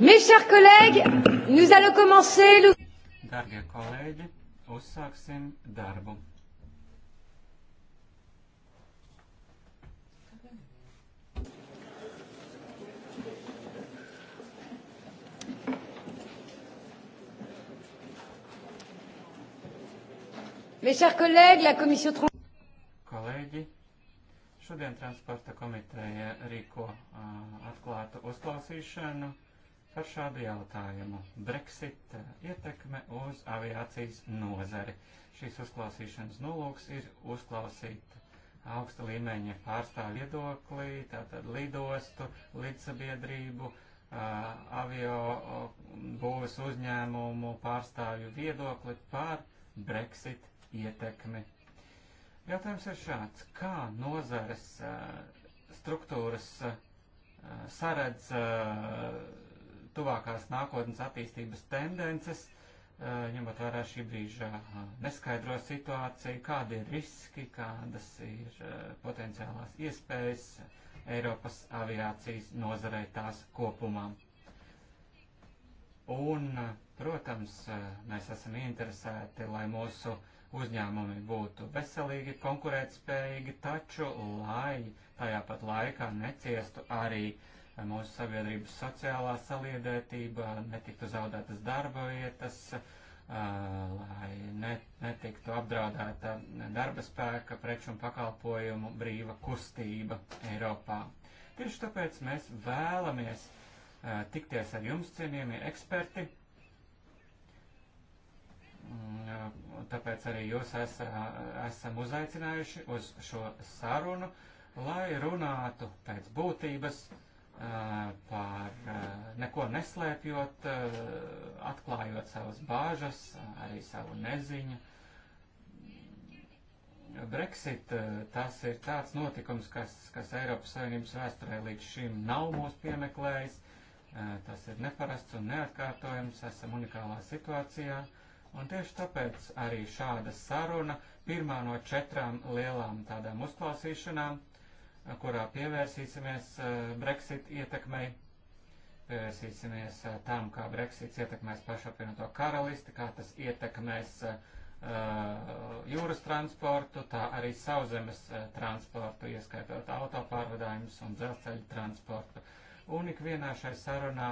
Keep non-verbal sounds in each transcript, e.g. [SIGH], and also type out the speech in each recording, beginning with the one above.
Mes chers collègues, nous allons commencer le... Dargie kolēģi, uzsāksim darbu. Mes chers collègues, la commission Kolēģi, šodien transporta komiteja rīko uh, atklātu uzklausīšanu. Uh, par šādu jautājumu - Brexit eh, ietekme uz aviācijas nozari. Šīs uzklausīšanas nolūks ir uzklausīt augsta līmeņa pārstāvju viedoklī, tātad lidostu, līdzsabiedrību, eh, avio eh, būvas uzņēmumu pārstāvju viedokli par Brexit ietekmi. Jautājums ir šāds. Kā nozares struktūras saredz tuvākās nākotnes attīstības tendences, eh, ņemot vērā šī brīža eh, neskaidro situāciju, kādi ir riski, kādas ir eh, potenciālās iespējas Eiropas aviācijas nozarei tās kopumā. Un, protams, mēs esam interesēti, lai mūsu uzņēmumi būtu veselīgi, konkurētspējīgi, taču lai tajā pat laikā neciestu arī uh, mūsu sabiedrības sociālā saliedētība, netiktu zaudētas darba vietas, lai netiktu apdraudēta darba spēka, preču un pakalpojumu brīva kustība Eiropā. Tieši tāpēc mēs vēlamies tikties ar jums, cienījamie eksperti, Tāpēc arī jūs es, esam uzaicinājuši uz šo sarunu, lai runātu pēc būtības uh, Eh, par eh, neko neslēpjot, eh, atklājot savas bāžas, arī savu neziņu. Brexit tas ir tāds notikums, kas, kas Eiropas Savienības vēsturē līdz šim nav mūs piemeklējis. Tas ir neparasts un neatkārtojams, esam unikālā situācijā. Un tieši tāpēc arī šāda saruna, pirmā no četrām lielām tādām uzklausīšanām, kurā pievērsīsimies eh, Brexit ietekmei, pievērsīsimies eh, tam, kā Brexits ietekmēs pašu apvienoto karalisti, kā tas ietekmēs eh, jūras transportu, tā arī sauszemes transportu, ieskaitot autopārvadājumus un dzelzceļu transportu. Un ikvienā šai sarunā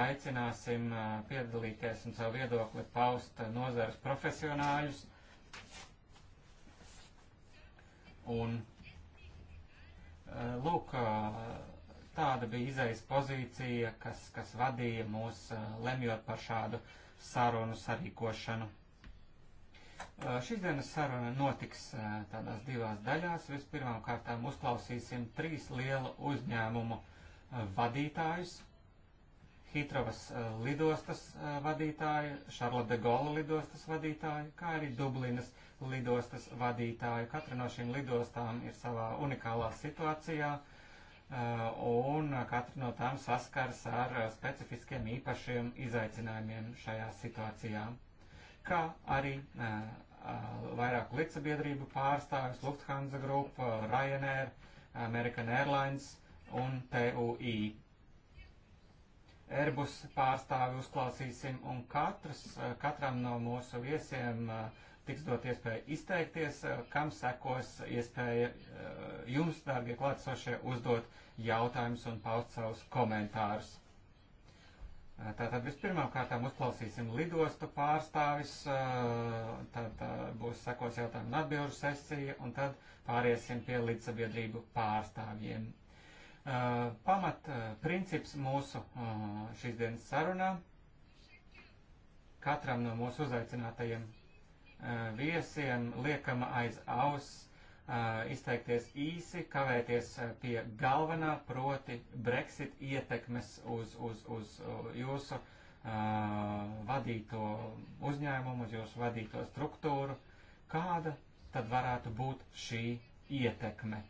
aicināsim piedalīties un savu viedokli paust nozares profesionāļus un Eh, lūk, eh, tāda bija izaisa pozīcija, kas, kas vadīja mūs eh, lemjot par šādu sarunu sarīkošanu. Šīs dienas saruna notiks tādās divās daļās. Vispirmām kārtām uzklausīsim trīs lielu uzņēmumu vadītājus. Hitrovas lidostas vadītāju, Šarla de Gola lidostas vadītāju, kā arī Dublinas lidostas vadītāju. Katra no šīm lidostām ir savā unikālā situācijā, eh, un katra no tām saskars ar eh, specifiskiem īpašiem izaicinājumiem šajā situācijā, kā arī eh, vairāku līdzsabiedrību pārstāvis Lufthansa Group, Ryanair, American Airlines un TUI. Airbus pārstāvi uzklausīsim, un katrs, katram no mūsu viesiem uh, tiks dot iespēja izteikties, eh, kam sekos iespēja eh, jums, dārgie klātsošie, uzdot jautājumus un paust savus komentārus. Eh, tātad vispirmām kārtām uzklausīsim lidostu pārstāvis, tad būs sekos jautājumu un atbilžu sesija, un tad pāriesim pie līdzsabiedrību pārstāvjiem. Pamat princips mūsu šīs dienas sarunā katram no mūsu uzaicinātajiem Eh, viesiem liekama aiz auss eh, izteikties īsi, kavēties eh, pie galvenā, proti Brexit ietekmes uz, uz, uz jūsu uh, vadīto uzņēmumu, uz jūsu vadīto struktūru. Kāda tad varētu būt šī ietekme?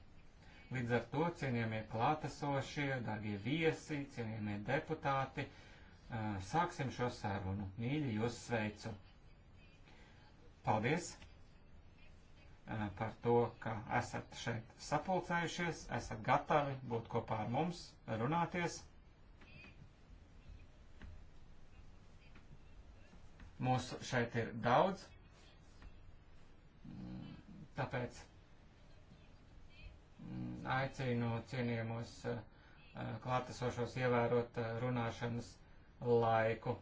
Līdz ar to, cienījamie klātesošie, darbie viesi, cienījamie deputāti, uh, sāksim šo sarunu. Mīļi, jūs sveicu! Paldies eh, par to, ka esat šeit sapulcējušies, esat gatavi būt kopā ar mums, runāties. Mūsu šeit ir daudz, mm, tāpēc mm, aicinu cienījamos eh, eh, klātesošos ievērot runāšanas laiku.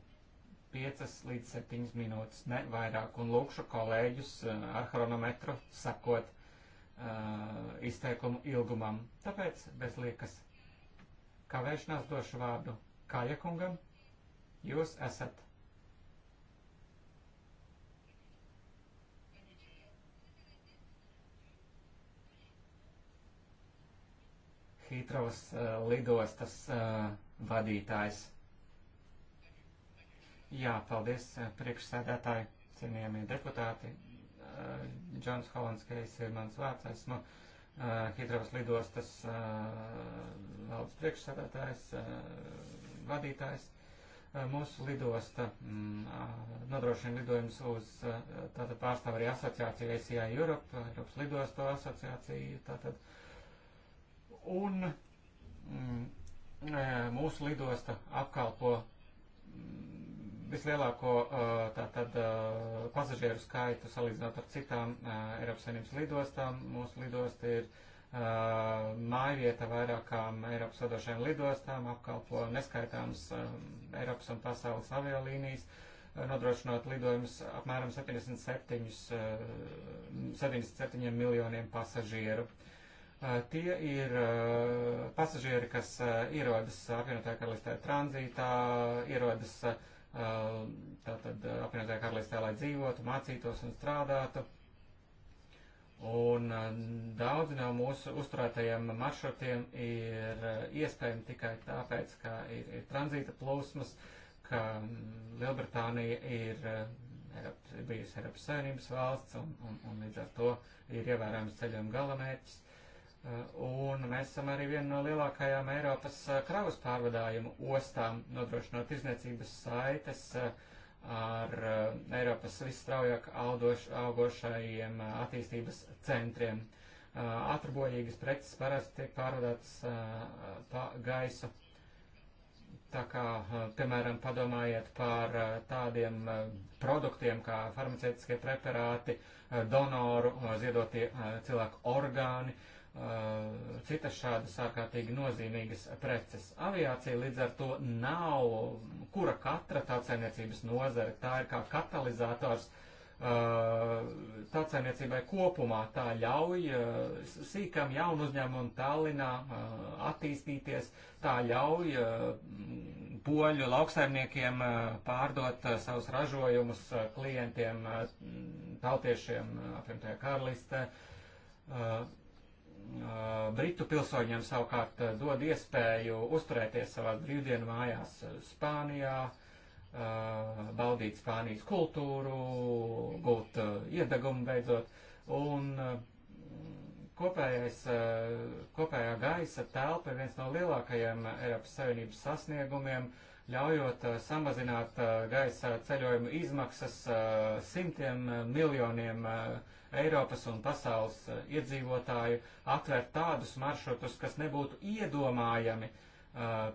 5 līdz 7 minūtes, ne vairāk, un lūkšu kolēģus eh, ar chronometru sakot uh, izteikumu ilgumam. Tāpēc bez liekas kavēšanās došu vārdu Kājakungam. Jūs esat. Hītrovas uh, eh, lidostas uh, vadītājs. Jā, paldies eh, priekšsēdētāji, cienījamie deputāti. Eh, Džons Hollands Kejs ir mans vārds, esmu eh, Hidravas lidostas valdes priekšsēdētājs, vadītājs. Mūsu lidosta mm, nodrošina lidojumus uz, tātad pārstāv arī asociāciju ACI Europe, Eiropas lidostu asociāciju, tātad. Un mm, mūsu lidosta apkalpo mm, vislielāko eh, tātad eh, pasažieru skaitu salīdzinot ar citām eh, Eiropas Savienības lidostām. Mūsu lidosta ir mājvieta vairākām Eiropas vadošajām lidostām, apkalpo neskaitāms Eiropas un pasaules aviolīnijas, nodrošinot lidojumus apmēram 77, 77 miljoniem pasažieru. Tie ir pasažieri, kas ierodas apvienotajā karalistē tranzītā, ierodas Eh, tātad eh, apvienotajā karalistē, lai dzīvotu, mācītos un strādātu. Un eh, daudzi no mūsu uzturētajiem maršrutiem ir iespējami tikai tāpēc, ka ir, ir tranzīta plūsmas, ka mm, Lielbritānija ir, Eiropas, ir bijusi Eiropas Savienības valsts un, un, un līdz ar to ir ievērojams ceļojuma galamērķis. Eh, un mēs esam arī viena no lielākajām Eiropas eh, kravas pārvadājumu ostām, nodrošinot izniecības saites eh, ar Eiropas visstraujāk augošajiem attīstības centriem. Atrabojīgas preces parasti tiek pārvadātas pa gaisu. Tā kā, piemēram, padomājiet par tādiem produktiem kā farmaceitiskie preparāti, donoru, ziedotie cilvēku orgāni, uh, Eh, citas šādas ārkārtīgi nozīmīgas preces. Aviācija līdz ar to nav, kura katra tautsēmniecības nozare, tā ir kā katalizators eh, tautsēmniecībai kopumā, tā ļauj eh, sīkam jaunu uzņēmumu Tallinā attīstīties, tā ļauj poļu lauksaimniekiem pārdot savus ražojumus klientiem, tautiešiem, apvienotajā karalistē Uh, Britu pilsoņiem savukārt uh, dod iespēju uzturēties savās brīvdienu mājās uh, Spānijā, baudīt Spānijas kultūru, gūt iedegumu beidzot. Un kopējais, kopējā gaisa telpa ir viens no lielākajiem Eiropas Savienības sasniegumiem, ļaujot samazināt gaisa ceļojumu izmaksas simtiem miljoniem cilvēku Eiropas un pasaules eh, iedzīvotāju atvērt tādus maršrutus, kas nebūtu iedomājami eh,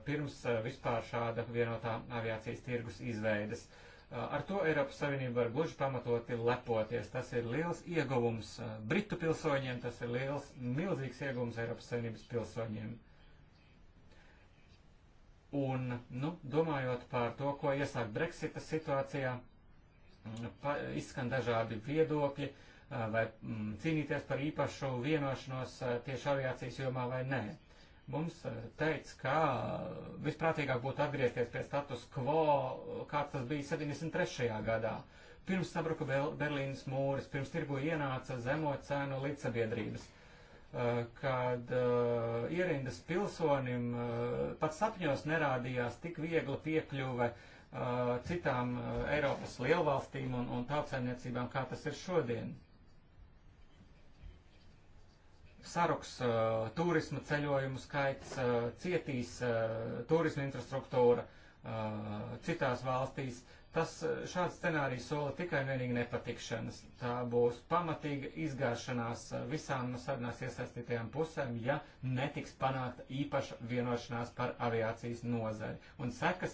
pirms eh, vispār šāda vienotā aviācijas tirgus izveides. Ar to Eiropas Savienība var gluži pamatoti lepoties. Tas ir liels ieguvums Britu pilsoņiem, tas ir liels, milzīgs ieguvums Eiropas Savienības pilsoņiem. Un, nu, domājot par to, ko iesāk Brexita situācijā, mm, pa, izskan dažādi viedokļi, Eh, vai mm, cīnīties par īpašu vienošanos eh, tieši aviācijas jomā vai nē. Mums eh, teica, ka visprātīgāk būtu atgriezties pie status quo, kāds tas bija 73. gadā. Pirms sabruka Berlīnas mūris, pirms tirgu ienāca zemo cenu līdzsabiedrības kad uh, ierindas pilsonim uh, pat sapņos nerādījās tik viegla piekļuve uh, citām Eiropas lielvalstīm un, un tautsēmniecībām, kā tas ir šodien saruks uh, turisma ceļojumu skaits, uh, cietīs uh, turisma infrastruktūra citās valstīs. Tas šāds scenārijs sola tikai un vienīgi nepatikšanas. Tā būs pamatīga izgāšanās visām sarunās iesaistītajām pusēm, ja netiks panākta īpaša vienošanās par aviācijas nozari. Un sekas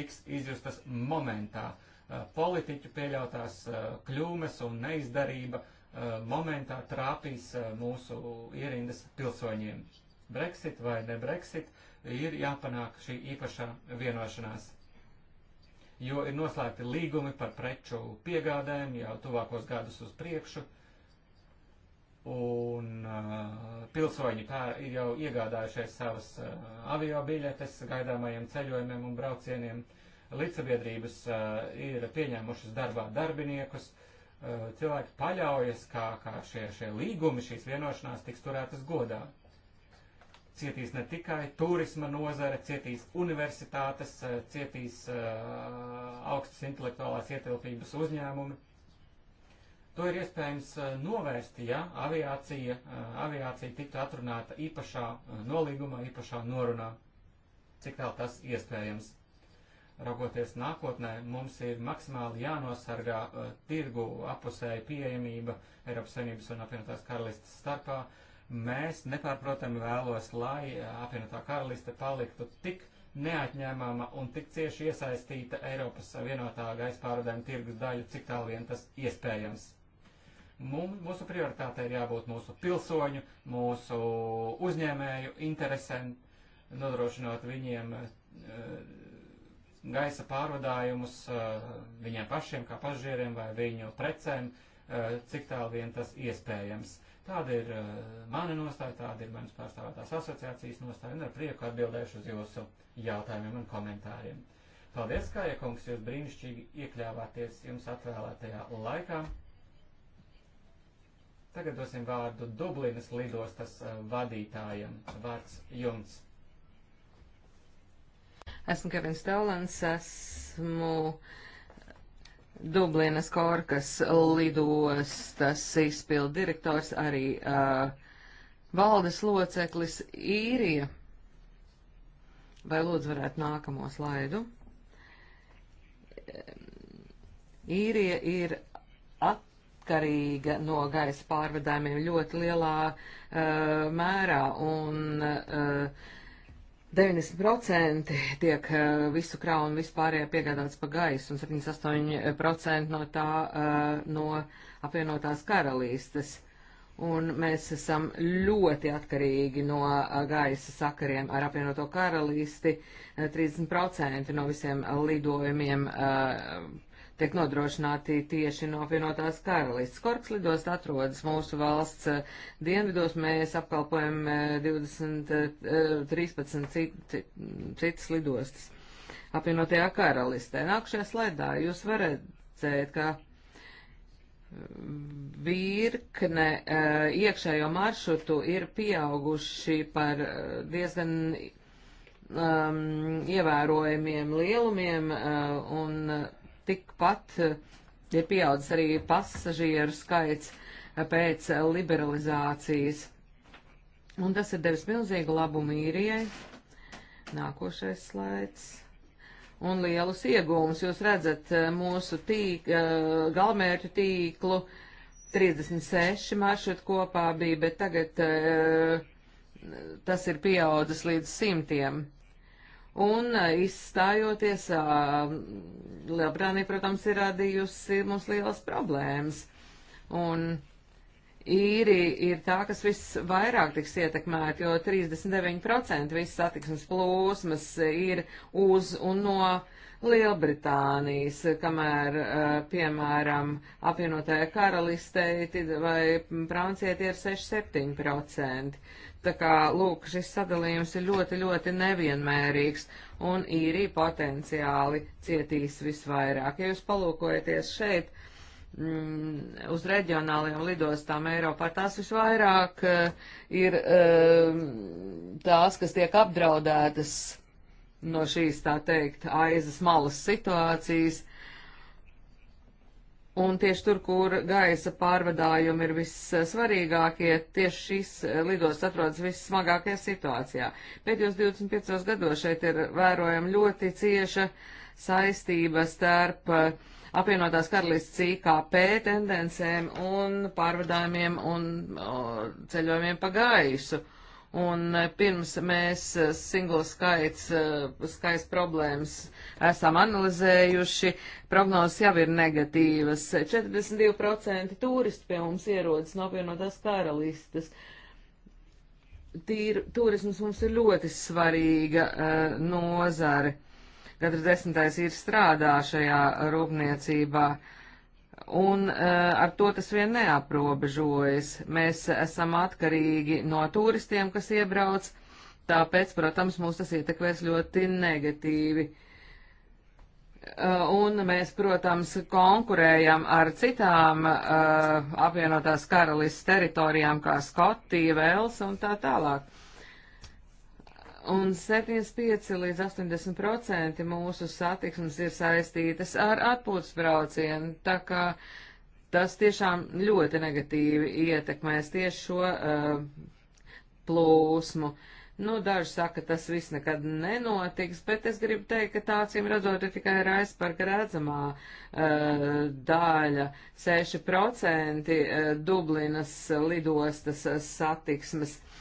tiks izjustas momentā. Politiķu pieļautās kļūmes un neizdarība uh, Uh, momentā trāpīs uh, mūsu ierindas pilsoņiem. Brexit vai ne Brexit ir jāpanāk šī īpašā vienošanās, jo ir noslēgti līgumi par preču piegādēm jau tuvākos gadus uz priekšu, un uh, pilsoņi pēr, ir jau iegādājušies savas uh, avio biļetes gaidāmajiem ceļojumiem un braucieniem. Līdzsabiedrības uh, ir pieņēmušas darbā darbiniekus, uh, Eh, cilvēki paļaujas, kā, kā šie, šie līgumi, šīs vienošanās tiks turētas godā. Cietīs ne tikai turisma nozare, cietīs universitātes, eh, cietīs uh, augstas intelektuālās ietilpības uzņēmumi. To ir iespējams novērst, ja aviācija, aviācija tiktu atrunāta īpašā nolīgumā, īpašā norunā, cik tālu tas iespējams raugoties nākotnē, mums ir maksimāli jānosargā uh, tirgu apusēja pieejamība Eiropas Savienības un apvienotās karalistas starpā. Mēs nepārprotami vēlos, lai uh, apvienotā karaliste paliktu tik neatņēmama un tik cieši iesaistīta Eiropas vienotā gaisa pārvadājuma tirgus daļa, cik tālu vien tas iespējams. Mums, mūsu prioritāte ir jābūt mūsu pilsoņu, mūsu uzņēmēju interesēm, nodrošinot viņiem uh, gaisa pārvadājumus eh, viņiem pašiem, kā pažieriem vai viņu precēm, eh, cik tālu vien tas iespējams. Tāda ir eh, mana nostāja, tāda ir manas pārstāvētās asociācijas nostāja, un ar prieku atbildēšu uz jūsu jautājumiem un komentāriem. Paldies, Kāja kungs, jūs brīnišķīgi iekļāvāties jums atvēlētajā laikā. Tagad dosim vārdu Dublinas lidostas vadītājam. Vārds jums. Esmu Kevins Talans, esmu Dublinas Korkas lidostas izpildu direktors, arī uh, valdes loceklis īrija. Vai lūdzu varētu nākamo slaidu? Īrija ir atkarīga no gaisa pārvadājumiem ļoti lielā uh, mērā, un uh, 90% tiek eh, visu kraunu vispārējā piegādāts pa gaisu un 78% no tā eh, no apvienotās karalīstes. Un mēs esam ļoti atkarīgi no eh, gaisa sakariem ar apvienoto karalisti. 30% no visiem lidojumiem tiek nodrošināti tieši no apvienotās karalists. Korks lidost atrodas mūsu valsts eh, dienvidos, mēs apkalpojam 20, eh, 13 eh, cit, citas lidostas apvienotajā karalistē. Nākšajā slaidā jūs varat redzēt, ka virkne iekšējo maršrutu ir pieauguši par diezgan um, ievērojamiem lielumiem uh, un tikpat eh, ir pieaudzis arī pasažieru skaits eh, pēc eh, liberalizācijas. Un tas ir devis milzīgu labumu īrijai. Nākošais slaids. Un lielus iegūmus jūs redzat mūsu tīk, galmērķu tīklu. 36 maršruti kopā bija, bet tagad tas ir pieaudzis līdz simtiem. Un izstājoties, Lielbritānija, protams, ir radījusi mums lielas problēmas. Un īri ir tā, kas visvairāk tiks ietekmēta, jo 39% visas satiksmes plūsmas ir uz un no Lielbritānijas, kamēr, piemēram, apvienotajā karalistē vai Francijai tie ir 6-7%. Tā kā, lūk, šis sadalījums ir ļoti, ļoti nevienmērīgs, un īrija potenciāli cietīs visvairāk. Ja jūs palūkojaties šeit mm, uz reģionālajām lidostām Eiropā, tās visvairāk uh, ir uh, tās, kas tiek apdraudētas no šīs, tā teikt, aizas malas situācijas. Uh, Un tieši tur, kur gaisa pārvadājumi ir vissvarīgākie, tieši šīs lidos atrodas vissmagākajā situācijā. Pēdējos 25 gados šeit ir vērojama ļoti cieša saistība starp eh, apvienotās karalists IKP tendencēm un pārvadājumiem un o, ceļojumiem pa gaisu. Un e, pirms mēs e, singla skaits, e, skaits problēmas esam analizējuši, prognozes jau ir negatīvas. 42% turisti pie mums ierodas no apvienotās karalistes. Tīr, turisms mums ir ļoti svarīga uh, nozare. Katrs desmitais ir strādā šajā rūpniecībā. Uh, Un uh, ar to tas vien neaprobežojas. Mēs esam atkarīgi no turistiem, kas iebrauc, tāpēc, protams, mūs tas ietekmēs ļoti negatīvi. Uh, un mēs, protams, konkurējam ar citām uh, apvienotās karalistes teritorijām, kā Skotija, Vels un tā tālāk un 75 līdz 80% mūsu satiksmes ir saistītas ar atpūtas braucienu, tā kā tas tiešām ļoti negatīvi ietekmēs tieši šo uh, plūsmu. Nu, daži saka, tas viss nekad nenotiks, bet es gribu teikt, ka tā acīm redzot ir tikai raizparka redzamā uh, daļa. 6% uh, Dublinas lidostas satiksmes uh,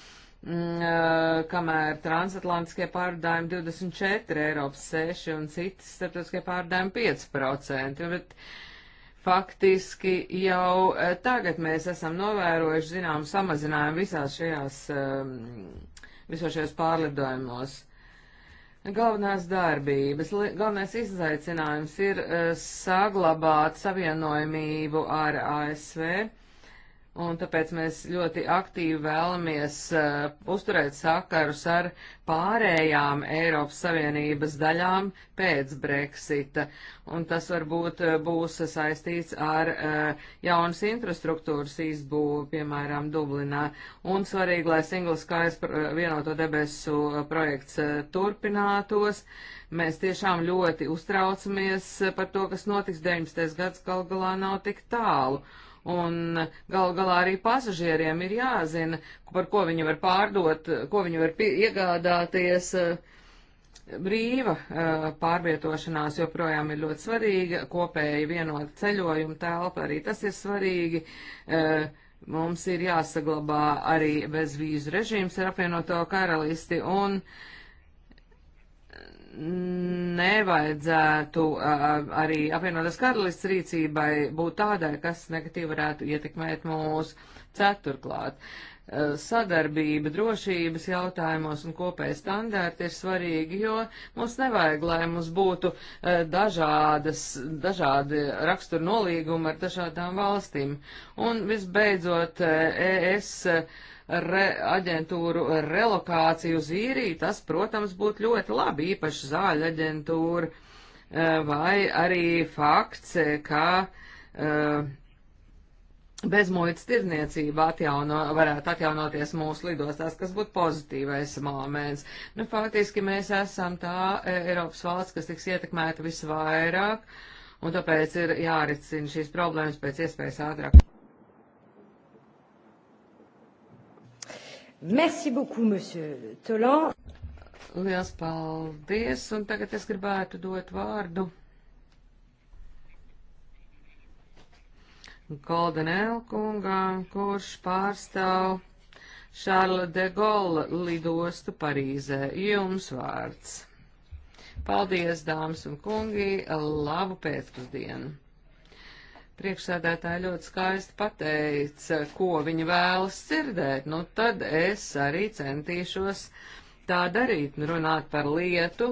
Mm, kamēr transatlantiskie pārdājumi 24, Eiropas 6 un citas starptautiskie pārdājumi 5%. Bet faktiski jau tagad mēs esam novērojuši zinām samazinājumu visās šajās, visos šajos pārlidojumos. Galvenās darbības, galvenais izaicinājums ir saglabāt savienojumību ar ASV un tāpēc mēs ļoti aktīvi vēlamies uh, uzturēt sakarus ar pārējām Eiropas Savienības daļām pēc Brexita, un tas varbūt uh, būs saistīts ar uh, jaunas infrastruktūras izbūvu, piemēram, Dublinā, un svarīgi, lai Single Skies uh, vienoto debesu uh, projekts uh, turpinātos. Uh, Mēs tiešām ļoti uztraucamies eh, par to, kas notiks 19. gads gal galā nav tik tālu. Un eh, gal galā arī pasažieriem ir jāzina, par ko viņi var pārdot, eh, ko viņi var iegādāties. Brīva pārvietošanās joprojām ir ļoti svarīga, kopēji vienota ceļojuma telpa arī tas ir svarīgi. Mums ir jāsaglabā arī bezvīzu režīms ar apvienoto karalisti un uh, nevajadzētu arī apvienotās karalists rīcībai būt tādai, kas negatīvi varētu ietekmēt mūs ceturklāt. Sadarbība drošības jautājumos un kopēja standārti ir svarīgi, jo mums nevajag, lai mums būtu dažādas, dažādi rakstur nolīgumi ar dažādām valstīm. Un visbeidzot, ES re, aģentūru relokāciju uz īriju, tas, protams, būtu ļoti labi, īpaši zāļu aģentūra, eh, vai arī fakts, eh, ka eh, bezmuitas tirniecība atjauno, varētu atjaunoties mūsu lidostās, kas būtu pozitīvais moments. Nu, faktiski mēs esam tā Eiropas valsts, kas tiks ietekmēta visvairāk, un tāpēc ir jāricina šīs problēmas pēc iespējas ātrāk. Merci beaucoup, monsieur Tolan. Liels paldies, un tagad es gribētu dot vārdu Goldenēl kungam, kurš pārstāv Šarla de Gaulle lidostu Parīzē. Jums vārds. Paldies, dāmas un kungi, labu pēcpusdienu! priekšsēdētāja ļoti skaisti pateica, ko viņa vēlas dzirdēt, nu tad es arī centīšos tā darīt, nu, runāt par lietu.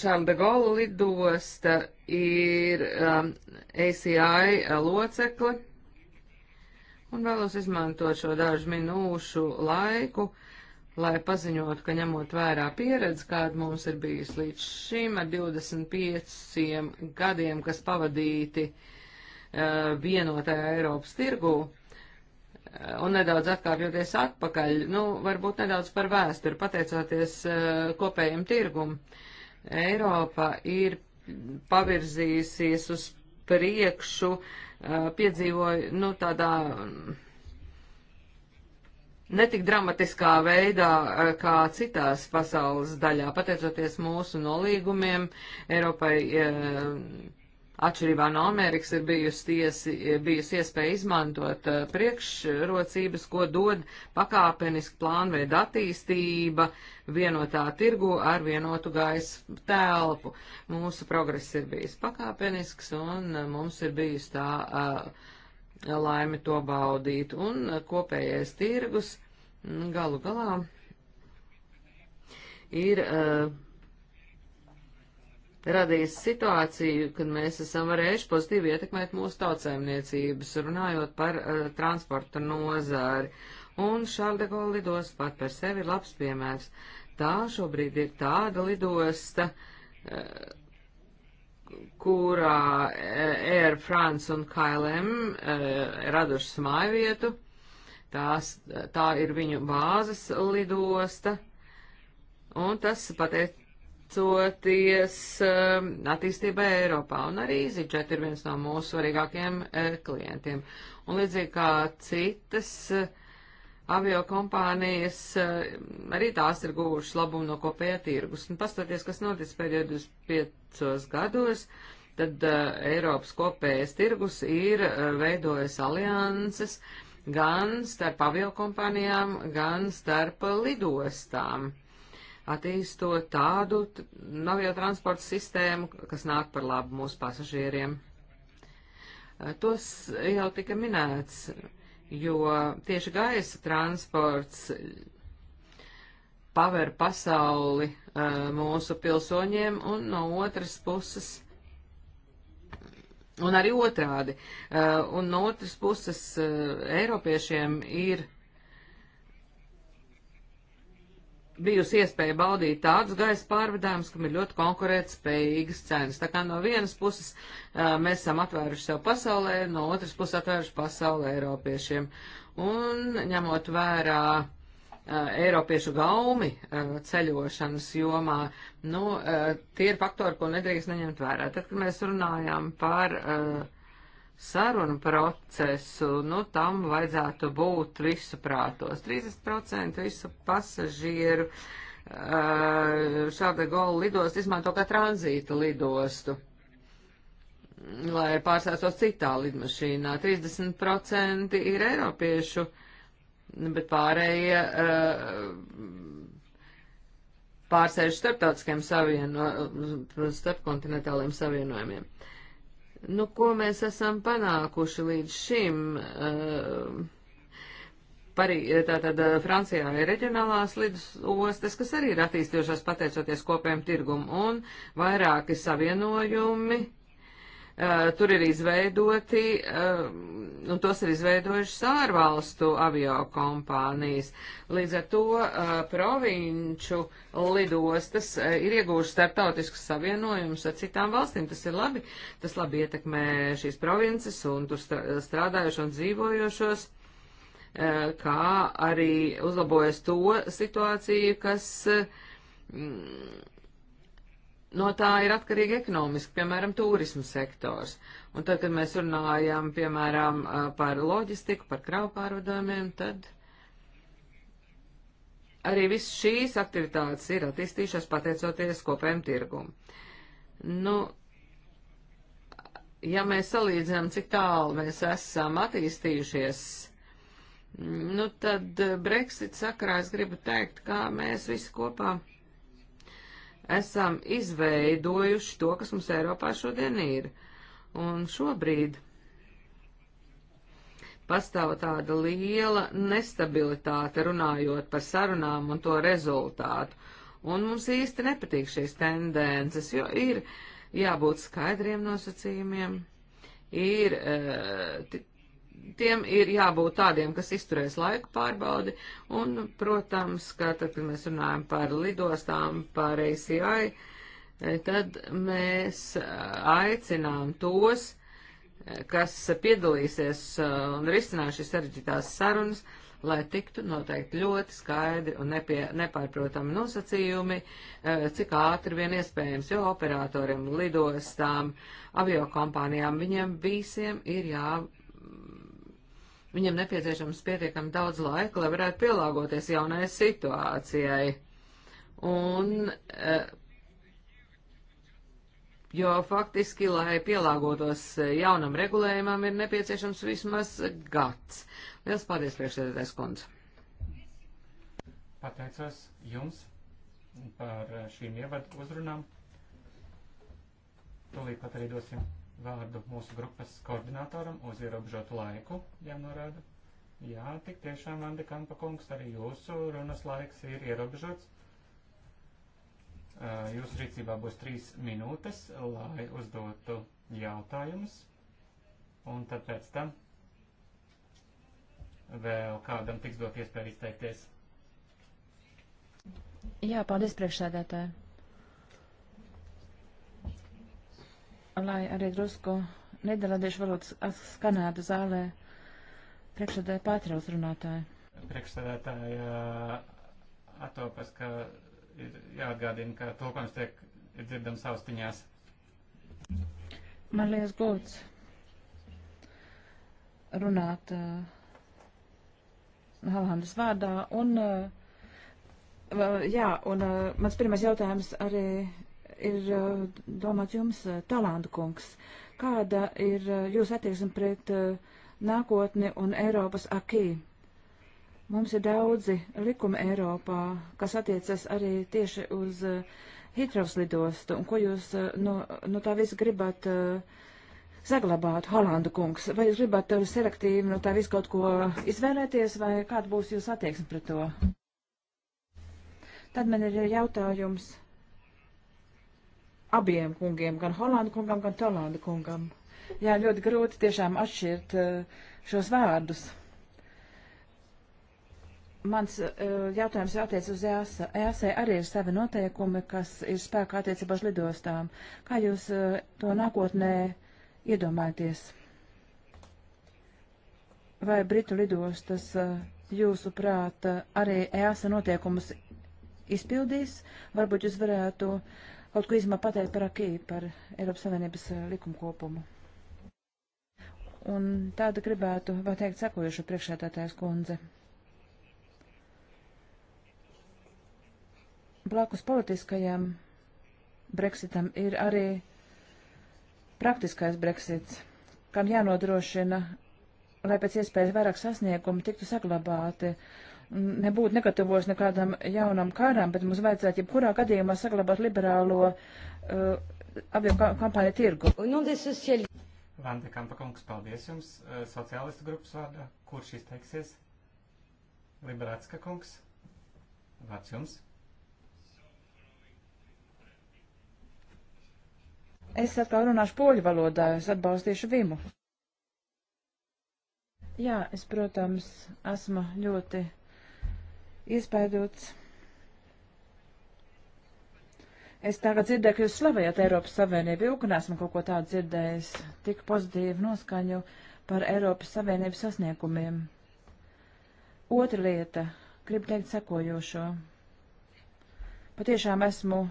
Šāda Gola lidosta ir um, ACI locekle, un vēlos izmantot šo dažu minūšu laiku, uh, lai paziņotu, ka ņemot vērā pieredzi, kāda mums ir bijusi līdz šim ar 25 gadiem, kas pavadīti uh, eh, vienotajā Eiropas tirgū, eh, un nedaudz atkāpjoties atpakaļ, nu, varbūt nedaudz par vēsturi, pateicoties uh, kopējiem tirgum. Eiropa ir pavirzījusies uz priekšu, uh, piedzīvoja, nu, tādā. Um, netik dramatiskā veidā eh, kā citās pasaules daļā. Pateicoties mūsu nolīgumiem, Eiropai eh, atšķirībā no Amerikas ir bijusi, tiesi, bijusi iespēja izmantot eh, priekšrocības, ko dod pakāpeniski plānveida attīstība vienotā tirgu ar vienotu gaisa telpu. Mūsu progress ir bijis pakāpenisks un mums ir bijusi tā. Uh, laimi to baudīt, un kopējais tirgus galu galā ir uh, eh, radījis situāciju, kad mēs esam varējuši pozitīvi ietekmēt mūsu tautsēmniecības, runājot par uh, transporta nozāri. Un Šārda Gola lidosta pat par sevi ir labs piemērs. Tā šobrīd ir tāda lidosta, uh, kurā Air France un KLM uh, radušas māju vietu Tās, tā ir viņu bāzes lidosta, un tas pateicoties um, attīstībai Eiropā, un arī EasyJet ir viens no mūsu svarīgākajiem eh, klientiem. Un līdzīgi kā citas eh, avio kompānijas, eh, arī tās ir guvušas labumu no kopējā tirgus. Un pastoties, kas noticis pēdējos piecos gados, tad uh, Eiropas kopējais tirgus ir uh, veidojis alianses, uh, gan starp aviokompānijām, gan starp lidostām, attīstot tādu aviotransporta sistēmu, kas nāk par labu mūsu pasažieriem. Eh, tos jau tika minēts, jo tieši gaisa transports paver pasauli eh, mūsu pilsoņiem, un no otras puses un arī otrādi. Eh, un no otras puses eh, Eiropiešiem ir bijusi iespēja baudīt tādus gaisa pārvadājumus, kam ir ļoti konkurētspējīgas cenas. Tā kā no vienas puses uh, mēs esam atvēruši sev pasaulē, no otras puses atvēruši pasauli Eiropiešiem. Un ņemot vērā Eiropiešu gaumi ceļošanas jomā, nu, tie ir faktori, ko nedrīkst neņemt vērā. Tad, kad mēs runājām par sarunu procesu, nu, tam vajadzētu būt visu prātos. 30% visu pasažieru šāda gola lidostu izmanto kā tranzīta lidostu lai pārsēstos citā lidmašīnā. 30% ir eiropiešu uh, bet pārējie eh, pārsēž starptautiskiem savieno, starpkontinentāliem savienojumiem. Nu, ko mēs esam panākuši līdz šim? Eh, Parī, tātad eh, Francijā ir reģionālās lidostas, kas arī ir attīstījušās pateicoties kopējiem tirgumu un vairāki savienojumi, uh, Uh, tur ir izveidoti, uh, un tos ir izveidojušas ārvalstu avio kompānijas. Līdz ar to uh, provinču lidostas uh, ir iegūšas startautiskus savienojumus ar citām valstīm. Tas ir labi. Tas labi ietekmē šīs provinces un tur strādājušos un dzīvojošos uh, kā arī uzlabojas to situāciju, kas mm, no tā ir atkarīgi ekonomiski, piemēram, turismu sektors. Un tad, kad mēs runājam, piemēram, par loģistiku, par kravu pārvadājumiem, tad arī viss šīs aktivitātes ir attīstījušās pateicoties kopējiem tirgumu. Nu, ja mēs salīdzinām, cik tālu mēs esam attīstījušies, nu, tad Brexit sakarā es gribu teikt, kā mēs visi kopā esam izveidojuši to, kas mums Eiropā šodien ir. Un šobrīd pastāv tāda liela nestabilitāte runājot par sarunām un to rezultātu. Un mums īsti nepatīk šīs tendences, jo ir jābūt skaidriem nosacījumiem, ir e, tiem ir jābūt tādiem, kas izturēs laiku pārbaudi, un, protams, kā tad, kad mēs runājam par lidostām, par ACI, tad mēs aicinām tos, kas piedalīsies un risinās šīs sarežģītās sarunas, lai tiktu noteikti ļoti skaidri un nepie, nepārprotami nosacījumi, cik ātri vien iespējams, jo operatoriem, lidostām, aviokompānijām, viņiem visiem ir jā Viņam nepieciešams pietiekami daudz laika, lai varētu pielāgoties jaunai situācijai. Un, eh, jo faktiski, lai pielāgotos eh, jaunam regulējumam, ir nepieciešams vismaz gads. Liels paldies, priekšsēdētājs kundze. Pateicos jums par eh, šīm ievadu uzrunām. Tūlīt pat arī dosim vārdu mūsu grupas koordinatoram uz ierobežotu laiku, jām norāda. Jā, tik tiešām, Andi Kampa kungs, arī jūsu runas laiks ir ierobežots. Jūsu rīcībā būs trīs minūtes, lai uzdotu jautājumus. Un tad pēc tam vēl kādam tiks dot iespēju izteikties. Jā, paldies priekšsēdētāji. lai arī drusku nedaladiešu valodas skanētu zālē priekšsēdētāja pārtrauc runātāju. Priekšsēdētāja uh, atopas, ka ir jāatgādina, ka tulkojums tiek dzirdams austiņās. Man liekas gods runāt uh, Halandas vārdā. Un, uh, jā, un uh, mans pirmais jautājums arī ir eh, domāts jums, eh, Talandu kungs. Kāda ir eh, jūsu attieksme pret nākotni un Eiropas akī? Mums ir daudzi likumi Eiropā, kas attiecas arī tieši uz Hitrovs lidostu, un ko jūs no, no tā visa gribat uh, saglabāt, Holanda kungs? Vai jūs gribat selektīvi no tā visu kaut ko izvēlēties, vai kāda būs jūsu attieksme pret to? Tad man ir jautājums abiem kungiem, gan Holanda kungam, gan Tolanda kungam. Jā, ļoti grūti tiešām atšķirt eh, šos vārdus. Mans eh, jautājums jātiec uz EASA. EASA arī ir savi noteikumi, kas ir spēkā attiecībā uz lidostām. Kā jūs eh, to nākotnē iedomājaties? Vai Britu lidostas jūsuprāt arī EASA noteikumus izpildīs? Varbūt jūs varētu uh, kaut ko īsumā pateikt par akī, par Eiropas Savienības eh, likumu kopumu. Un tāda gribētu vēl teikt sekojušu priekšētātājs kundze. Blakus politiskajam Brexitam ir arī praktiskais Brexits, kam jānodrošina, lai pēc iespējas vairāk sasniegumu tiktu saglabāti uh, nebūtu negatavos nekādam jaunam kāram, bet mums vajadzētu jebkurā gadījumā saglabāt liberālo uh, aviokampāņu tirgu. Vanda Kampa kungs, paldies jums uh, sociālistu grupas vārdā. Kurš izteiksies? Liberācka kungs, vārds jums. Es atkal runāšu poļu valodā, es atbalstīšu Vimu. Jā, es, protams, esmu ļoti iespaidots. Es tagad dzirdēju, ka jūs slavējat Eiropas Savienību. Ilgi neesmu kaut ko tādu dzirdējis, tik pozitīvu noskaņu par Eiropas Savienības sasniegumiem. Otra lieta, gribu teikt sekojošo. Patiešām esmu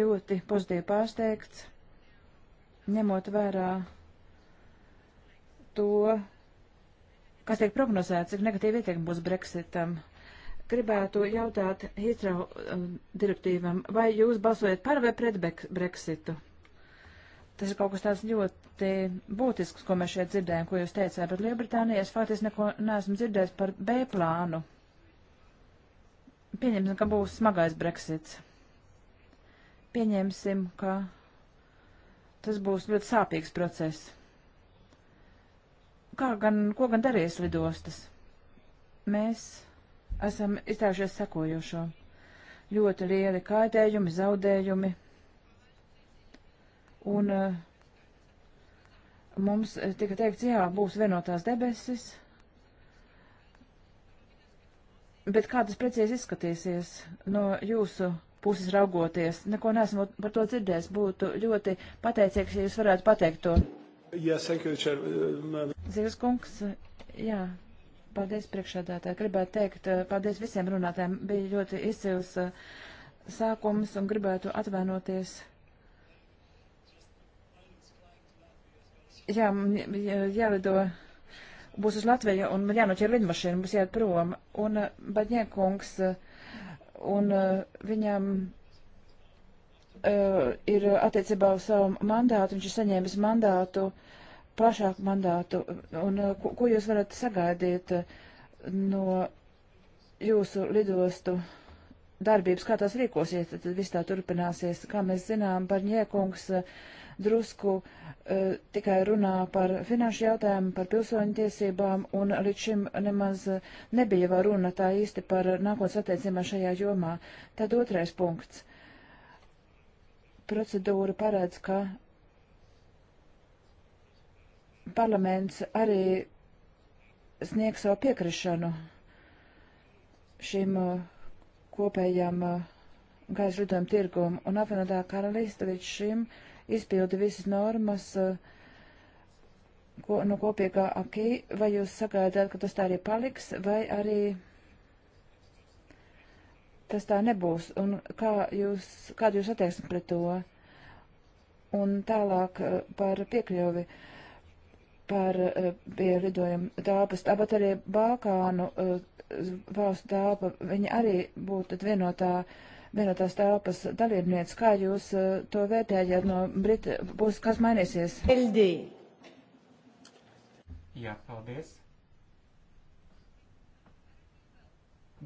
ļoti pozitīvi pārsteigts, ņemot vērā to, kas tiek prognozēts, cik negatīvi ietekmi būs Brexitam. Um, gribētu jautāt Hitrau um, direktīvam, vai jūs balsojat par vai pret Brexitu? Tas ir kaut kas tāds ļoti būtisks, ko mēs šeit dzirdējam, ko jūs teicāt, bet Lielbritānijā es faktiski neko neesmu dzirdējis par B plānu. Pieņemsim, ka būs smagais Brexits. Pieņemsim, ka tas būs ļoti sāpīgs process. Kā gan, ko gan darīs lidostas? Mēs esam izstājušies sekojošo. Ļoti lieli kaitējumi, zaudējumi. Un uh, mums eh, tika teikts, jā, būs vienotās debesis. Bet kā tas precīzi izskatīsies no jūsu puses raugoties? Neko neesmu par to dzirdējis. Būtu ļoti pateicīgs, ja jūs varētu pateikt to. Yes, thank you, Chair. Man... Uh, Zīves kungs, jā, Paldies, priekšādātāji. Gribētu teikt, eh, paldies visiem runātājiem. Bija ļoti izcils eh, sākums un gribētu atvainoties. Jā, jālido. Būs uz Latviju un man jānoķer lidmašīna, būs jāiet prom. Un eh, Baņiekungs, un viņam uh, ir attiecībā uz savu mandātu, viņš ir saņēmis mandātu. Uh, plašāku mandātu un uh, ko, ko jūs varat sagaidīt uh, no jūsu lidostu darbības, kā tās rīkosies, tad viss tā turpināsies. Kā mēs zinām, Barņiekungs uh, drusku uh, tikai runā par finanšu jautājumu, par pilsoņu tiesībām, un līdz šim nemaz nebija vēl runa tā īsti par nākotnes attiecībām šajā jomā. Tad otrais punkts. Procedūra paredz, ka parlaments arī sniegs savu piekrišanu šim uh, kopējam uh, gaisa lidojumu tirgumu, un apvienotā karalista līdz šim izpilda visas normas uh, ko, no nu, kopīgā akī. Vai jūs sagaidāt, ka tas tā arī paliks, vai arī tas tā nebūs, un kā jūs, kāda jūs attieksme pret to? Un tālāk par piekļuvi. Uh, par eh, pie lidojuma tāpas, tāpat arī Balkānu eh, valstu tāpa, viņi arī būtu vienotā, vienotās tāpas dalībniece. Kā jūs eh, to vērtējat no Brita, būs kas mainīsies? LD. Jā, paldies.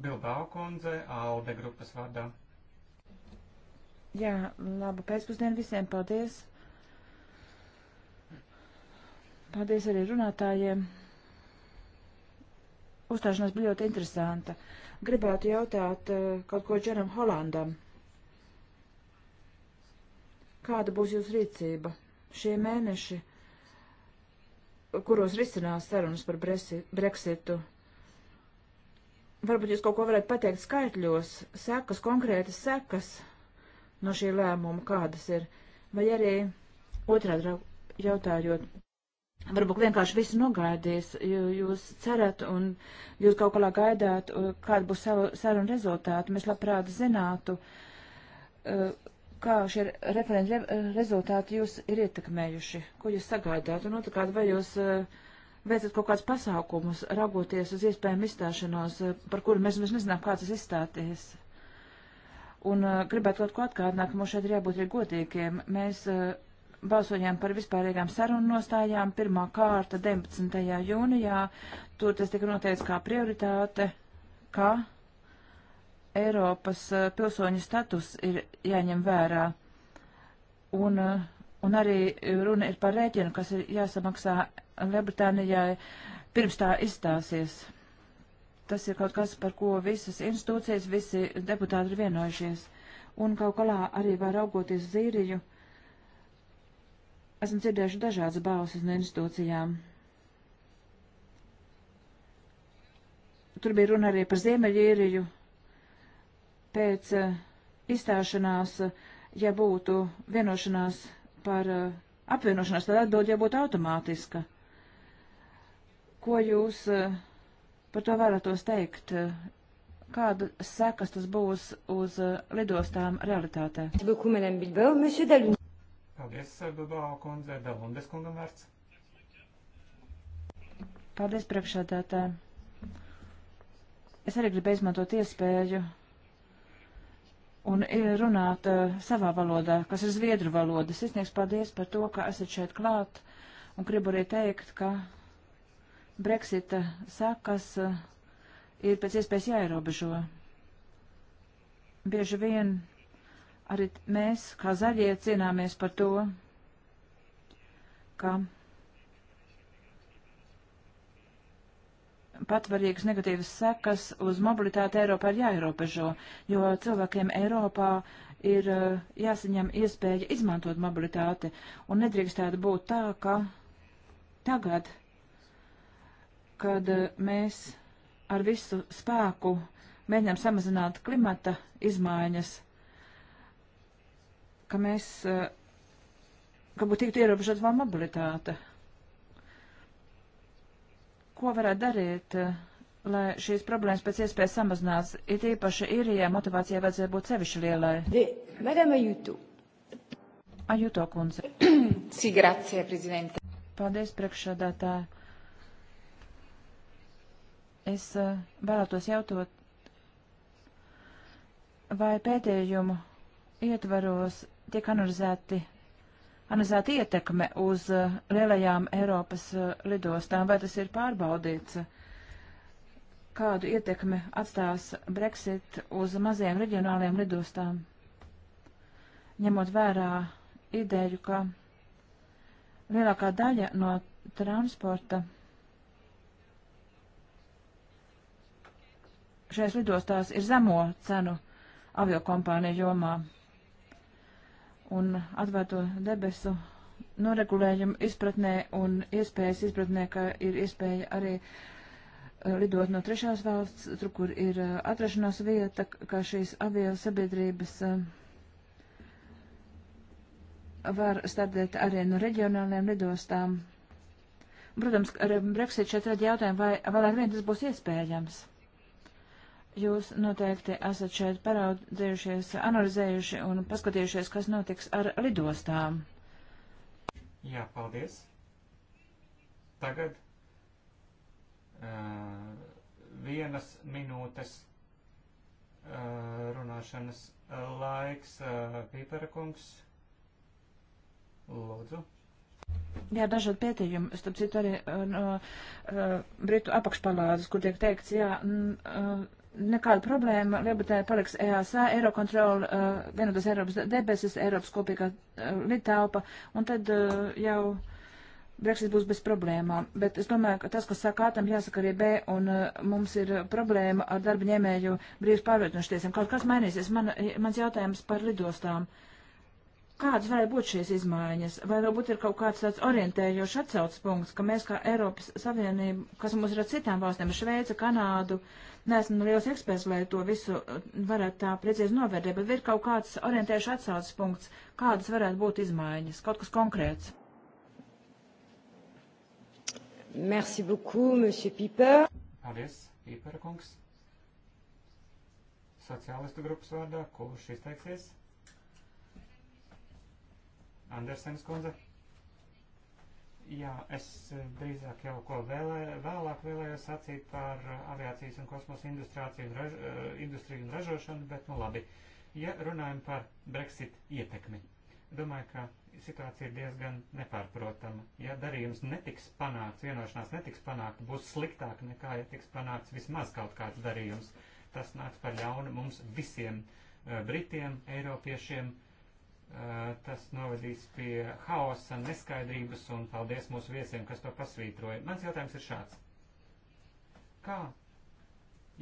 Bilbao kundze, ALDE grupas vadā. Jā, labu pēcpusdienu visiem, paldies. Paldies arī runātājiem. Uzstāšanās bija ļoti interesanta. Gribētu jautāt eh, kaut ko Džeram Holandam. Kāda būs jūsu rīcība šie mēneši, kuros risinās sarunas par Brexitu? Varbūt jūs kaut ko varētu pateikt skaitļos, sekas, konkrētas sekas no šī lēmuma, kādas ir, vai arī otrādi jautājot, varbūt vienkārši visu nogaidīs, jo jūs cerat un jūs kaut kādā gaidāt, uh, kāda būs savu sarunu rezultāti. Mēs labprāt zinātu, uh, kā šie referenti uh, rezultāti jūs ir ietekmējuši, ko jūs sagaidāt, un otrkārt, vai jūs veicat kaut kādus pasākumus, raugoties uz iespējamu izstāšanos, par kuru mēs, mēs nezinām, kā tas izstāties. Un uh, gribētu kaut ko atkārtināt, ka mums šeit ir jābūt arī godīgiem. Mēs uh, balsojām par vispārīgām sarunu nostājām. Pirmā kārta 19. jūnijā, tur tas tika noteikts kā prioritāte, ka Eiropas uh, pilsoņu status ir jāņem vērā. Un, uh, un arī runa ir par rēķinu, kas ir jāsamaksā Lielbritānijai pirms tā izstāsies. Tas ir kaut kas, par ko visas institūcijas, visi deputāti ir vienojušies. Un kaut kalā arī var augoties Zīriju Esmu dzirdējuši dažādas balsis no institūcijām. Tur bija runa arī par Ziemeļīriju. Pēc uh, izstāšanās, ja būtu vienošanās par uh, apvienošanās, tad atbildi jau būtu automātiska. Ko jūs uh, par to vēlētos teikt? Kāda sekas tas būs uz lidostām realitātē? Paldies, Bilbao kundze, Belundes kungam vārds. Paldies, priekšādātāji. Es arī gribēju izmantot iespēju un runāt uh, savā valodā, kas ir zviedru valoda. Es izniegs paldies par to, ka esat šeit klāt un gribu arī teikt, ka Brexita sakas uh, ir pēc iespējas jāierobežo. Bieži vien Arī mēs, kā zaļie, cīnāmies par to, ka patvarīgas negatīvas sekas uz mobilitāti Eiropā ir jāierobežo, jo cilvēkiem Eiropā ir eh, jāsaņem iespēja izmantot mobilitāti, un nedrīkstētu būt tā, ka tagad, kad eh, mēs ar visu spēku mēģinām samazināt klimata izmaiņas, ka mēs, eh, ka būtu tiktu ierobežot vēl mobilitāte. Ko varētu darīt, eh, lai šīs problēmas pēc iespējas samazinās? It īpaši īrijai motivācijai vajadzēja būt sevišķi lielai. De, madame Ajuto. Ajuto kundze. Sī, [CLEARS THROAT] grazie, prezidente. Paldies, priekšsādātāji. Es eh, vēlētos jautot, vai pētījumu ietvaros tiek analizēti, analizēta ietekme uz uh, lielajām Eiropas uh, lidostām, vai tas ir pārbaudīts, kādu ietekmi atstās Brexit uz mazajām reģionālajām lidostām, ņemot vērā ideju, ka lielākā daļa no transporta šajās lidostās ir zemo cenu aviokompāniju jomā un atvērto debesu noregulējumu izpratnē un iespējas izpratnē, ka ir iespēja arī eh, lidot no trešās valsts, tur, kur ir eh, atrašanās vieta, kā šīs avio sabiedrības eh, var startēt arī no reģionāliem lidostām. Protams, ar Brexit šeit rada jautājumu, vai vēl ar vien tas būs iespējams. Jūs noteikti esat šeit paraudzējušies, analizējuši un paskatījušies, kas notiks ar lidostām. Jā, paldies. Tagad uh, vienas minūtes uh, runāšanas laiks. Uh, Pīpera kungs, lūdzu. Jā, dažādi pētījumi, starp citu arī no uh, Britu apakšpalādes, kur tiek teikts, jā, n, uh, nekāda problēma. Lielbritānija paliks EASA, Eirokontrola, uh, vienotās Eiropas debesis, Eiropas kopīgā uh, lidtelpa, un tad uh, jau Brexit būs bez problēmām. Bet es domāju, ka tas, kas saka A, tam jāsaka arī B, un uh, mums ir problēma ar darba ņēmēju brīvs pārvietošanoties. Kaut kas mainīsies. Man, mans jautājums par lidostām. Kādas varētu būt šīs izmaiņas? Vai varbūt ir kaut kāds tāds orientējošs atsaucas punkts, ka mēs kā Eiropas Savienība, kas mums ir ar citām valstīm, Šveica, Kanādu, uh, neesmu nu liels eksperts, lai to visu eh, varētu tā precīzi novērtēt, bet ir kaut kāds orientējuši atsauces punkts, kādas varētu būt izmaiņas, kaut kas konkrēts. Merci beaucoup, monsieur Piper. Paldies, Piper kungs. Sociālistu grupas vārdā, kurš izteiksies? Andersens kundze. Jā, es eh, drīzāk jau ko vēlē, vēlāk vēlējos sacīt par eh, aviācijas un kosmosa industriju un, raž, eh, industriju un ražošanu, bet nu labi. Ja runājam par Brexit ietekmi, domāju, ka situācija ir diezgan nepārprotama. Ja darījums netiks panākts, vienošanās netiks panākta, būs sliktāk nekā, ja tiks panākts vismaz kaut kāds darījums. Tas nāks par ļaunu mums visiem, Britiem, Eiropiešiem, uh, Eh, tas novedīs pie haosa, neskaidrības, un paldies mūsu viesiem, kas to pasvītroja. Mans jautājums ir šāds. Kā,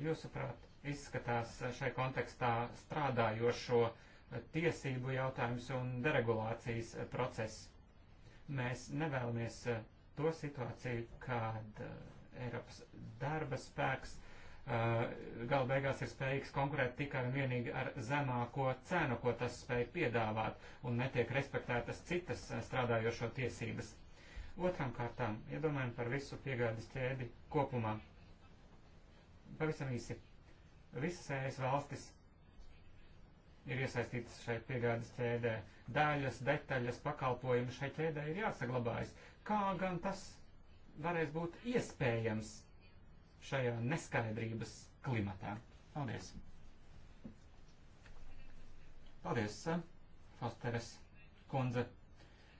jūsuprāt, izskatās šai kontekstā strādājošo tiesību jautājums un deregulācijas process? Mēs nevēlamies to situāciju, kad eh, Eiropas darba spēks Eh, gala beigās ir spējīgs konkurēt tikai un vienīgi ar zemāko cenu, ko tas spēj piedāvāt, un netiek respektētas citas eh, strādājošo tiesības. Otram kārtām, iedomājam par visu piegādes ķēdi kopumā. Pavisam īsi. Visas ES valstis ir iesaistītas šai piegādes ķēdē. Daļas, detaļas, pakalpojumi šai ķēdē ir jāsaglabājas. Kā gan tas varēs būt iespējams? šajā neskaidrības klimatā. Paldies! Paldies, eh, Fosteres kundze!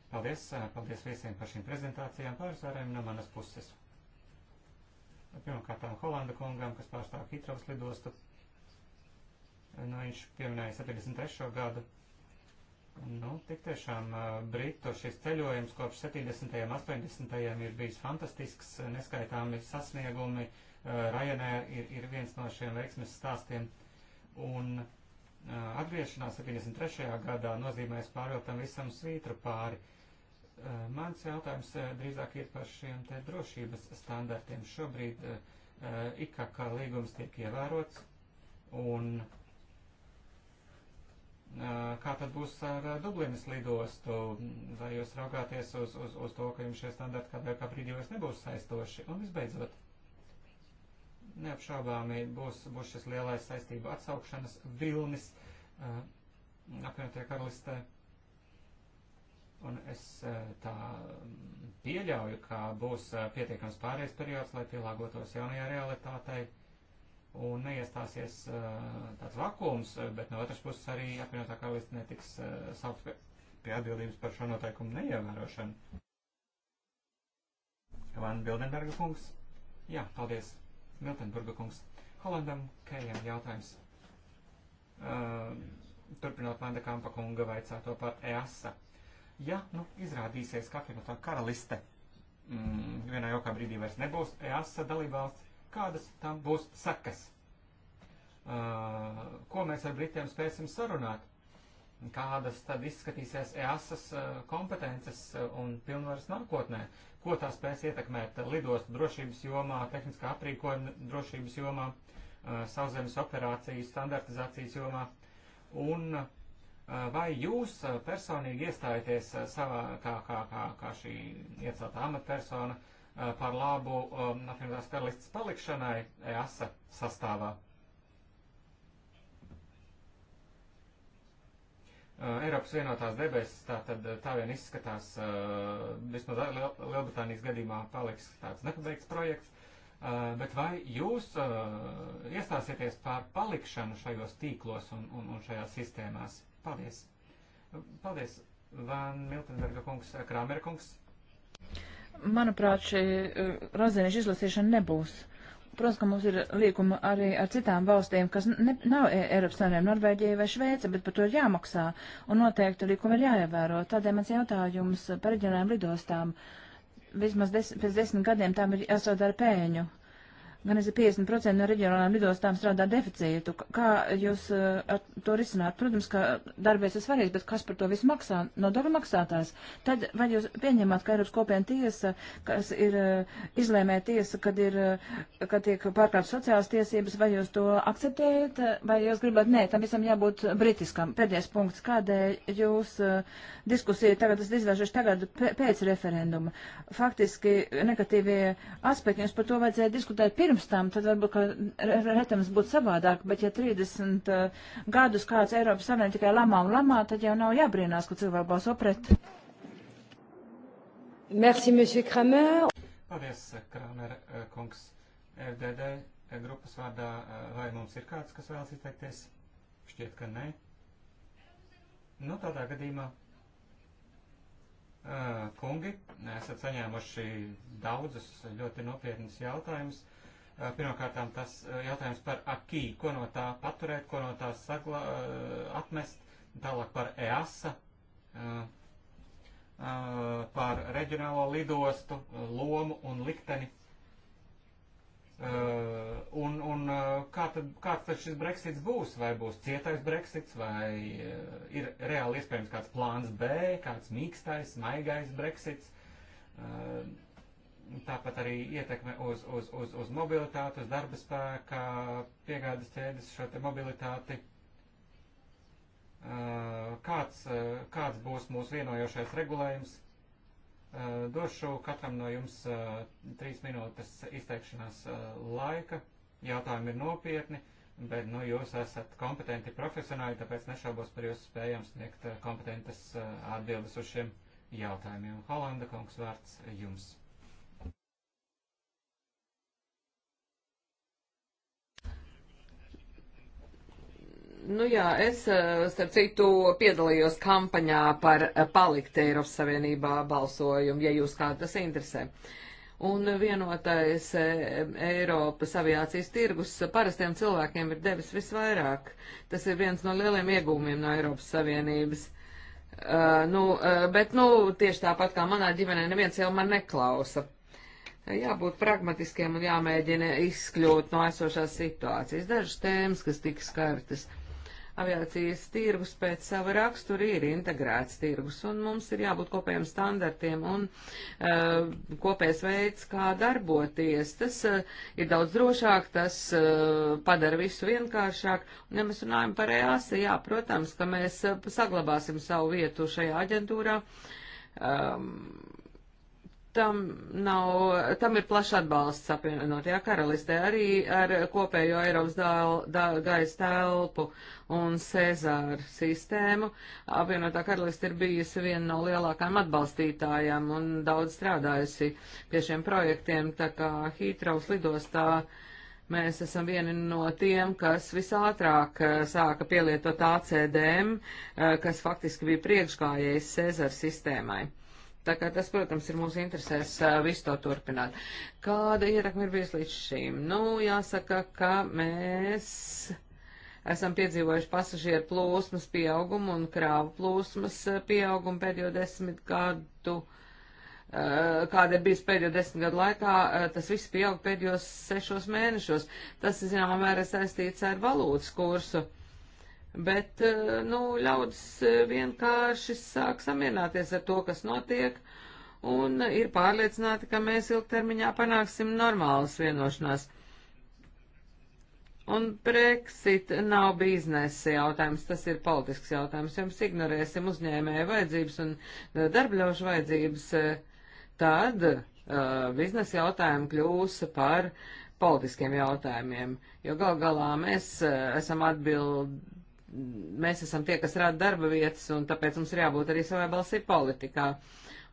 Paldies, eh, paldies visiem par šīm prezentācijām, pārsvarēm no manas puses. Pirmkārt, Holanda kungam, kas pārstāv Hitrovas lidostu. Nu, viņš pieminēja 73. gadu. Nu, tik tiešām eh, Britu šis ceļojums kopš 70. un 80. ir bijis fantastisks, neskaitāmi sasniegumi, uh, Eh, Ryanair ir, ir viens no šiem veiksmes stāstiem. Un eh, atgriešanās 73. gadā nozīmēs pārvilktam visam svītru pāri. Eh, mans jautājums drīzāk ir par šiem te drošības standartiem. Šobrīd IKK līgums tiek ievērots un kā tad būs ar Dublinas lidostu, vai jūs raugāties uz, uz, uz to, ka jums šie standarti kādā kā brīdī vairs nebūs saistoši? Un visbeidzot, neapšaubāmi būs, būs šis lielais saistību atsaukšanas vilnis uh, apvienotajā karalistē. Un es uh, tā mm, pieļauju, ka būs uh, pietiekams pārējais periods, lai pielāgotos jaunajā realitātei un neiestāsies uh, tāds vakums, uh, bet no otras puses arī apvienotā karalista netiks uh, saukt pie, pie atbildības par šo noteikumu neievērošanu. Van Bildenberga kungs. Jā, paldies. Miltenburga kungs. Holandam Kējam jautājums. Uh, turpinot Manda Kampa kunga vaicāto par EASA. Ja, nu, izrādīsies, ka apvienotā karaliste mm, vienā jokā brīdī vairs nebūs EASA dalībvalsts, kādas tam būs sekas? Uh, ko mēs ar Britiem spēsim sarunāt? kādas tad izskatīsies EASAS e, kompetences e, un pilnvaras nākotnē, ko tā spēs ietekmēt lidostu drošības jomā, tehniskā aprīkojuma drošības jomā, e, sauszemes operāciju standartizācijas jomā. Un vai jūs personīgi iestājaties savā, kā, kā, kā, kā šī ieceltā amatpersona, par labu apvienotās karalistas palikšanai EASA sastāvā? Uh, Eiropas vienotās debesis, tā tad uh, tā vien izskatās, uh, vismaz Lielbritānijas gadījumā paliks tāds nepabeigts projekts, bet vai jūs iestāsieties par palikšanu šajos tīklos un, un, un šajās sistēmās? Paldies! Paldies, Van Miltenberga kungs, Krāmera kungs. Manuprāt, šī razinieša izlasīšana nebūs. Uh, Protams, ka mums ir līguma arī ar citām valstīm, kas ne, nav e- Eiropas Savienība, Norvēģija vai Šveica, bet par to ir jāmaksā un noteikti līguma ir jāievēro. Tādēļ mans jautājums par reģionālajām lidostām. Vismaz des, pēc desmit gadiem tām ir jāsādara pēļņu gan es 50% no reģionālām lidostām strādā deficītu. Kā jūs uh, to risināt? Protams, ka darbies ir svarīgs, bet kas par to visu maksā? No darba maksātājs. Tad vai jūs pieņemat, ka Eiropas kopiena tiesa, kas ir uh, izlēmē tiesa, kad, ir, uh, kad tiek pārkāptas sociālās tiesības, vai jūs to akceptējat, vai jūs gribat? Nē, tam visam jābūt britiskam. Pēdējais punkts. Kādēļ jūs uh, diskusiju tagad, es izvēršos tagad pēc referenduma? Faktiski negatīvie aspekti, jums par to vajadzēja diskutēt pirms pirms tam, tad varbūt, ka retams būtu savādāk, bet ja 30 uh, eh, gadus kāds Eiropas Savienība tikai lamā un lamā, tad jau nav jābrīnās, ka cilvēki balso pret. Merci, monsieur Kramer. Paldies, eh, Kramer eh, kungs. FDD e grupas vārdā, vai mums ir kāds, kas vēlas izteikties? Šķiet, ka nē. Nu, tādā gadījumā kungi, esat saņēmuši daudzus ļoti nopietnus jautājumus. Eh, pirmkārtām tas eh, jautājums par akī, ko no tā paturēt, ko no tā sagla, eh, atmest, tālāk par EASA, par reģionālo lidostu, lomu un likteni. Uh, un un kā tad, kāds tad šis Brexits būs? Vai būs cietais Brexits, vai uh, ir reāli iespējams kāds plāns B, kāds mīkstais, maigais Brexits? Uh, tāpat arī ietekme uz, uz, uz, uz mobilitāti, uz darba spēka, piegādes ķēdes, šo te mobilitāti. Eh, kāds, eh, kāds būs mūsu vienojošais regulējums? Eh, došu katram no jums trīs minūtes izteikšanās laika. Jautājumi ir nopietni, bet nu, jūs esat kompetenti profesionāļi, tāpēc nešaubos par jūsu spējām sniegt kompetentas atbildes uz šiem jautājumiem. Holanda kungs vārds jums. Nu jā, es, eh, starp citu, piedalījos kampaņā par eh, palikt Eiropas Savienībā balsojumu, ja jūs kādu tas interesē. Un vienotais eh, Eiropas aviācijas tirgus parastiem cilvēkiem ir devis visvairāk. Tas ir viens no lieliem iegūmiem no Eiropas Savienības. Uh, nu, uh, bet, nu, tieši tāpat kā manā ģimenē neviens jau man neklausa jābūt pragmatiskiem un jāmēģina izkļūt no esošās situācijas. Dažas tēmas, kas tika skartas aviācijas tirgus pēc sava rakstura ir integrēts tirgus, un mums ir jābūt kopējiem standartiem un uh, kopējs veids, kā darboties. Tas uh, ir daudz drošāk, tas uh, padara visu vienkāršāk, un ja mēs runājam par EASA, jā, protams, ka mēs uh, saglabāsim savu vietu šajā aģentūrā. Um, Tam, nav, tam ir plašs atbalsts apvienotajā karalistē arī ar kopējo Eiropas dāl, dā, gaisa telpu un Cezāru sistēmu. Apvienotā karaliste ir bijusi viena no lielākām atbalstītājām un daudz strādājusi pie šiem projektiem, tā kā Hītraus lidostā mēs esam vieni no tiem, kas visātrāk eh, sāka pielietot ACDM, eh, kas faktiski bija priekšgājējis Cezara sistēmai. Tā kā tas, protams, ir mūsu interesēs visu to turpināt. Kāda ietekme ir bijusi līdz šīm? Nu, jāsaka, ka mēs esam piedzīvojuši pasažieru plūsmas pieaugumu un krāvu plūsmas pieaugumu pēdējo desmit gadu. Kāda ir bijusi pēdējo desmit gadu laikā, tas viss pieaug pēdējos sešos mēnešos. Tas, zināmā mērā, saistīts ar valūtas kursu. Uh, bet, eh, nu, ļaudis eh, vienkārši sāk samierināties ar to, kas notiek, un eh, ir pārliecināti, ka mēs ilgtermiņā panāksim normālas vienošanās. Un Brexit nav biznesa jautājums, tas ir politisks jautājums. Ja mēs ignorēsim uzņēmēju vajadzības un darbļaušu vajadzības, tad uh, biznesa jautājumi kļūs par politiskiem jautājumiem, jo gal galā mēs uh, esam atbild, mēs esam tie, kas rada darba vietas, un tāpēc mums ir jābūt arī savai balsī politikā.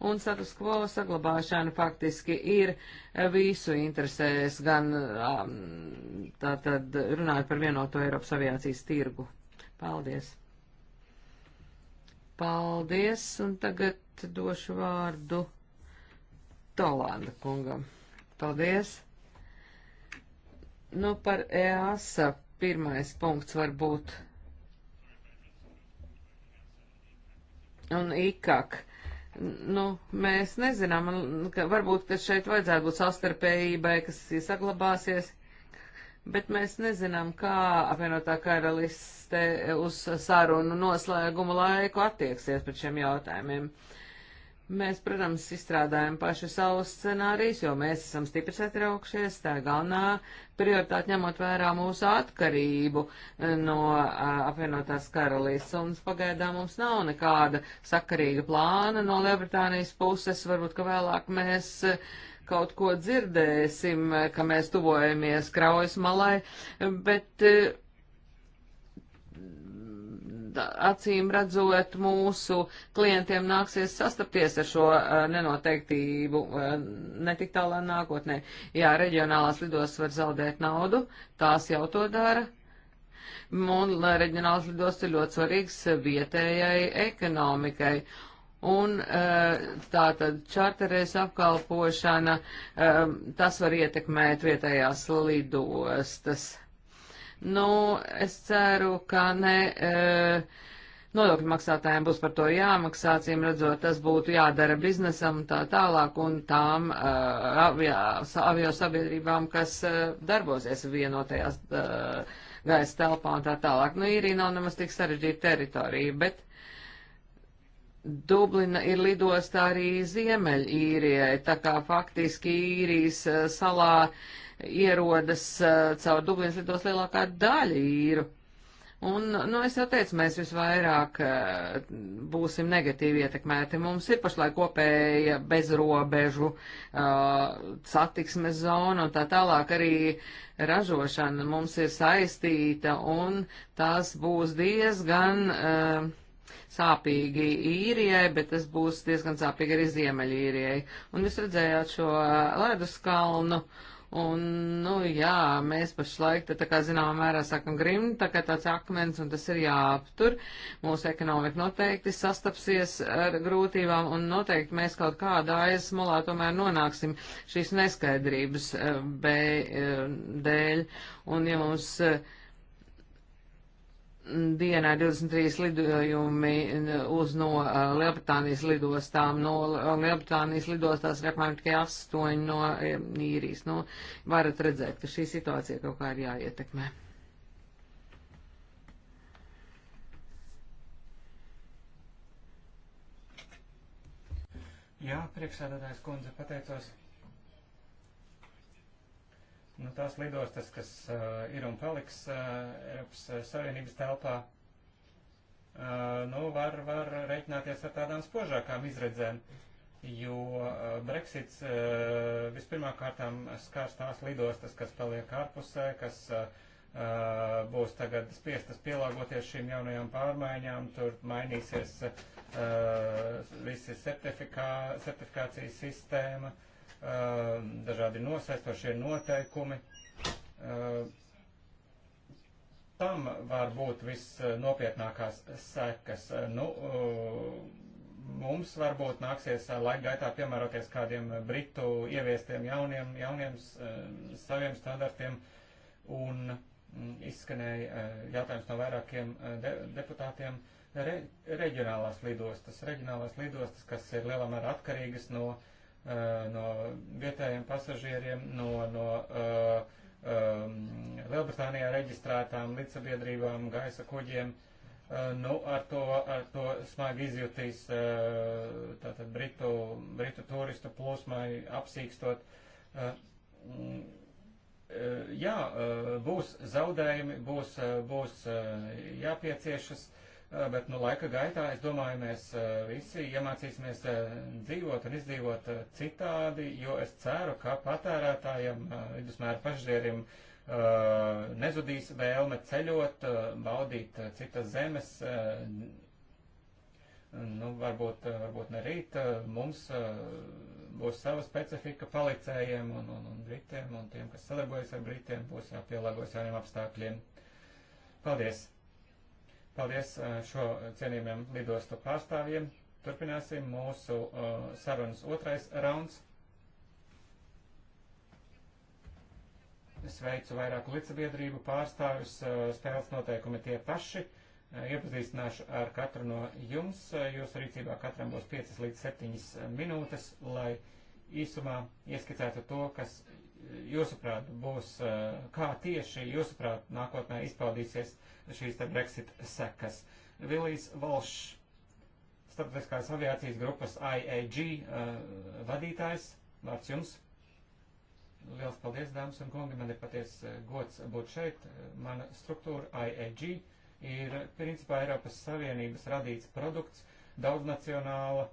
Un status quo saglabāšana faktiski ir visu interesēs, gan um, tātad runājot par vienoto Eiropas aviācijas tirgu. Paldies! Paldies, un tagad došu vārdu Tolanda kungam. Paldies! Nu, par EASA pirmais punkts varbūt un IKAK. Nu, mēs nezinām, ka varbūt, ka šeit vajadzētu būt sastarpējībai, kas saglabāsies, bet mēs nezinām, kā apvienotā karaliste uz sarunu noslēgumu laiku attieksies pret šiem jautājumiem. Uh, Mēs, protams, izstrādājam paši savus scenārijus, jo mēs esam stipri satraukšies, tā galvenā prioritāte ņemot vērā mūsu atkarību eh, no eh, apvienotās karalīsts. Un pagaidām mums nav nekāda sakarīga plāna no Lielbritānijas puses, varbūt, ka vēlāk mēs eh, kaut ko dzirdēsim, ka mēs tuvojamies kraujas malai, bet acīm redzot mūsu klientiem nāksies sastapties ar šo eh, nenoteiktību eh, netik tālā nākotnē. Jā, reģionālās lidos var zaudēt naudu, tās jau to dara. Un reģionālās lidos ir ļoti svarīgs vietējai ekonomikai un eh, tātad čarterēs apkalpošana, tas var ietekmēt vietējās lidostas. Nu, es ceru, ka ne. E, Nodokļu maksātājiem būs par to jāmaksā, cīm redzot, tas būtu jādara biznesam tā tālāk un tām uh, avio sabiedrībām, kas uh, darbosies vienotajās uh, gaisa telpā un tā tālāk. Nu, īrija nav nemaz tik sarežģīta teritorija, bet Dublina ir lidostā arī Ziemeļīrijai, tā kā faktiski īrijas salā. Uh, ierodas eh, caur Dublinas lidos lielākā daļa īru. Un, nu, es jau teicu, mēs visvairāk eh, būsim negatīvi ietekmēti. Mums ir pašlaik kopēja bezrobežu uh, satiksmes zona un tā tālāk arī ražošana mums ir saistīta un tas būs diezgan uh, sāpīgi īrijai, bet tas būs diezgan sāpīgi arī Ziemeļīrijai. Un jūs redzējāt šo leduskalnu. Uh, Un, nu, jā, mēs pašlaik, te, tā kā zināmā mērā sākam grimt, tā kā tāds akmens, un tas ir jāaptur. Mūsu ekonomika noteikti sastapsies ar grūtībām, un noteikti mēs kaut kādā aizsmolā tomēr nonāksim šīs neskaidrības eh, be, eh, dēļ. Un, ja mums uh, dienā 23 lidojumi uz no uh, Lielbritānijas lidostām. No uh, Lielbritānijas lidostās ir apmēram tikai 8 no e, īrijas. Nu, varat redzēt, ka šī situācija kaut kā ir jāietekmē. Jā, priekšsēdētājs kundze, pateicos Nu, tās lidostas, kas uh, ir un paliks uh, Eiropas uh, Savienības telpā, uh, nu, var, var reiķināties ar tādām spožākām izredzēm, jo uh, Brexits uh, vispirmā kārtām skārs tās lidostas, kas paliek ārpusē, kas uh, uh, būs tagad spiestas pielāgoties šīm jaunajām pārmaiņām, tur mainīsies uh, visi certifikā, certifikācijas sistēma. Uh, Eh, dažādi nosaistošie noteikumi. Eh, tam var būt visnopietnākās sekas. Nu, eh, mums varbūt nāksies laika gaitā piemēroties kādiem britu ieviestiem jauniem, jauniem saviem standartiem. Un mm, izskanēja jautājums no vairākiem de deputātiem re, reģionālās lidostas. Reģionālās lidostas, kas ir lielā mērā atkarīgas no uh, Eh, no vietējiem pasažieriem, no, no uh, um, Lielbritānijā reģistrētām līdzsabiedrībām, gaisa kuģiem. Uh, nu, ar to, ar to smagi izjutīs uh, tātad britu, britu turistu plūsmai apsīkstot. Uh, m, mm, jā, būs zaudējumi, būs, būs jāpieciešas. Uh, Eh, bet nu, laika gaitā, es domāju, mēs eh, visi iemācīsimies eh, dzīvot un izdzīvot citādi, jo es ceru, ka patērētājiem, vidusmēra pašdierim, nezudīs vēlme ceļot, baudīt citas zemes. Nu, varbūt, varbūt ne rīt, mums būs sava specifika palicējiem un, un, un britiem, un tiem, kas sadarbojas ar britiem, būs jāpielāgojas jauniem apstākļiem. Paldies! Paldies eh, šo cienījumiem lidostu pārstāvjiem. Turpināsim mūsu eh, sarunas otrais rauns. Sveicu vairāku līdzsabiedrību pārstāvis, eh, spēles noteikumi tie paši. Iepazīstināšu ar katru no jums. Jūsu rīcībā katram būs 5 līdz 7 minūtes, lai īsumā ieskicētu to, kas jūsuprāt, būs, eh, kā tieši jūsuprāt nākotnē izpaudīsies šīs te Brexit sekas. Vilijs Volšs, starptautiskās aviācijas grupas IAG eh, vadītājs, vārds jums. Liels paldies, dāmas un kungi, man ir paties eh, gods būt šeit. Mana struktūra IAG ir principā Eiropas Savienības radīts produkts, daudznacionāla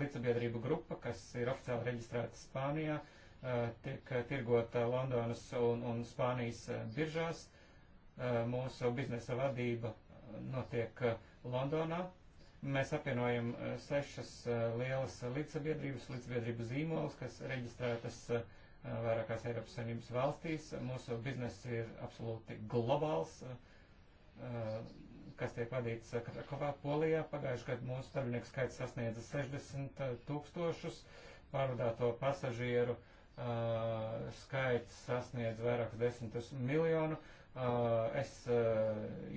līdzsabiedrību grupa, kas ir oficiāli reģistrēta Spānijā. Uh, Eh, tiek tirgota eh, Londonas un, un Spānijas eh, biržās. Mūsu biznesa vadība notiek Londonā. Mēs apvienojam sešas lielas līdzsabiedrības, līdzsabiedrību zīmolus, kas reģistrētas vairākās Eiropas Savienības valstīs. Mūsu bizness ir absolūti globāls, kas tiek vadīts Krakovā, Polijā. Pagājušajā gadā mūsu darbinieku skaits sasniedza 60 tūkstošus pārvadāto pasažieru uh, Eh, skaits sasniedz vairākus desmitus miljonu. Eh, es eh,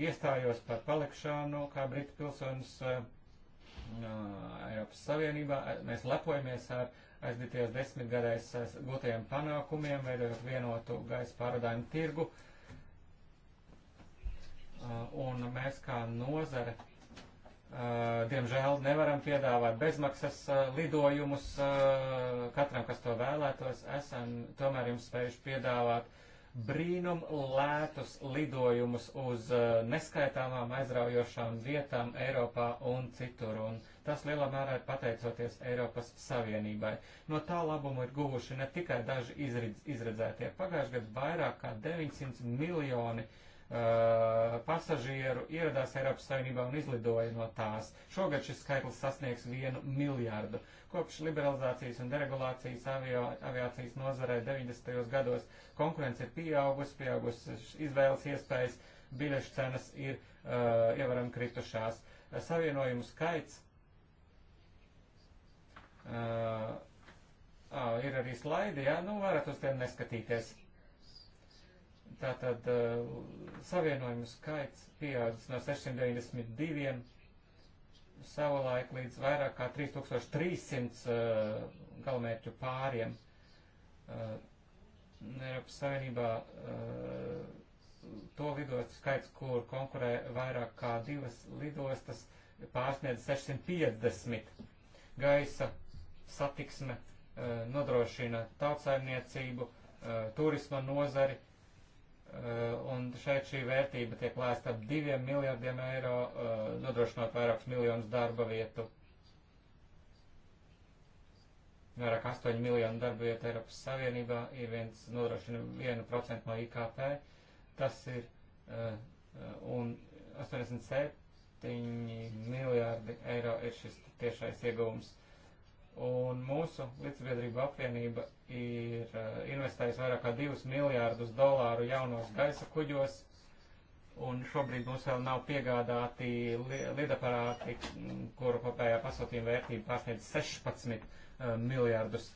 iestājos par palikšanu kā Britu pilsonis Eiropas Savienībā. Mēs lepojamies ar aizdītajos desmitgadēs gūtajiem panākumiem, veidojot vienotu gaisa pārādājumu tirgu. Un mēs kā nozare Eh, diemžēl nevaram piedāvāt bezmaksas eh, lidojumus eh, katram, kas to vēlētos. Esam tomēr jums spējuši piedāvāt brīnum lētus lidojumus uz neskaitāmām aizraujošām vietām Eiropā un citur. Un tas lielā mērā ir pateicoties Eiropas Savienībai. No tā labumu ir guvuši ne tikai daži izredz, izredzētie. Pagājušajā gadā vairāk kā 900 miljoni eiro Uh, pasažieru ieradās Eiropas Savienībā un izlidoja no tās. Šogad šis skaitlis sasniegs vienu miljārdu. Kopš liberalizācijas un deregulācijas avio, aviācijas nozarē 90. gados konkurence ir pieaugusi, pieaugusi izvēles iespējas, biļešu cenas ir uh, ievaram kritušās. Savienojumu skaits. Uh, uh, ir arī slaidi, jā, nu varat uz tiem neskatīties. Tātad uh, savienojumu skaits pieaudzis no 692 savulaik līdz vairāk kā 3300 uh, galvenmērķu pāriem. Uh, Eiropas Savienībā to lidostu skaits, kur konkurē vairāk kā divas lidostas, pārsniedz 650. Gaisa satiksme nodrošina tautsaimniecību, turisma nozari, Eh, un šeit šī vērtība tiek lēsta ap diviem miljardiem eiro, eh, nodrošinot vairākus miljonus darba vietu. Vairāk 8 miljonu darba vietu Eiropas Savienībā ir viens nodrošina 1% no IKP. Tas ir eh, un 87 miljārdi eiro ir šis tiešais ieguvums Un mūsu līdzsabiedrība apvienība ir eh, investējusi vairāk kā 2 miljārdus dolāru jaunos gaisa kuģos, un šobrīd mums vēl nav piegādāti li lidaparāti, mm, kuru kopējā pasūtījuma vērtība pārsniedz 16 uh, eh, miljārdus,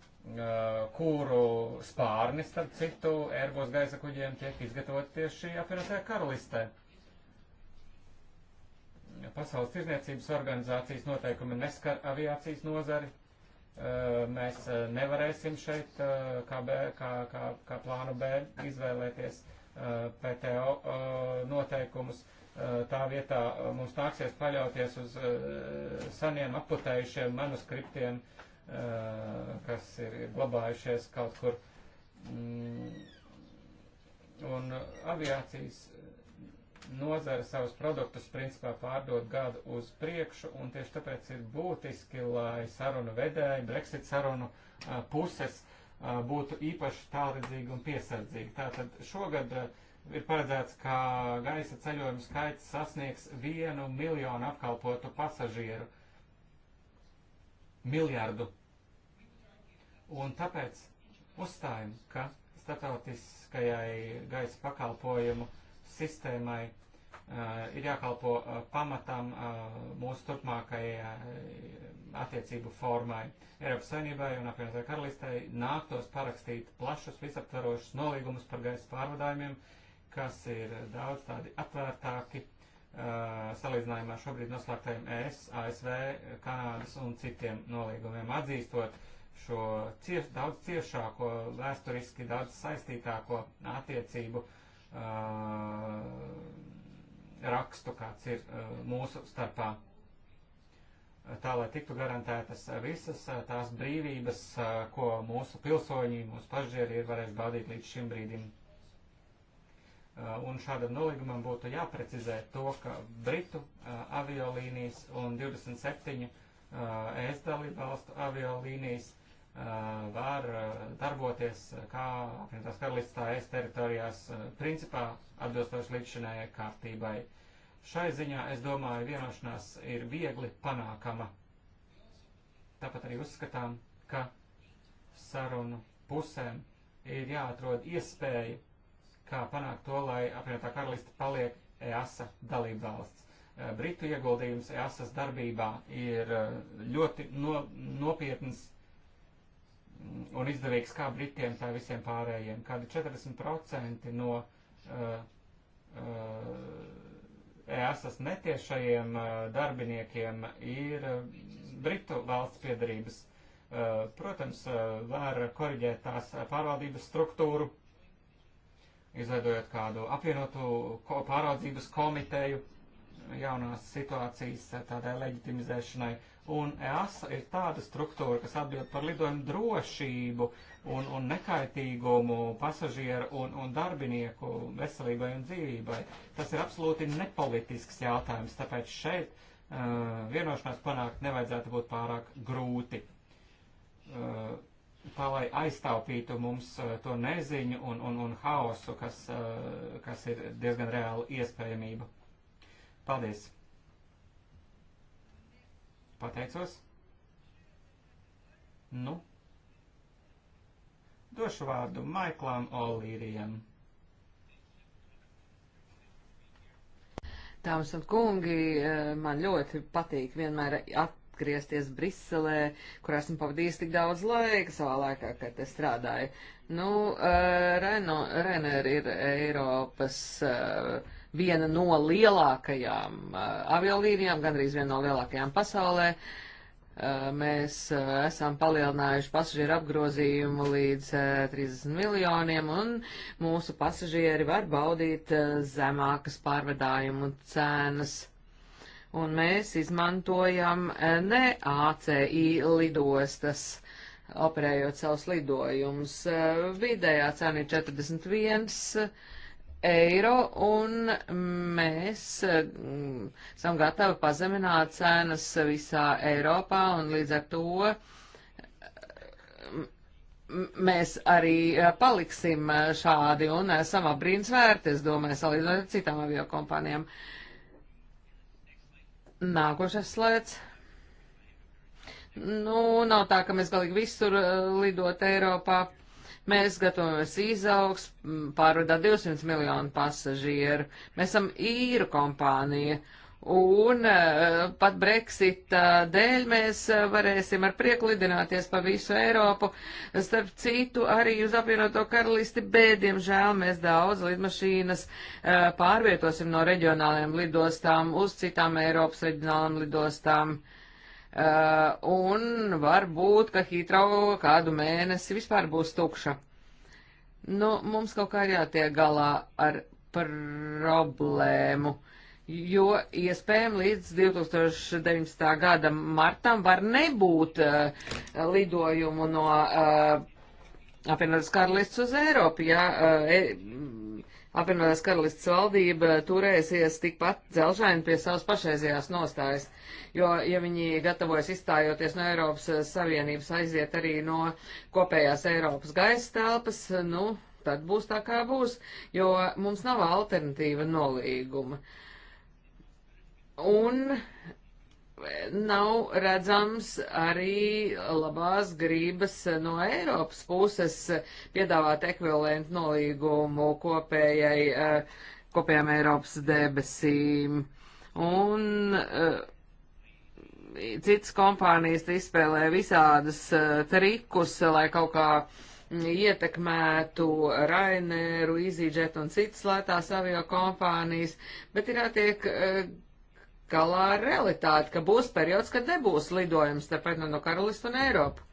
uh, kuru spārni, starp citu, Airbus gaisa kuģiem tiek izgatavoti tieši apvienotajā karalistē. Uh, Pasaules tirzniecības organizācijas noteikumi neskar aviācijas nozari. Mēs nevarēsim šeit kā, B, kā, kā, kā plānu B izvēlēties PTO noteikumus. Tā vietā mums nāksies paļauties uz seniem aputējušiem manuskriptiem, kas ir glabājušies kaut kur. Mm, un aviācijas nozara savus produktus principā pārdod gadu uz priekšu, un tieši tāpēc ir būtiski, lai sarunu vedēji, Brexit sarunu a, puses a, būtu īpaši tālredzīgi un piesardzīgi. Tātad šogad a, ir paredzēts, ka gaisa ceļojumu skaits sasniegs vienu miljonu apkalpotu pasažieru. Miljardu. Un tāpēc uzstājam, ka starptautiskajai gaisa pakalpojumu sistēmai Eh, ir jākalpo eh, pamatam eh, mūsu turpmākajai attiecību formai. Eiropas Savienībai un apvienotai karalistei nāktos parakstīt plašus visaptvarošus nolīgumus par gaisa pārvadājumiem, kas ir daudz tādi atvērtāki salīdzinājumā šobrīd noslēgtajiem ES, ASV, Kanādas un citiem nolīgumiem, atzīstot šo cieš, daudz ciešāko, vēsturiski daudz saistītāko attiecību uh, rakstu, kāds ir eh, mūsu starpā. Eh, tā, lai tiktu garantētas eh, visas tās brīvības, ko mūsu pilsoņi, mūsu pašģēri ir varējuši baudīt līdz šim brīdim. Un šādam nolīgumam būtu jāprecizē to, ka Britu aviolīnijas un 27 ES dalību valstu aviolīnijas Eh, var eh, darboties eh, kā apvienotās karalistas tā es teritorijās principā atbilstoši līdzšanējai kārtībai. Šai ziņā, es domāju, vienošanās ir viegli panākama. Tāpat arī uzskatām, ka sarunu pusēm ir jāatrod iespēja, kā panākt to, lai apvienotā karalista paliek EASA dalībvalsts. Britu ieguldījums EASAS darbībā ir ļoti no, nopietns Mm, un izdevīgs kā Britiem, tā visiem pārējiem. Kādi 40% no uh, uh, EASAS netiešajiem uh, darbiniekiem ir uh, Britu valsts piedarības. Uh, protams, uh, var koriģēt tās pārvaldības struktūru, izveidojot kādu apvienotu ko pāraudzības komiteju jaunās situācijas tādai leģitimizēšanai un EASA ir tāda struktūra, kas atbild par lidojumu drošību un, un nekaitīgumu pasažieru un, un darbinieku veselībai un dzīvībai. Tas ir absolūti nepolitisks jautājums, tāpēc šeit uh, vienošanās panākt nevajadzētu būt pārāk grūti. Uh, tā lai aiztaupītu mums uh, to neziņu un, un, un haosu, kas, uh, kas ir diezgan reāla iespējamība. Paldies! Pateicos. Nu. Došu vārdu Maiklam Olīrijam. Dāmas un kungi, eh, man ļoti patīk vienmēr atgriezties Briselē, kur esmu pavadījis tik daudz laika savā laikā, kad es strādāju. Nu, eh, Reno, Renner ir Eiropas uh, viena no lielākajām uh, aviolīnijām, gandrīz viena no lielākajām pasaulē. Uh, mēs uh, esam palielinājuši pasažieru apgrozījumu līdz 30 uh, miljoniem, un mūsu pasažieri var baudīt uh, zemākas pārvadājumu cenas. Un mēs izmantojam uh, ne ACI lidostas, operējot savus lidojumus. Vidējā cena ir 41 eiro, un mēs mm, esam gatavi pazemināt cenas visā Eiropā, un līdz ar to mm, mēs arī eh, paliksim eh, šādi un esam apbrīnsvērti, es domāju, salīdzinot ar citām aviokompānijām. Nākošais slēdz. Nu, nav tā, ka mēs galīgi visur eh, lidot Eiropā. Mēs gatavojamies izaugs, pārvadā 200 miljonu pasažieru. Mēs esam īru kompānija. Un e, pat Brexita dēļ mēs e, varēsim ar prieku lidināties pa visu Eiropu. Starp citu, arī uz apvienoto karalisti bēdiem žēl mēs daudz lidmašīnas e, pārvietosim no reģionāliem lidostām uz citām Eiropas reģionālām lidostām. Uh, Uh, un varbūt, ka Hitrau kādu mēnesi vispār būs tukša. Nu, mums kaut kā ir jātiek galā ar problēmu, jo iespējami līdz 2019. gada martam var nebūt uh, lidojumu no uh, eh, apvienotas karalists uz Eiropu, ja uh, apvienotās karalists valdība turēsies tikpat dzelžaini pie savas pašreizējās nostājas, jo, ja viņi gatavojas izstājoties no Eiropas Savienības, aiziet arī no kopējās Eiropas gaisa telpas, nu, tad būs tā kā būs, jo mums nav alternatīva nolīguma. Un nav redzams arī labās grības no Eiropas puses piedāvāt ekvivalentu nolīgumu kopējai, eh, kopējām Eiropas debesīm. Un eh, citas kompānijas izspēlē visādas eh, trikus, lai kaut kā ietekmētu Raineru, EasyJet un citas lētās avio kompānijas, bet ir jātiek galā ar realitāti, ka būs periods, kad nebūs lidojums starp Edmundu no Karalistu un Eiropu.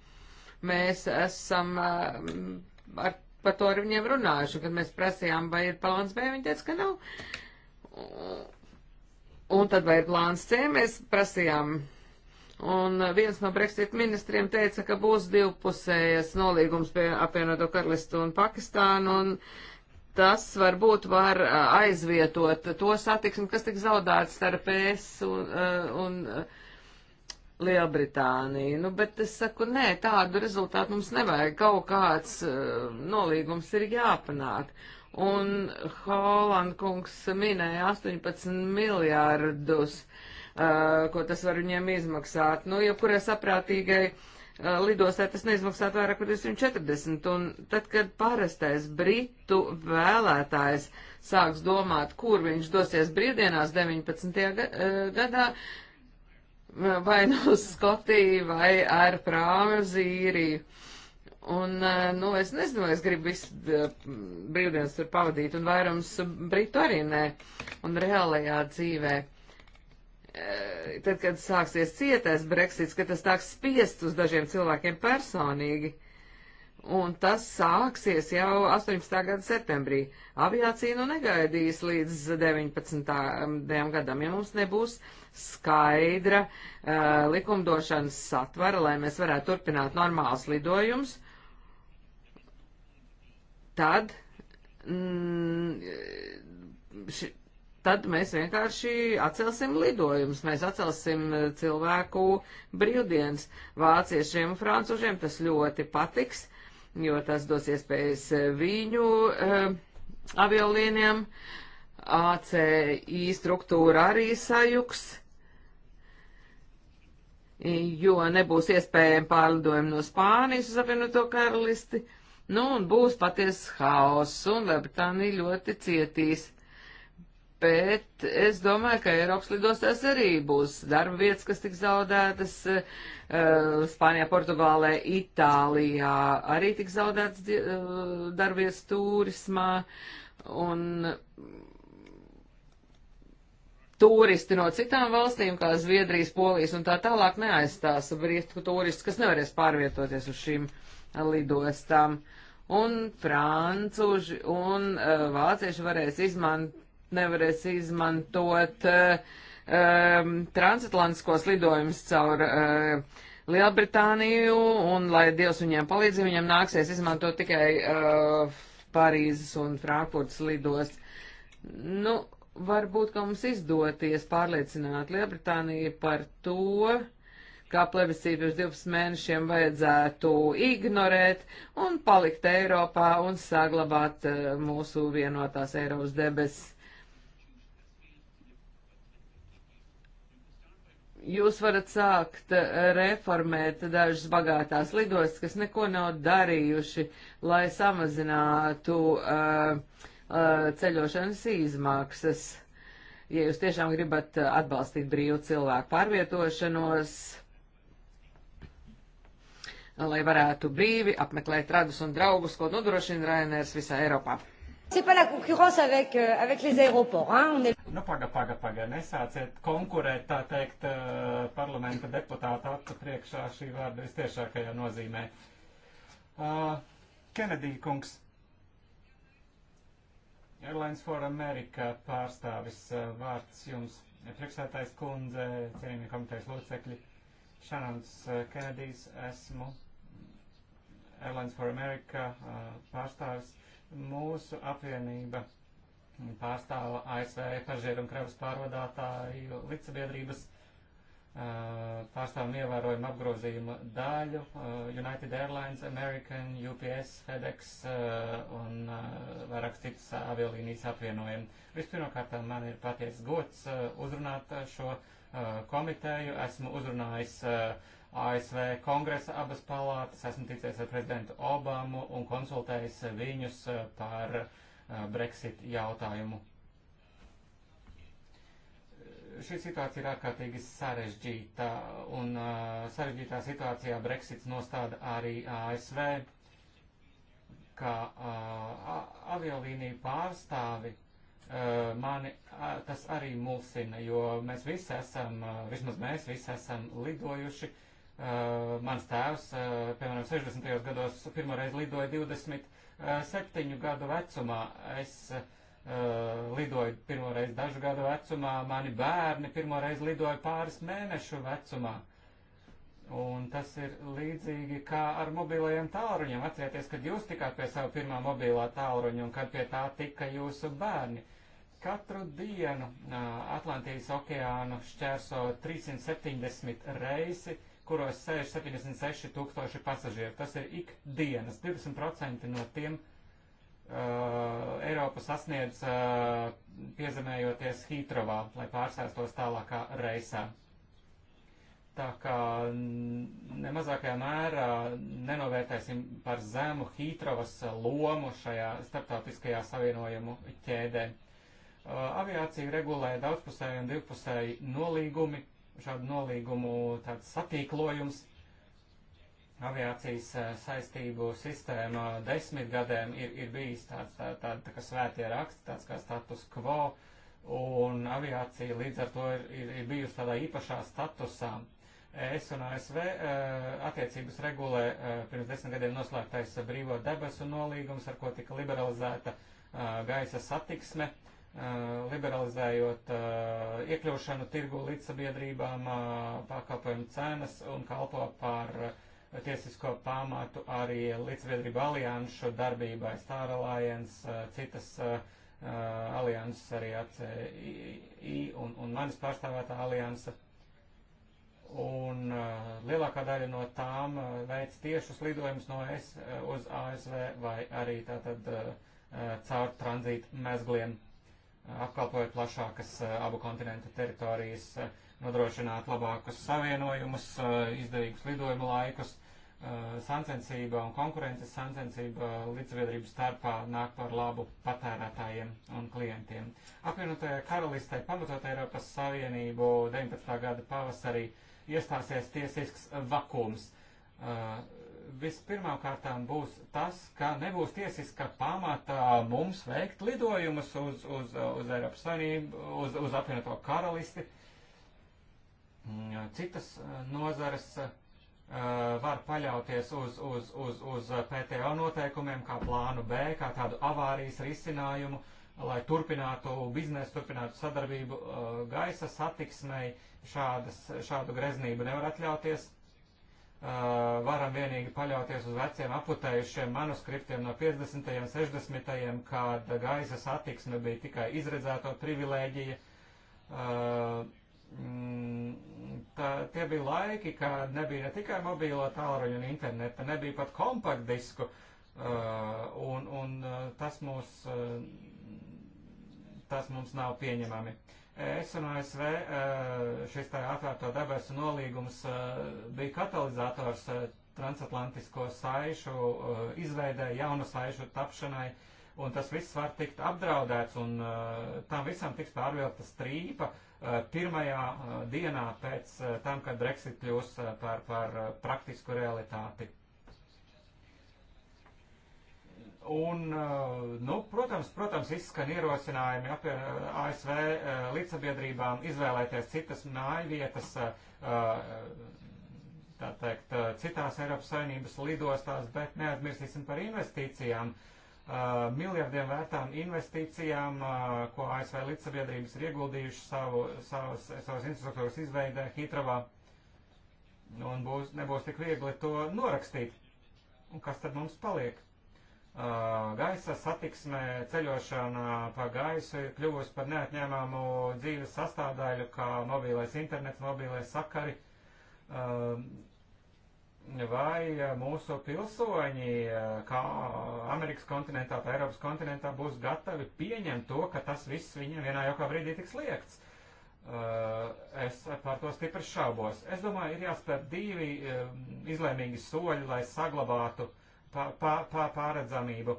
Mēs esam eh, ar, par to ar viņiem runājuši, kad mēs prasījām, vai ir plāns B, viņi teica, ka nav. Un tad vai ir plāns C, mēs prasījām. Un viens no Brexit ministriem teica, ka būs divpusējas nolīgums pie apvienoto karalistu un Pakistānu, un tas varbūt var uh, aizvietot to satiksmi, kas tik zaudēts starp ES un, uh, un uh, Lielbritāniju. Nu, bet es saku, nē, tādu rezultātu mums nevajag. Kaut kāds nolīgums ir jāpanāk. Un Holanda kungs minēja 18 miljārdus, ko tas var viņiem izmaksāt. Nu, jebkurai saprātīgai. Ja Eh, lidostā tas neizmaksā vairāk par 240, un tad, kad parastais britu vēlētājs sāks domāt, kur viņš dosies brīvdienās 19. Eh, gadā, eh, vai nu uz Skotiju, vai ar prāmu Zīriju. Un, nu, es nezinu, vai es gribu visu brīvdienas tur pavadīt, un vairums Britu arī nē, un reālajā dzīvē. Eh, tad, kad sāksies cietais Brexits, ka tas tāks spiest uz dažiem cilvēkiem personīgi. Un tas sāksies jau 18. gada septembrī. Aviācija nu negaidīs līdz 19. gadam, ja mums nebūs skaidra uh, likumdošanas satvara, lai mēs varētu turpināt normāls lidojums, tad mm, eh, ši, tad mēs vienkārši atcelsim lidojumus, mēs atcelsim eh, cilvēku brīvdienas. Vāciešiem un francužiem tas ļoti patiks, jo tas dos iespējas eh, viņu eh, aviolīniem. ACI struktūra arī sajuks, jo nebūs iespējami pārlidojumi no Spānijas uz apvienoto karalisti. Nu, un būs paties haoss, un Lielbritānija ļoti cietīs bet es domāju, ka Eiropas lidostās arī būs darba vietas, kas tiks zaudētas. Uh, Spānijā, Portugālē, Itālijā arī tiks zaudētas uh, darba vietas turismā. Un turisti no citām valstīm, kā Zviedrijas, Polijas un tā tālāk, neaizstās brītu turistus, kas nevarēs pārvietoties uz šīm lidostām. Un francūži un uh, vācieši varēs izmantot nevarēs izmantot um, transatlantiskos lidojumus caur uh, Lielbritāniju, un lai Dievs viņiem palīdz, viņiem nāksies izmantot tikai uh, Parīzes un Frankfurtas lidos. Nu, varbūt, ka mums izdoties pārliecināt Lielbritāniju par to, kā plebiscītu pirms 12 mēnešiem vajadzētu ignorēt un palikt Eiropā un saglabāt uh, mūsu vienotās Eiropas debesis. jūs varat sākt eh, reformēt dažas bagātās lidostas, kas neko nav darījuši, lai samazinātu uh, uh, ceļošanas izmaksas. Ja jūs tiešām gribat atbalstīt brīvu cilvēku pārvietošanos, lai varētu brīvi apmeklēt radus un draugus, ko nodrošina Rainers visā Eiropā. C'est pas la concurrence avec, euh, avec les aéroports. Hein? On est... Nu, paga, paga, paga. Nesāciet konkurēt, tā teikt, uh, parlamenta deputāta acu priekšā šī vārda vistiešākajā nozīmē. Uh, Kennedy kungs, Airlines for America pārstāvis uh, vārds jums, priekšsētājs kundze, cienījumie komitejas locekļi, Šanons uh, Kenedijs, esmu Airlines for America uh, pārstāvis. Uh, Mūsu apvienība pārstāv ASV pažiedu un kravas pārvadātāju līdzsabiedrības pārstāv un ievērojumu apgrozījuma daļu United Airlines, American, UPS, FedEx un vairākas citas aviolīnijas apvienojumu. Vispirmkārt, man ir patiesa gods uzrunāt šo komiteju. Esmu uzrunājis uh, ASV kongresa abas palātas, esmu ticies ar prezidentu Obamu un konsultējis viņus eh, par eh, Brexit jautājumu. Šī situācija ir ārkārtīgi sarežģīta, un eh, sarežģītā situācijā Brexits nostāda arī ASV, kā aviolīniju pārstāvi mani tas arī mulsina, jo mēs visi esam, vismaz mēs visi esam lidojuši, uh, Eh, mans tēvs, eh, piemēram, 60. gados pirmoreiz lidoja 27 eh, gadu vecumā. Es lidoju pirmoreiz dažu gadu vecumā, mani bērni pirmoreiz lidoja pāris mēnešu vecumā. Un tas ir līdzīgi kā ar mobilajiem tālruņiem. Atcerieties, kad jūs tikāt pie sava pirmā mobilā tālruņa un kad pie tā tika jūsu bērni. Katru dienu Atlantijas okeānu šķērso 370 reisi, kuros sēž 76 tūkstoši pasažieru. Tas ir ik dienas. 20% no tiem uh, Eiropa sasniedz uh, piezemējoties Hītrovā, lai pārsēstos tālākā reisā. Tā kā nemazākajā mērā nenovērtēsim par zemu Hītrovas lomu šajā starptautiskajā savienojumu ķēdē. Uh, aviāciju regulē daudzpusēji un divpusēji nolīgumi, uh, šādu nolīgumu tāds satīklojums aviācijas eh, saistību sistēma desmit gadiem ir, ir bijis tāds tā, tā, tā kā svētie raksti, tāds kā status quo, un aviācija līdz ar to ir, ir, ir bijusi tādā īpašā statusā. ES un ASV eh, attiecības regulē eh, pirms desmit gadiem noslēgtais brīvo debesu nolīgums, ar ko tika liberalizēta gaisa satiksme. Uh, Eh, liberalizējot eh, iekļaušanu tirgu līdz sabiedrībām, eh, pakalpojumu cenas un kalpo par tiesisko pamatu arī līdzsabiedrību alianšu darbībai Star Alliance, citas alianses arī ACI un, un manis pārstāvētā aliansa. Un uh, lielākā daļa no tām uh, veic tiešus lidojumus no es uh, uz ASV vai arī tātad uh, caur tranzītu mezgliem. Uh, apkalpojot plašākas eh, abu kontinentu teritorijas, eh, nodrošināt labākus savienojumus, eh, izdevīgus lidojumu laikus. Sancensība un konkurences sancensība līdzsaviedrību starpā nāk par labu patērētājiem un klientiem. Apvienotajā karalistē pamatot Eiropas Savienību 19. gada pavasarī iestāsies tiesisks vakums. Uh, vispirmām kārtām būs tas, ka nebūs tiesiska pamata mums veikt lidojumus uz, uz, uz Eiropas Savienību, uz, uz apvienoto karalisti. Mm, citas eh, nozares uh, var paļauties uz, uz, uz, uz PTO noteikumiem kā plānu B, kā tādu avārijas risinājumu, lai turpinātu biznesu, turpinātu sadarbību uh, gaisa satiksmei. Šādas, šādu greznību nevar atļauties varam vienīgi paļauties uz veciem aputējušiem manuskriptiem no 50. un 60. kad gaisa satiksme bija tikai izredzēto privilēģija. Mm, tā, tie bija laiki, kad nebija ne tikai mobilo tālruņu un interneta, nebija pat kompaktdisku, un, un tas, mūs, tas mums nav pieņemami. Es un ASV eh, šis tā atvērto debesu nolīgums eh, bija katalizators eh, transatlantisko saišu izveidē, jaunu saišu tapšanai, un tas viss var tikt apdraudēts, un tam visam tiks pārvilkta strīpa pirmajā dienā pēc tam, kad Brexit kļūs par, par praktisku realitāti. Un, eh, nu, protams, protams, izskan ierosinājumi apvien, eh, ASV eh, līdzsabiedrībām izvēlēties citas mājvietas, tā teikt, citās Eiropas Savienības lidostās, bet neaizmirsīsim par investīcijām, miljardiem vērtām investīcijām, ko ASV līdzsabiedrības ir ieguldījuši savu, savas, savas infrastruktūras izveidē Hitravā. Un būs, nebūs tik viegli to norakstīt. Un kas tad mums paliek? Uh, gaisa satiksme, ceļošana pa gaisu ir kļuvusi par neatņēmāmu dzīves sastāvdaļu, kā mobilais internets, mobilais sakari. Um, vai uh, mūsu pilsoņi, uh, kā Amerikas kontinentā, tā Eiropas kontinentā, būs gatavi pieņemt to, ka tas viss viņiem vienā jau kā brīdī tiks liekts? Es par to stipri šaubos. Es domāju, ir jāspēr divi um, izlēmīgi soļi, lai saglabātu uh, pār, pār, pārredzamību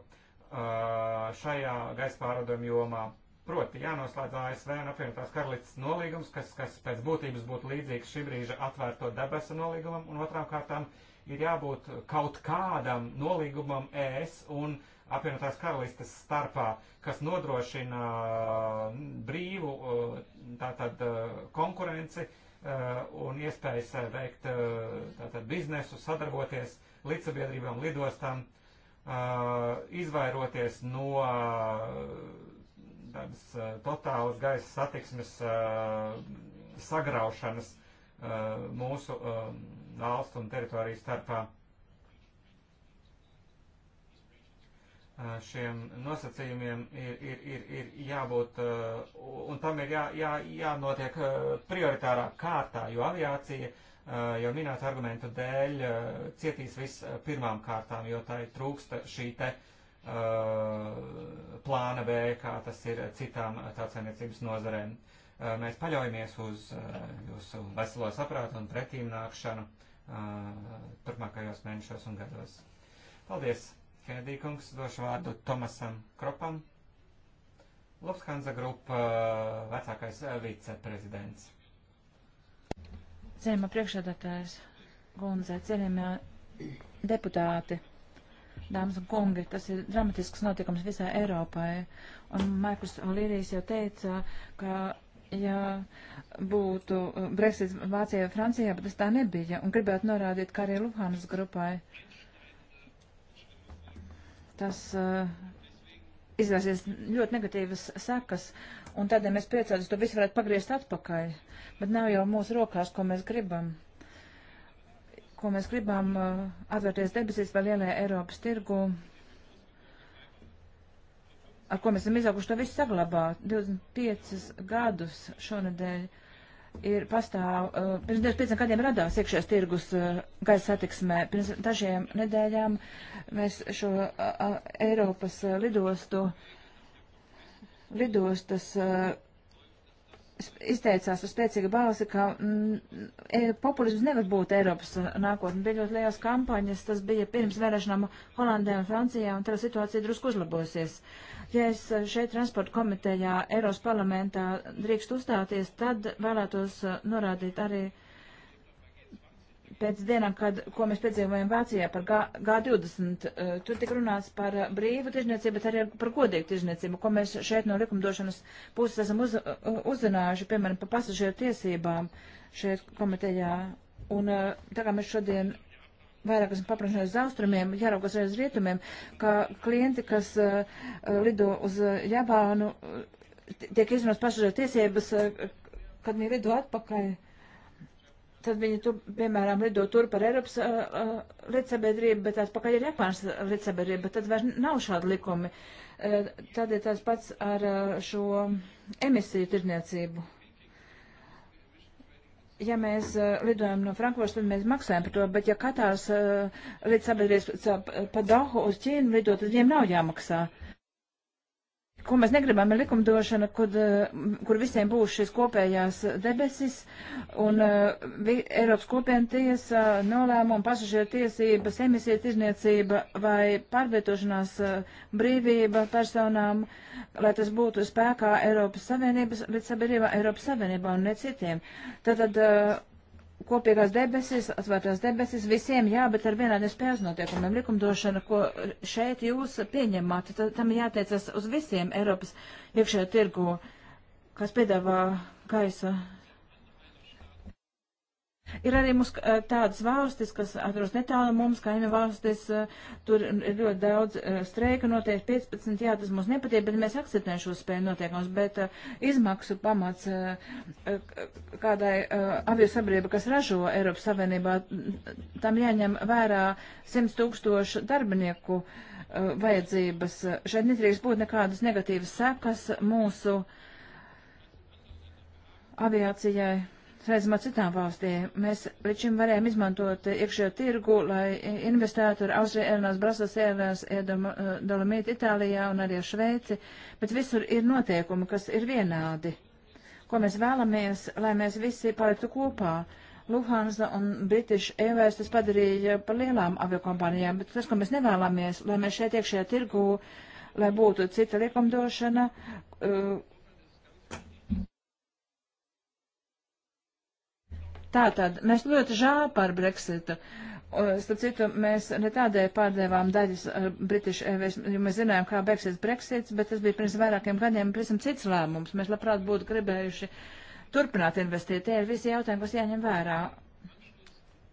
šajā gaisa pārvadojumu jomā. Proti jānoslēdz ASV un apvienotās karalists nolīgums, kas, kas pēc būtības būtu līdzīgs šī brīža atvērto debesu nolīgumam, un otrām kārtām ir jābūt kaut kādam nolīgumam ES un apvienotās karalistes starpā, kas nodrošina brīvu tātad konkurenci un iespējas veikt tātad biznesu, sadarboties līdzsabiedrībām, lidostām, izvairoties no tādas totālas gaisa satiksmes sagraušanas mūsu valstu un teritoriju starpā. šiem nosacījumiem ir, ir, ir, ir jābūt, un tam ir jā, jā, jānotiek prioritārā kārtā, jo aviācija uh, Eh, jau minētu argumentu dēļ eh, cietīs viss eh, pirmām kārtām, jo tai trūksta šī te plāna B, kā tas ir citām tautsēmniecības nozarēm. Mēs paļaujamies uz jūsu veselo saprātu un pretīmnākšanu turpmākajos mēnešos un gados. Paldies, Kēdī kungs, došu vārdu Tomasam Kropam, Lopshansa grupa vecākais viceprezidents. Cienījamā priekšsēdētājs Gunze, cienījamā deputāti, dāmas un kungi, tas ir dramatisks notikums visai Eiropai. Un Markus Olīrijs jau teica, ka ja būtu uh, Brexit Vācijā vai Francijā, bet tas tā nebija. Un gribētu norādīt, kā arī Luhānas grupai. Tas uh, izvērsīs ļoti negatīvas sekas un tādēļ mēs priecātos, to visu varētu pagriezt atpakaļ, bet nav jau mūsu rokās, ko mēs gribam ko mēs gribam uh, atvērties debesīs vai lielajā Eiropas tirgu, ar ko mēs esam izauguši, to visu saglabā. 25 gadus šonadēļ ir pastāv, uh, pirms 25 gadiem radās iekšējais tirgus uh, gaisa satiksmē. Pirms dažiem nedēļām mēs šo uh, uh, Eiropas uh, lidostu lidostas eh, izteicās ar spēcīgu balsi, ka mm, e, populisms nevar būt Eiropas nākotne. Bija ļoti liels kampaņas, tas bija pirms vēlēšanām Holandē un Francijā, un tā situācija drusku uzlabosies. Ja es šeit transporta komitejā Eiropas parlamentā drīkst uzstāties, tad vēlētos norādīt arī uh, pēc dienām, kad, ko mēs piedzīvojam Vācijā par G20, uh, tur tik runāts par eh, brīvu tirzniecību, bet arī par godīgu tirzniecību, ko mēs šeit no likumdošanas puses esam uz, uh, uzzinājuši, piemēram, par pasažieru tiesībām šeit komitejā. Un uh, tā kā mēs šodien vairāk esam paprašinājuši uz austrumiem, jāraugas arī uz rietumiem, ka klienti, kas uh, lido uz Japānu, tiek izmantotas pasažieru tiesības, kad viņi lido atpakaļ. Uh, tad viņi tur, piemēram, lido tur par Eiropas uh, līdzsabiedrību, bet atpakaļ ir Japānas līdzsabiedrība, bet tad vairs nav šādi likumi. Uh, tad ir tāds pats ar uh, šo emisiju tirniecību. Ja mēs uh, lidojam no Frankfurtas, tad mēs maksājam par to, bet ja Katārs uh, līdz sabiedrības pa Dahu uz Ķīnu lido, tad viņiem nav jāmaksā. Uh, ko mēs negribam, ir likumdošana, kad, eh, kur visiem būs šīs kopējās debesis, un uh, vi, Eiropas kopiena tiesa nolēmuma pasažieru tiesības, emisija tirzniecība vai pārvietošanās uh, brīvība personām, lai tas būtu spēkā Eiropas Savienības, bet sabiedrībā Eiropas Savienībā un ne citiem. Tātad, uh, kopīgās debesis, atvērtās debesis visiem, jā, bet ar vienādiem spēles notiekumiem. Likumdošana, ko šeit jūs pieņemat, tam jāteicas uz visiem Eiropas iekšējā tirgu, kas piedāvā gaisa Ir arī mums eh, tādas valstis, kas atrodas netālu mums, kaimiņu valstis, eh, tur ir ļoti daudz eh, streika noteikti 15, jā, tas mums nepatīk, bet mēs akceptējam šo spēju noteikumus, bet izmaksu pamats kādai aviosabrieba, kas ražo Eiropas Savienībā, mm, tam jāņem vērā 100 tūkstošu darbinieku vajadzības. Šeit nedrīkst būt nekādas negatīvas sekas mūsu aviācijai Salīdzinot citām valstīm, mēs līdz šim varējām izmantot iekšējo tirgu, lai investētu ar Austrija Elinās, Brasas Elinās, uh, Dolomīt Itālijā un arī ar Šveici, bet visur ir noteikumi, kas ir vienādi. Ko mēs vēlamies, lai mēs visi paliktu kopā. Lufthansa un British Airways tas padarīja par lielām aviokompānijām, bet tas, ko mēs nevēlamies, lai mēs šeit iekšējā tirgu, lai būtu cita likumdošana, uh, Tātad mēs ļoti žēl par Brexitu. Starp citu, mēs ne tādēļ pārdevām daļas uh, British Airways, jo mēs zinājām, kā beigsies Brexits, bet tas bija pirms vairākiem gadiem, pavisam cits lēmums. Mēs labprāt būtu gribējuši turpināt investēt. Tie ir visi jautājumi, kas jāņem vērā.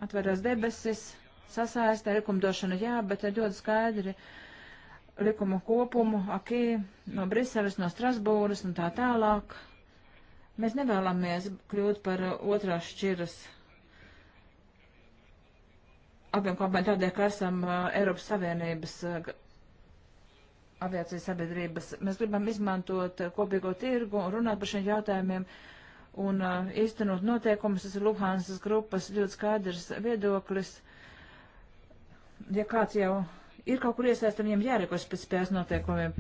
Atverās debesis, sasaistē likumdošana, jā, bet ir ļoti skaidri likumu kopumu, akī, no Briseles, no Strasbūras un tā tālāk. Mēs nevēlamies kļūt par otrās šķiras apvienkompēm tādēļ, ka esam uh, Eiropas Savienības uh, aviācijas sabiedrības. Mēs gribam izmantot uh, kopīgo tirgu un runāt par šiem jautājumiem un īstenot noteikumus. Tas ir Luhānsas grupas ļoti skaidrs viedoklis. Ja kāds jau ir kaut kur iesaistīts, viņam jārīkos pēc spējas noteikumiem.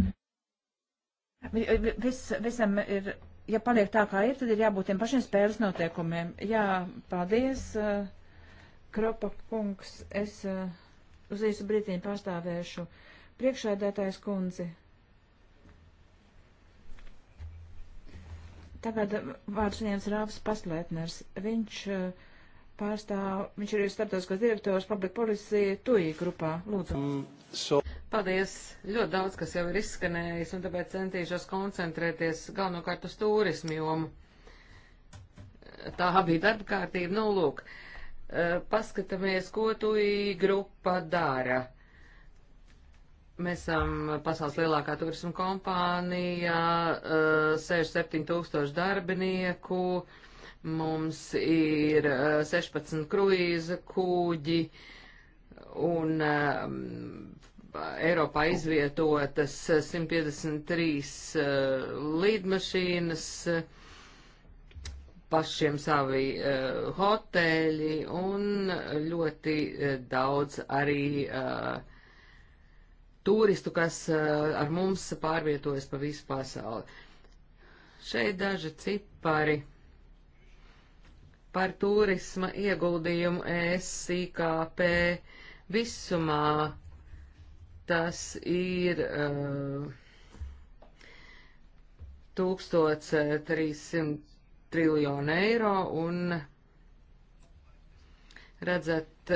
Vis, visam ir ja paliek tā, kā ir, tad ir jābūt tiem pašiem spēles noteikumiem. Jā, paldies, eh, Kropa kungs. Es eh, uz īsu brītiņu pārstāvēšu priekšēdētājs kundzi. Tagad eh, vārds viņiem Rāvs Paslētners. Viņš pārstāv, viņš ir starptautiskos direktors Public Policy TUI grupā. Lūdzu. Mm, so. Paldies! Ļoti daudz, kas jau ir izskanējis, un tāpēc centīšos koncentrēties galvenokārt uz turismu jomu. Tā bija darba kārtība. Nu, lūk, e, paskatāmies, ko tui grupa dara. Mēs esam pasaules lielākā turismu kompānija, 6-7 e, tūkstoši darbinieku, mums ir 16 e, kruīza kūģi un Eiropā izvietotas 153 uh, līdmašīnas, pašiem savi uh, hoteļi un ļoti uh, daudz arī eh, turistu, kas ar mums pārvietojas pa visu pasauli. Šeit daži cipari par turisma ieguldījumu ESIKP visumā Tas ir uh, 1300 triljonu eiro un redzat,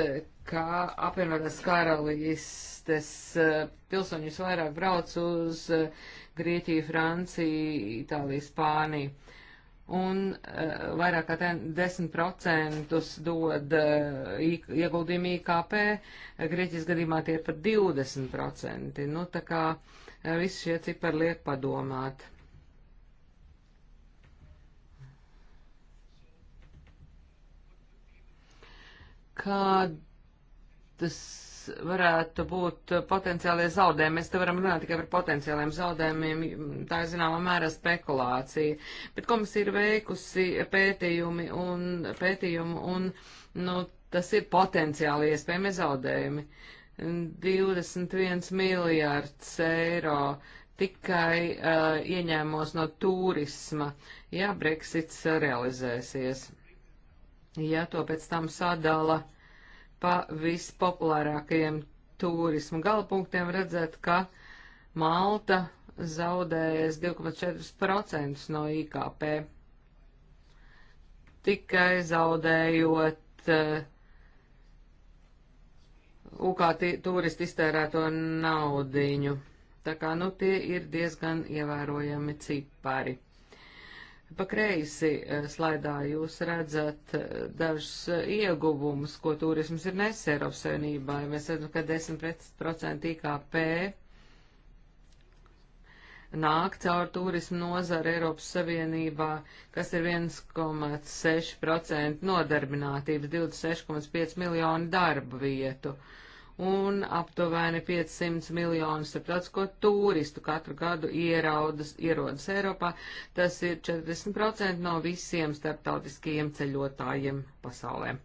ka apvienotās karalistes uh, pilsoņus vairāk brauc uz uh, Grieķiju, Franciju, Itāliju, Spāniju un eh, vairāk kā 10% dod eh, ieguldījumi IKP, eh, Grieķijas gadījumā tie ir pat 20%. Nu, tā kā visi šie cipari liek padomāt. Kādas varētu būt potenciālie zaudējumi. Mēs te varam runāt tikai par potenciāliem zaudējumiem, tā ir zināmā mērā spekulācija. Bet komisija ir veikusi pētījumi un pētījumu un, nu, tas ir potenciāli iespējami zaudējumi. 21 miljārds eiro tikai uh, ieņēmos no turisma, ja Brexits realizēsies. Ja to pēc tam sadala uh, pa vispopulārākajiem turismu galpunktiem redzēt, ka Malta zaudējas 2,4% no IKP, tikai zaudējot uh, eh, UKT turistu iztērēto naudiņu. Tā kā, nu, tie ir diezgan ievērojami cipari. Pa kreisi eh, slaidā jūs redzat eh, dažus eh, ieguvumus, ko turisms ir nesis Eiropas Savienībai. Mēs redzam, ka 10% IKP nāk caur turismu nozara Eiropas Savienībā, kas ir 1,6% nodarbinātības, 26,5 miljoni darba vietu. Uh, un aptuveni 500 miljonu starptautisko turistu katru gadu ieraudas, ierodas Eiropā. Tas ir 40% no visiem starptautiskajiem ceļotājiem pasaulē.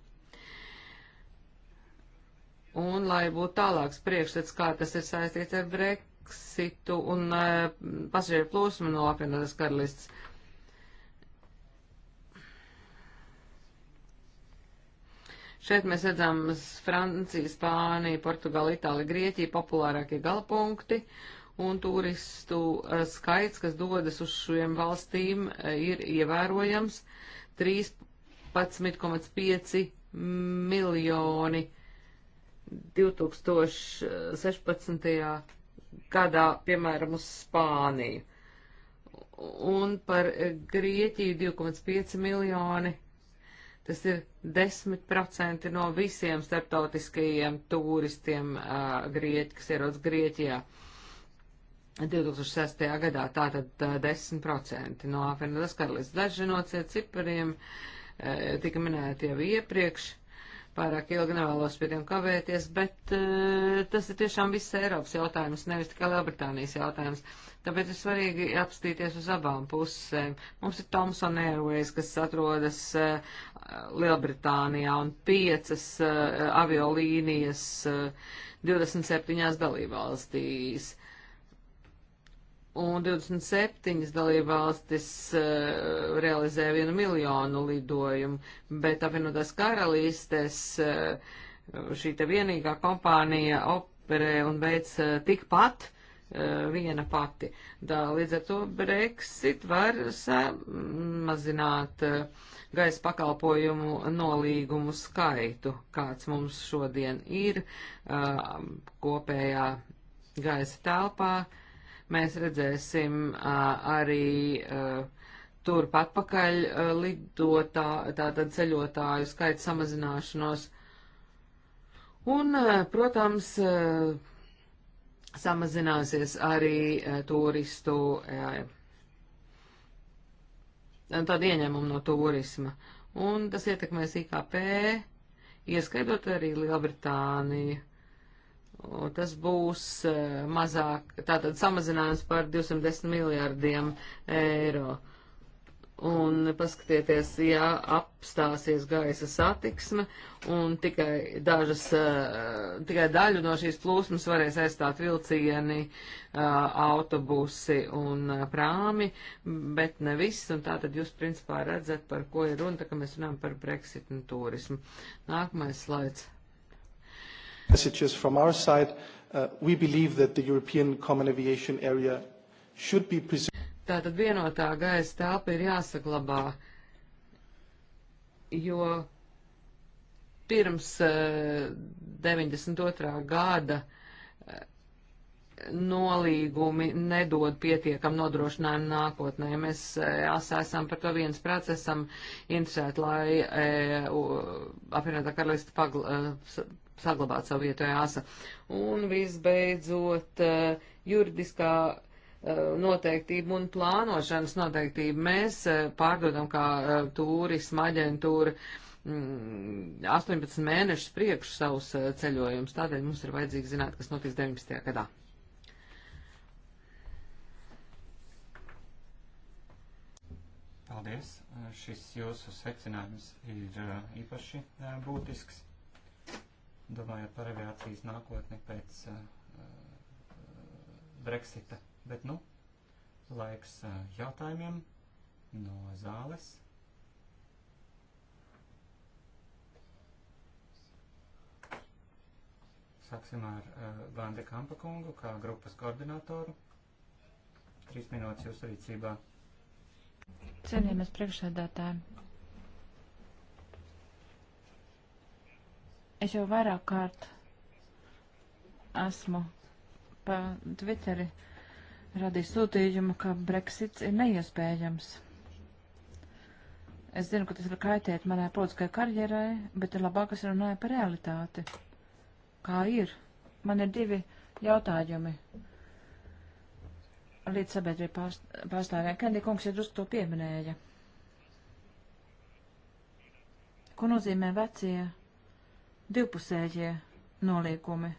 Un, lai būtu tālāks priekšstats, kā tas ir saistīts ar Brexitu un uh, pasažieru plūsmu no apvienotās karalistas, uh, Šeit mēs redzam Franciju, Spāniju, Portugāli, Itāliju, Grieķiju populārākie galapunkti un turistu eh, skaits, kas dodas uz šiem valstīm, eh, ir ievērojams 13,5 miljoni 2016. gadā, piemēram, uz Spāniju. Un par Grieķiju 2,5 miljoni Tas ir 10% no visiem starptautiskajiem turistiem uh, Grieķi, kas ierodas Grieķijā 2006. gadā. Tātad uh, 10% no apvienotās karalistes. Daži no cipariem uh, tika minēti jau iepriekš. Uh, pārāk ilgi nevēlos pie tiem kavēties, bet uh, tas ir tiešām viss Eiropas jautājums, nevis tikai Lielbritānijas jautājums. Tāpēc ir svarīgi apstīties uz abām pusēm. Mums ir Thomson Airways, kas atrodas uh, Lielbritānijā un piecas uh, aviolīnijas uh, 27 dalībvalstīs. Uh, un 27 dalībvalstis uh, realizē 1 miljonu lidojumu, bet apvienotās karalistes uh, šī te vienīgā kompānija operē un veic uh, eh, tikpat viena pati. Tā, līdz ar to Brexit var samazināt gaisa pakalpojumu nolīgumu skaitu, kāds mums šodien ir kopējā gaisa telpā mēs redzēsim arī turp atpakaļ lidotā, tātad ceļotāju skaita samazināšanos. Un, protams, samazināsies arī turistu tāda ieņēmuma no turisma. Un tas ietekmēs IKP, ieskaidot arī Lielbritāniju. Un tas būs eh, mazāk, tātad samazinājums par 210 miljārdiem eiro. Un paskatieties, ja apstāsies gaisa satiksme un tikai, dažas, eh, tikai daļu no šīs plūsmas varēs aizstāt vilcieni, eh, autobusi un prāmi, bet ne viss, un tātad jūs principā redzat, par ko ir runa, tā kā mēs runājam par Brexit un turismu. Nākamais slaids. Messages from our side, uh, we believe that the European Common Aviation Area should be preserved. Tātad vienotā gaisa telpa ir jāsaglabā, jo pirms uh, 92. gada uh, nolīgumi nedod pietiekam nodrošinājumu nākotnē. Mēs uh, asā esam par to viens prāts, esam interesēti, lai uh, apvienotā karalista uh, saglabāt savu vietu jāsa. Un visbeidzot, eh, juridiskā eh, noteiktība un plānošanas noteiktība. Mēs eh, pārdodam kā turisma aģentūra 18 mm, mēnešus priekš savus ceļojumus, tādēļ mums ir vajadzīgi zināt, kas notiks 19. gadā. Paldies! Šis jūsu secinājums ir īpaši būtisks domājot par aviācijas nākotni pēc uh, Brexita. Bet, nu, laiks uh, jautājumiem no zāles. Sāksim ar uh, Vande Kampa kungu kā grupas koordinatoru. Trīs minūtes jūsu rīcībā. Cienījamies priekšsēdētāji. Es jau vairāk kārt esmu pa Twitteri radījis sūtījumu, ka Brexits ir neiespējams. Es zinu, ka tas var kaitēt manai politiskajai karjerai, bet ir labāk, es runāju par realitāti. Kā ir? Man ir divi jautājumi. Līdz sabiedrība pārstāvjiem. Kendī kungs jau drusku to pieminēja. Ko nozīmē vecie Divpusējie noliekumi.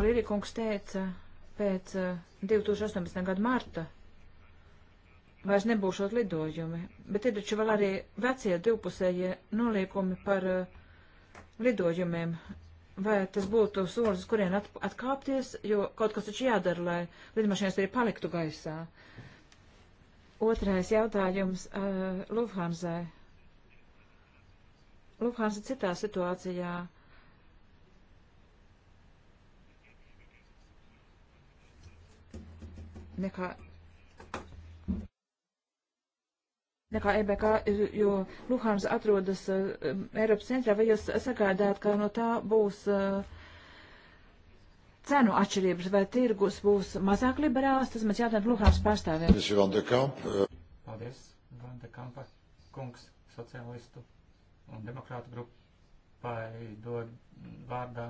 Olīri kungs teica pēc 2018. Eh, gada marta vairs nebūšot lidojumi, bet ir taču vēl arī vecie divpusējie noliekumi par eh, lidojumiem. Vai tas būtu solis, kurien at, atkāpties, jo kaut kas taču jādara, lai lidmašīnas arī paliktu gaisā. Otrais jautājums uh, eh, Lufthansai. Lufthansa citā situācijā. Nekā, nekā EBK, jo Lufthansa atrodas uh, Eiropas centrā, vai jūs sagaidāt, ka no tā būs uh, cenu atšķirības, vai tirgus būs mazāk liberāls, tas mēs jādara Lufthansa pārstāvjiem. Euh, Paldies, Vanda Kampa kungs, sociālistu un demokrāta grupai dod vārdā,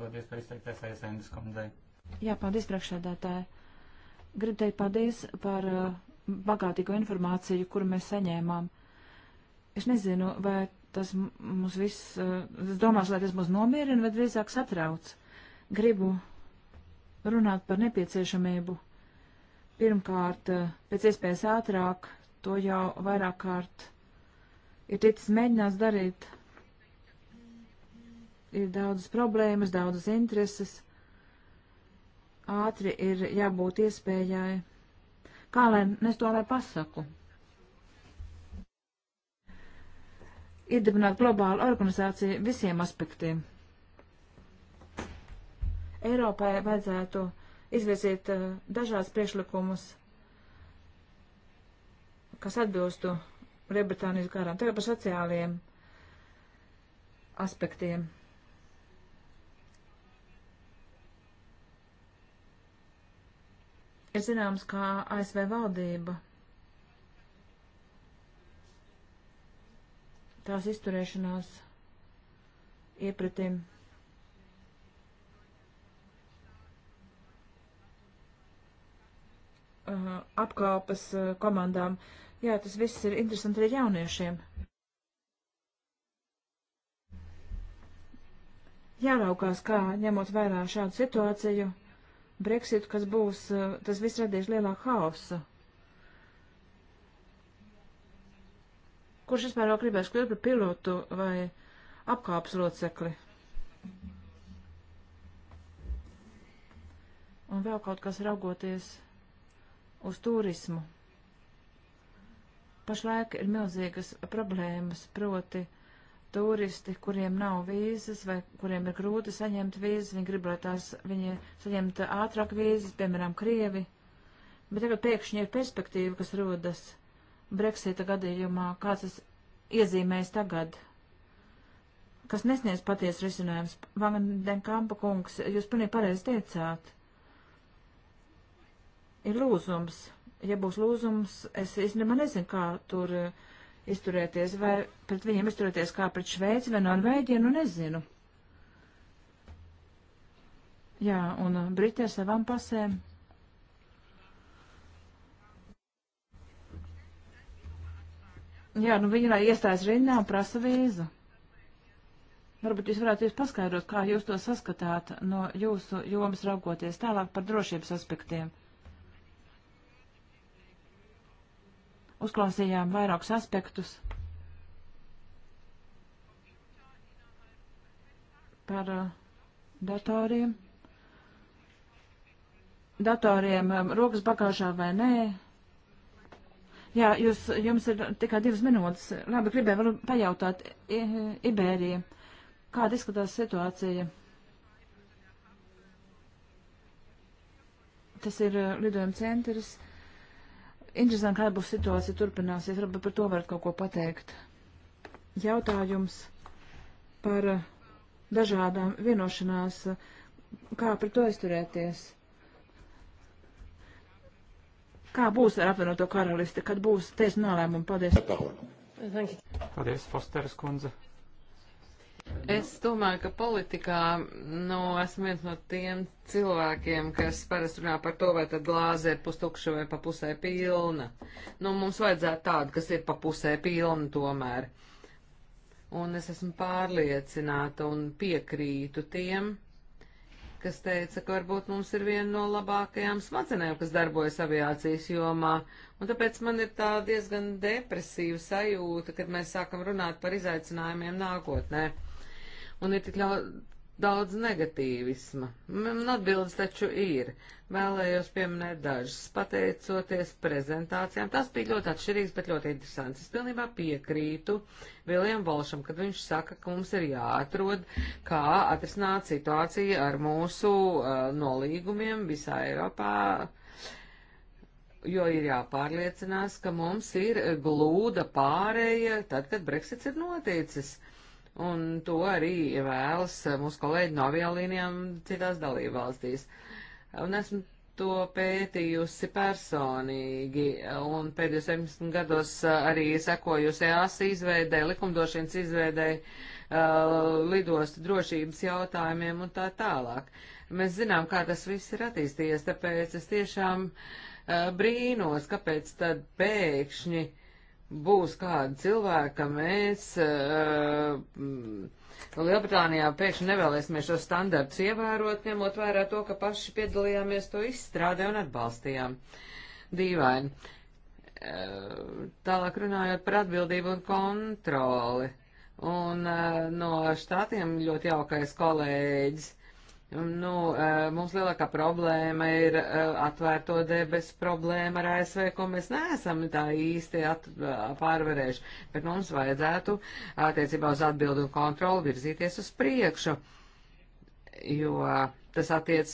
dod iespēju izteikties aizsēndas kundzei. Jā, paldies, priekšsēdētāji. Gribu teikt paldies par uh, bagātīgo informāciju, kuru mēs saņēmām. Es nezinu, vai tas mums viss, uh, es domāšu, lai tas mūs nomierina, vai drīzāk satrauc. Gribu runāt par nepieciešamību. Pirmkārt, uh, pēc iespējas ātrāk, to jau vairāk kārt ir ticis mēģināts darīt. Ir daudzas problēmas, daudzas intereses. Ātri ir jābūt iespējai. Kā lai es to lai pasaku? Iedibināt globālu organizāciju visiem aspektiem. Eiropai vajadzētu izvirzīt uh, dažādas priešlikumus, kas atbilstu Lielbritānijas garām. Tagad par sociāliem aspektiem. Ir zināms, kā ASV valdība tās izturēšanās iepratim. Uh, apkalpes uh, komandām uh, Jā, tas viss ir interesanti arī jauniešiem. Jāraukās, kā ņemot vērā šādu situāciju, Brexit, kas būs, eh, tas viss radīs lielāku haosu. Kurš vispār vēl gribēs kļūt par pilotu vai apkāps locekli? Un vēl kaut kas raugoties uz turismu. Pašlaik ir milzīgas problēmas, proti turisti, kuriem nav vīzas vai kuriem ir grūti saņemt vīzas, viņi grib, lai tās viņi saņemt ātrāk vīzas, piemēram, Krievi. Bet tagad pēkšņi ir perspektīva, kas rodas Brexita gadījumā, kāds tas iezīmēs tagad, kas nesniedz paties risinājums. Vandenkampa kungs, jūs pilnīgi pareizi teicāt. Ir lūzums ja būs lūzums, es īstenībā nezinu, kā tur eh, izturēties, vai pret viņiem izturēties kā pret Šveici vai Norvēģiju, nu nezinu. Jā, un eh, Briti ar savām pasēm. Jā, nu viņi lai iestājas rindā un prasa vīzu. Varbūt jūs varētu jūs paskaidrot, kā jūs to saskatāt no jūsu jomas raugoties tālāk par drošības aspektiem. uzklausījām vairākus aspektus par uh, datoriem. Datoriem um, rokas bagāžā vai nē. Jā, jūs, jums ir tikai divas minūtes. Labi, gribēju vēl pajautāt I Ibērija. Kāda izskatās situācija? Tas ir uh, lidojuma centrs. Interesanti, kāda būs situācija turpināsies. Varbūt par to varat kaut ko pateikt. Jautājums par eh, dažādām vienošanās, kā par to aizturēties. Kā būs ar apvienoto karalisti, kad būs tiesa nolēmumi? Paldies. Paldies, Fosteras kundze. Es domāju, ka politikā nu, esmu viens no tiem cilvēkiem, kas parasti runā par to, vai tad glāze ir pustukša vai pa pusē pilna. Nu, mums vajadzētu tādu, kas ir pa pusē pilna tomēr. Un es esmu pārliecināta un piekrītu tiem, kas teica, ka varbūt mums ir viena no labākajām smadzenēm, kas darbojas aviācijas jomā. Un tāpēc man ir tā diezgan depresīva sajūta, kad mēs sākam runāt par izaicinājumiem nākotnē un ir tik daudz negatīvisma. Un atbildes taču ir. Vēlējos pieminēt dažas, pateicoties prezentācijām. Tas bija ļoti atšķirīgs, bet ļoti interesants. Es pilnībā piekrītu Viljam Volšam, kad viņš saka, ka mums ir jāatrod, kā atrisināt situāciju ar mūsu uh, nolīgumiem visā Eiropā. Jo ir jāpārliecinās, ka mums ir glūda pārēja tad, kad Brexits ir noticis. Uh, un to arī vēlas eh, mūsu kolēģi no aviolīnijām citās dalībvalstīs. Un esmu to pētījusi personīgi, un pēdējos 17 gados eh, arī sekojusi ASI izveidē, likumdošanas izveidē, eh, lidostu drošības jautājumiem un tā tālāk. Mēs zinām, kā tas viss ir attīstījies, tāpēc es tiešām brīnos, kāpēc tad pēkšņi uh, būs kādi cilvēki, ka mēs uh, Lielbritānijā pēkšņi nevēlēsimies šo standartus ievērot, ņemot vērā to, ka paši piedalījāmies to izstrādē un atbalstījām. Dīvaini. Uh, tālāk runājot par atbildību un kontroli. Un uh, no štatiem ļoti jaukais kolēģis Nu, eh, mums lielākā problēma ir eh, atvērto debesu problēma ar ASV, ko mēs neesam tā īsti at, eh, pārvarējuši, bet mums vajadzētu attiecībā uz atbildu un kontroli virzīties uz priekšu, jo tas attiec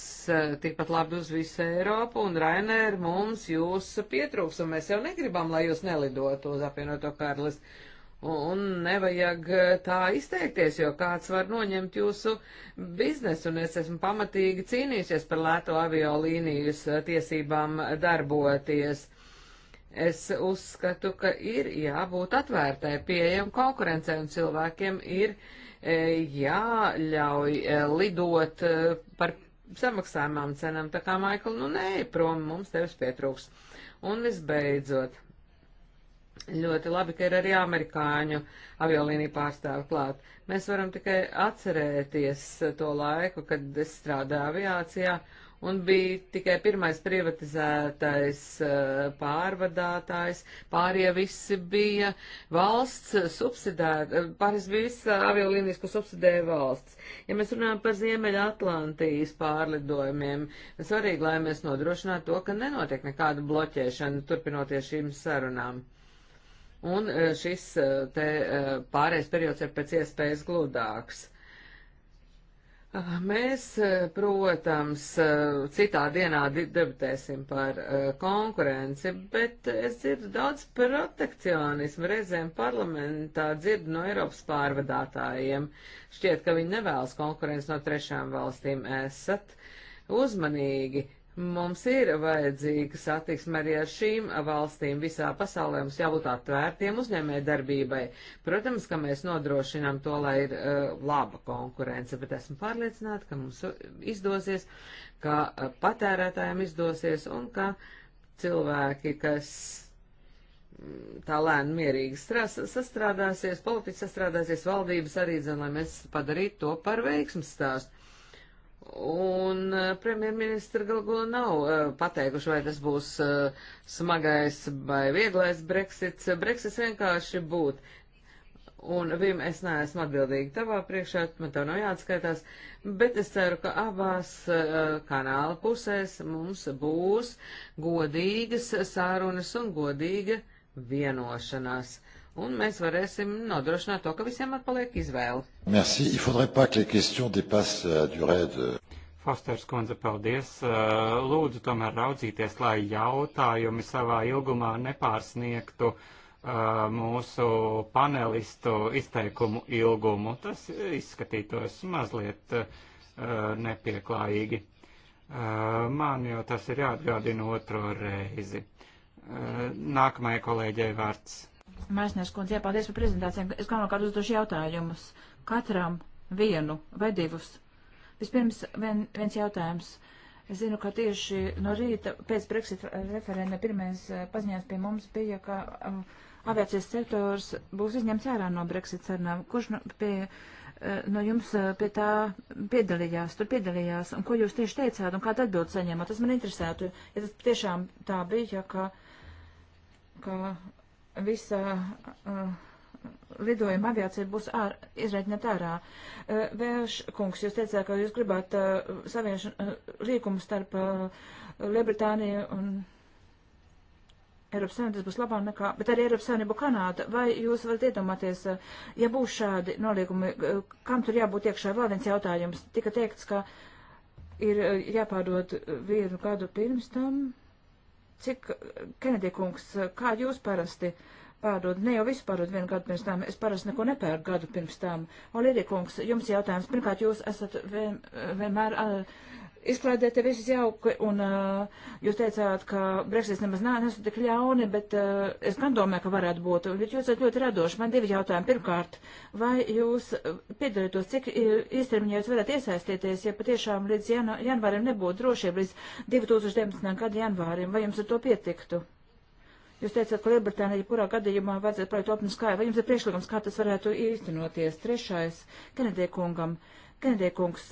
tikpat labi uz visu Eiropu, un Rainer, mums jūs pietrūks, un mēs jau negribam, lai jūs nelidotu uz apvienoto karalistu Un nevajag eh, tā izteikties, jo kāds var noņemt jūsu biznesu, un es esmu pamatīgi cīnījusies par lēto aviolīnijas eh, tiesībām darboties. Es uzskatu, ka ir jābūt atvērtai, pieejam konkurencei, un cilvēkiem ir eh, jāļauj lidot par samaksājumām cenām, tā kā Maikl, nu nē, prom mums tevis pietrūks. Un visbeidzot. Ļoti labi, ka ir arī amerikāņu aviolīnija pārstāvi klāt. Mēs varam tikai atcerēties to laiku, kad es strādāju aviācijā un bija tikai pirmais privatizētais eh, pārvadātājs. Pārējie visi bija valsts subsidēta, eh, pārējais bija viss eh, aviolīnijas, ko subsidēja valsts. Ja mēs runājam par Ziemeļa Atlantijas pārlidojumiem, svarīgi, lai mēs nodrošinātu to, ka nenotiek nekāda bloķēšana turpinoties šīm sarunām un e, šis e, te e, pārējais periods ir pēc iespējas gludāks. Mēs, protams, citā dienā debatēsim par konkurenci, bet es dzirdu daudz protekcionismu. Reizēm parlamentā dzirdu no Eiropas pārvadātājiem. Šķiet, ka viņi nevēlas konkurenci no trešām valstīm. Esat uzmanīgi, Mums ir vajadzīga satiksme arī ar šīm valstīm visā pasaulē, mums jābūt atvērtiem uzņēmē darbībai. Protams, ka mēs nodrošinām to, lai ir uh, laba konkurence, bet esmu pārliecināta, ka mums izdosies, ka uh, patērētājiem izdosies un ka cilvēki, kas mm, tā lēni mierīgi stras, sastrādāsies, politiķi sastrādāsies, valdības arī, zin, lai mēs padarītu to par veiksmu stāstu. Un eh, premjerministra galvā nav eh, pateikuši, vai tas būs eh, smagais vai vieglais Brexits. Brexits vienkārši būt. Un, Vim, es neesmu atbildīga tavā priekšā, man tev nav jāatskaitās, bet es ceru, ka abās uh, kanāla pusēs mums būs godīgas sārunas un godīga vienošanās un mēs varēsim nodrošināt to, ka visiem atpaliek izvēle. Merci. Il faudrait pas que les questions dépassent euh, la durée de. Fosters kundze, paldies. Uh, lūdzu tomēr raudzīties, lai jautājumi savā ilgumā nepārsniegtu uh, mūsu panelistu izteikumu ilgumu. Tas izskatītos mazliet uh, nepieklājīgi. Man jau tas ir jāatgādina otro reizi. Nākamajai kolēģei vārds. Maisnieks kundze, jā, paldies par prezentācijām. Es galvenokārt uzdošu jautājumus. Katram vienu vai divus. Vispirms vien, viens jautājums. Es zinu, ka tieši no rīta pēc Brexit referenda pirmais eh, paziņojums pie mums bija, ka um, aviācijas sektors būs izņemts ārā no Brexit sarunām. Kurš no, pie, eh, no jums pie tā piedalījās, tur piedalījās, un ko jūs tieši teicāt, un kāda atbildi saņēmāt? Tas man interesētu, ja tas tiešām tā bija, ka, ka visa uh, lidojuma aviācija būs ār, izreiknet ārā. Uh, Vērš kungs, jūs teicāt, ka jūs gribāt uh, savienšu uh, līkumu starp uh, Lielbritāniju un Eiropas Savienība būs labāk nekā, bet arī Eiropas Savienība Kanāda. Vai jūs varat iedomāties, uh, ja būs šādi noliegumi, uh, kam tur jābūt iekšā? Vēl viens jautājums. Tika teikts, ka ir jāpārdod vienu gadu pirms tam Cik, Kenedija kungs, kā jūs parasti pārdod? Ne jau visu pārdod vienu gadu pirms tam, es parasti neko nepērku gadu pirms tam. Olīdija kungs, jums jautājums. Pirmkārt, jūs esat vien, vienmēr. Uh, Izklaidē te viss jauki, un uh, jūs teicāt, ka Brexit nemaz nā, nesat tik ļauni, bet uh, es gan domāju, ka varētu būt, bet jūs esat ļoti radoši. Man divi jautājumi. Pirmkārt, vai jūs piedalītos, cik īstermiņā jūs varat iesaistīties, ja patiešām līdz janu, janvārim nebūtu drošība, līdz 2019. gada janvārim, vai jums ar to pietiktu? Jūs teicāt, ka Lielbritānija kurā gadījumā vajadzētu palikt open sky. Vai jums ir priekšlikums, kā tas varētu īstenoties? Trešais, Kenedē kungam. Kenedē kungs,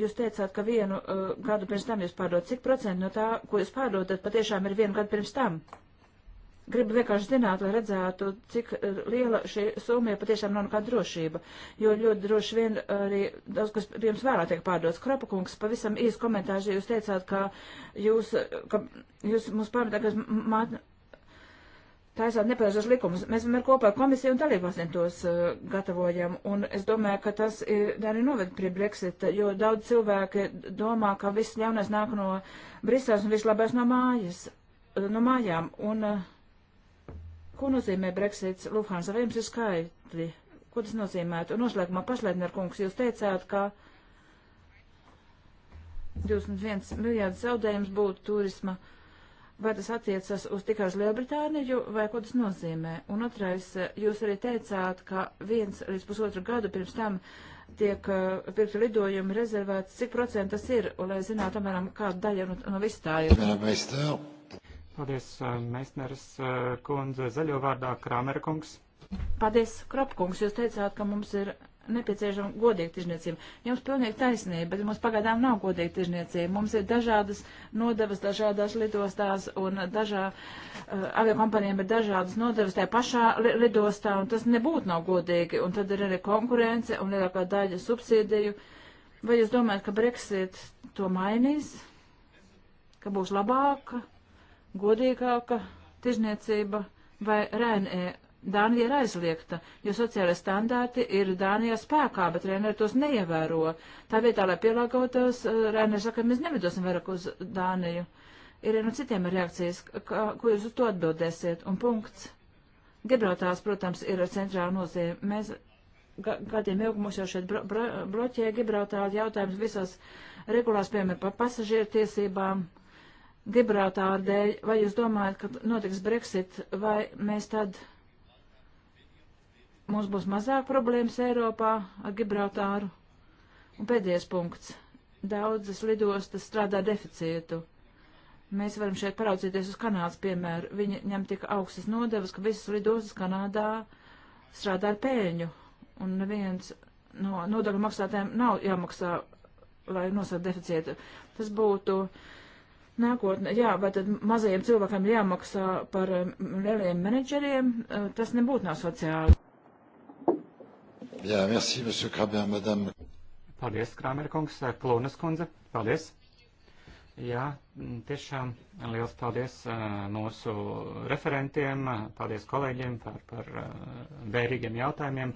Jūs teicāt, ka vienu uh, gadu pirms tam jūs pārdodat. Cik procentu no tā, ko jūs pārdodat, patiešām ir vienu gadu pirms tam? Gribu vienkārši zināt, lai redzētu, cik uh, liela šī summa ir patiešām nav nekāda drošība, jo ļoti droši vien arī daudz, kas pirms vēlāk tiek pārdots. Kropakungs, pavisam īsi komentārs, ja jūs teicāt, ka jūs, ka jūs mums pārmetāt, ka taisot nepareizos likumus. Mēs vienmēr kopā ar komisiju un dalībvalstīm tos uh, gatavojam, un es domāju, ka tas ir arī noved pie Brexita, jo daudz cilvēki domā, ka viss ļaunais nāk no Briseles un viss labais no mājas, uh, no mājām. Un uh, ko nozīmē Brexits? Lufthansa, vai jums ir skaitļi? Ko tas nozīmē? Un noslēgumā pašlaidner kungs, jūs teicāt, ka 21 miljārdu zaudējums būtu turisma. Uh, vai tas attiecas uz tikai uz Lielbritāniju, vai ko tas nozīmē? Un otrais, jūs arī teicāt, ka viens līdz pusotru gadu pirms tam tiek eh, pirms lidojuma rezervēts, cik procentu tas ir, un, lai zinātu, apmēram, kāda daļa no, no viss tā ir. Paldies, eh, Meisneris eh, kundze, zaļo vārdā Krāmerkungs. Paldies, Krapkungs, jūs teicāt, ka mums ir nepieciešama godīga tirzniecība. Jums pilnīgi taisnība, bet mums pagaidām nav godīga tirzniecība. Mums ir dažādas nodevas dažādās lidostās un dažā, uh, aviokompanijām ir dažādas nodevas tajā pašā li lidostā un tas nebūtu nav godīgi. Un tad ir arī konkurence un lielākā daļa subsīdiju. Vai jūs domājat, ka Brexit to mainīs? Ka būs labāka, godīgāka tirzniecība vai Rēnē Dānija ir aizliegta, jo sociālai standarti ir Dānijā spēkā, bet Rēneri tos neievēro. Tā vietā, lai pielāgotos, eh, Rēneri saka, mēs nevidosim vairāk uz Dāniju. Ir arī no citiem reakcijas, kā, ko jūs uz to atbildēsiet, un punkts. Gibraltārs, protams, ir centrāla nozīme. Mēs gadiem ilgi mums jau šeit bro, bro, bloķē Gibraltāra jautājums visās regulās, piemēram, par pasažieru tiesībām, Gibraltāra dēļ. Vai jūs domājat, ka notiks Brexit, vai mēs tad mums būs mazāk problēmas Eiropā ar Gibraltāru. Un pēdējais punkts. Daudzas lidostas strādā deficītu. Mēs varam šeit paraudzīties uz Kanādas piemēru. Viņi ņem tik augstas nodevas, ka visas lidostas Kanādā strādā ar pēļņu. Un neviens no nodokļu maksātēm nav jāmaksā, lai nosaka deficītu. Tas būtu nākotnē, jā, vai tad mazajiem cilvēkiem jāmaksā par um, lieliem menedžeriem, uh, tas nebūtu nav sociāli. Jā, merci, monsieur Kramer, madame. Paldies, Kramer kungs, eh, Klūnas kundze, paldies. Jā, tiešām liels paldies eh, mūsu referentiem, paldies kolēģiem par, par vērīgiem eh, jautājumiem.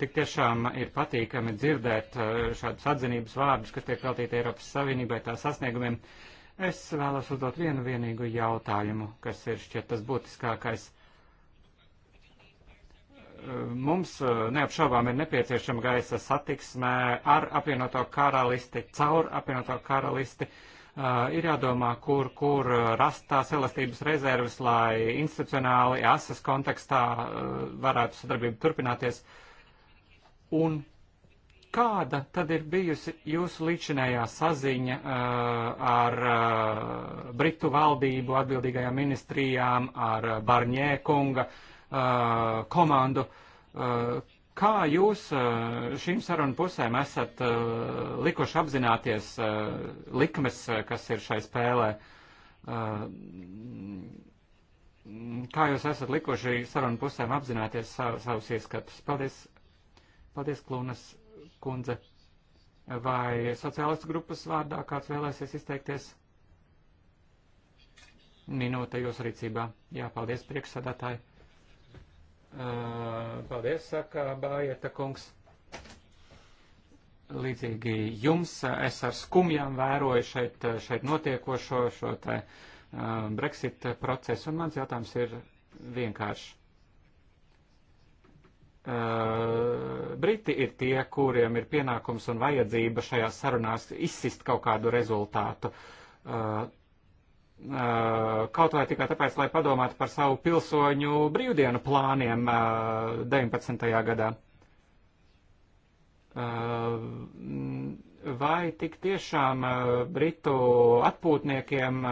Tik tiešām ir patīkami dzirdēt šādus atzinības vārdus, kas tiek veltīti Eiropas Savienībai tā sasniegumiem. Es vēlos uzdot vienu vienīgu jautājumu, kas ir šķiet tas būtiskākais mums eh, neapšaubām ir nepieciešama gaisa satiksme ar apvienoto karalisti, caur apvienoto karalisti. Uh, ir jādomā, kur, kur eh, rast tās elastības rezerves, lai institucionāli, asas kontekstā uh, varētu sadarbība turpināties. Un kāda tad ir bijusi jūsu līdzinējā saziņa uh, ar uh, Britu valdību, atbildīgajām ministrijām, ar Barņē kunga uh, komandu. Kā jūs šīm sarunu pusēm esat likuši apzināties likmes, kas ir šai spēlē? Kā jūs esat likuši sarunu pusēm apzināties savus ieskatus? Paldies, paldies Klūnas kundze. Vai sociālistu grupas vārdā kāds vēlēsies izteikties? Minūte jūsu rīcībā. Jā, paldies priekšsādātāji. Paldies, saka Bājieta kungs. Līdzīgi jums es ar skumjām vēroju šeit, šeit notiekošo šo te Brexit procesu, un mans jautājums ir vienkārši. Briti ir tie, kuriem ir pienākums un vajadzība šajās sarunās izsist kaut kādu rezultātu. Eh, kaut vai tikai tāpēc, lai padomātu par savu pilsoņu brīvdienu plāniem 19. Eh, gadā. Eh, vai tik tiešām britu atpūtniekiem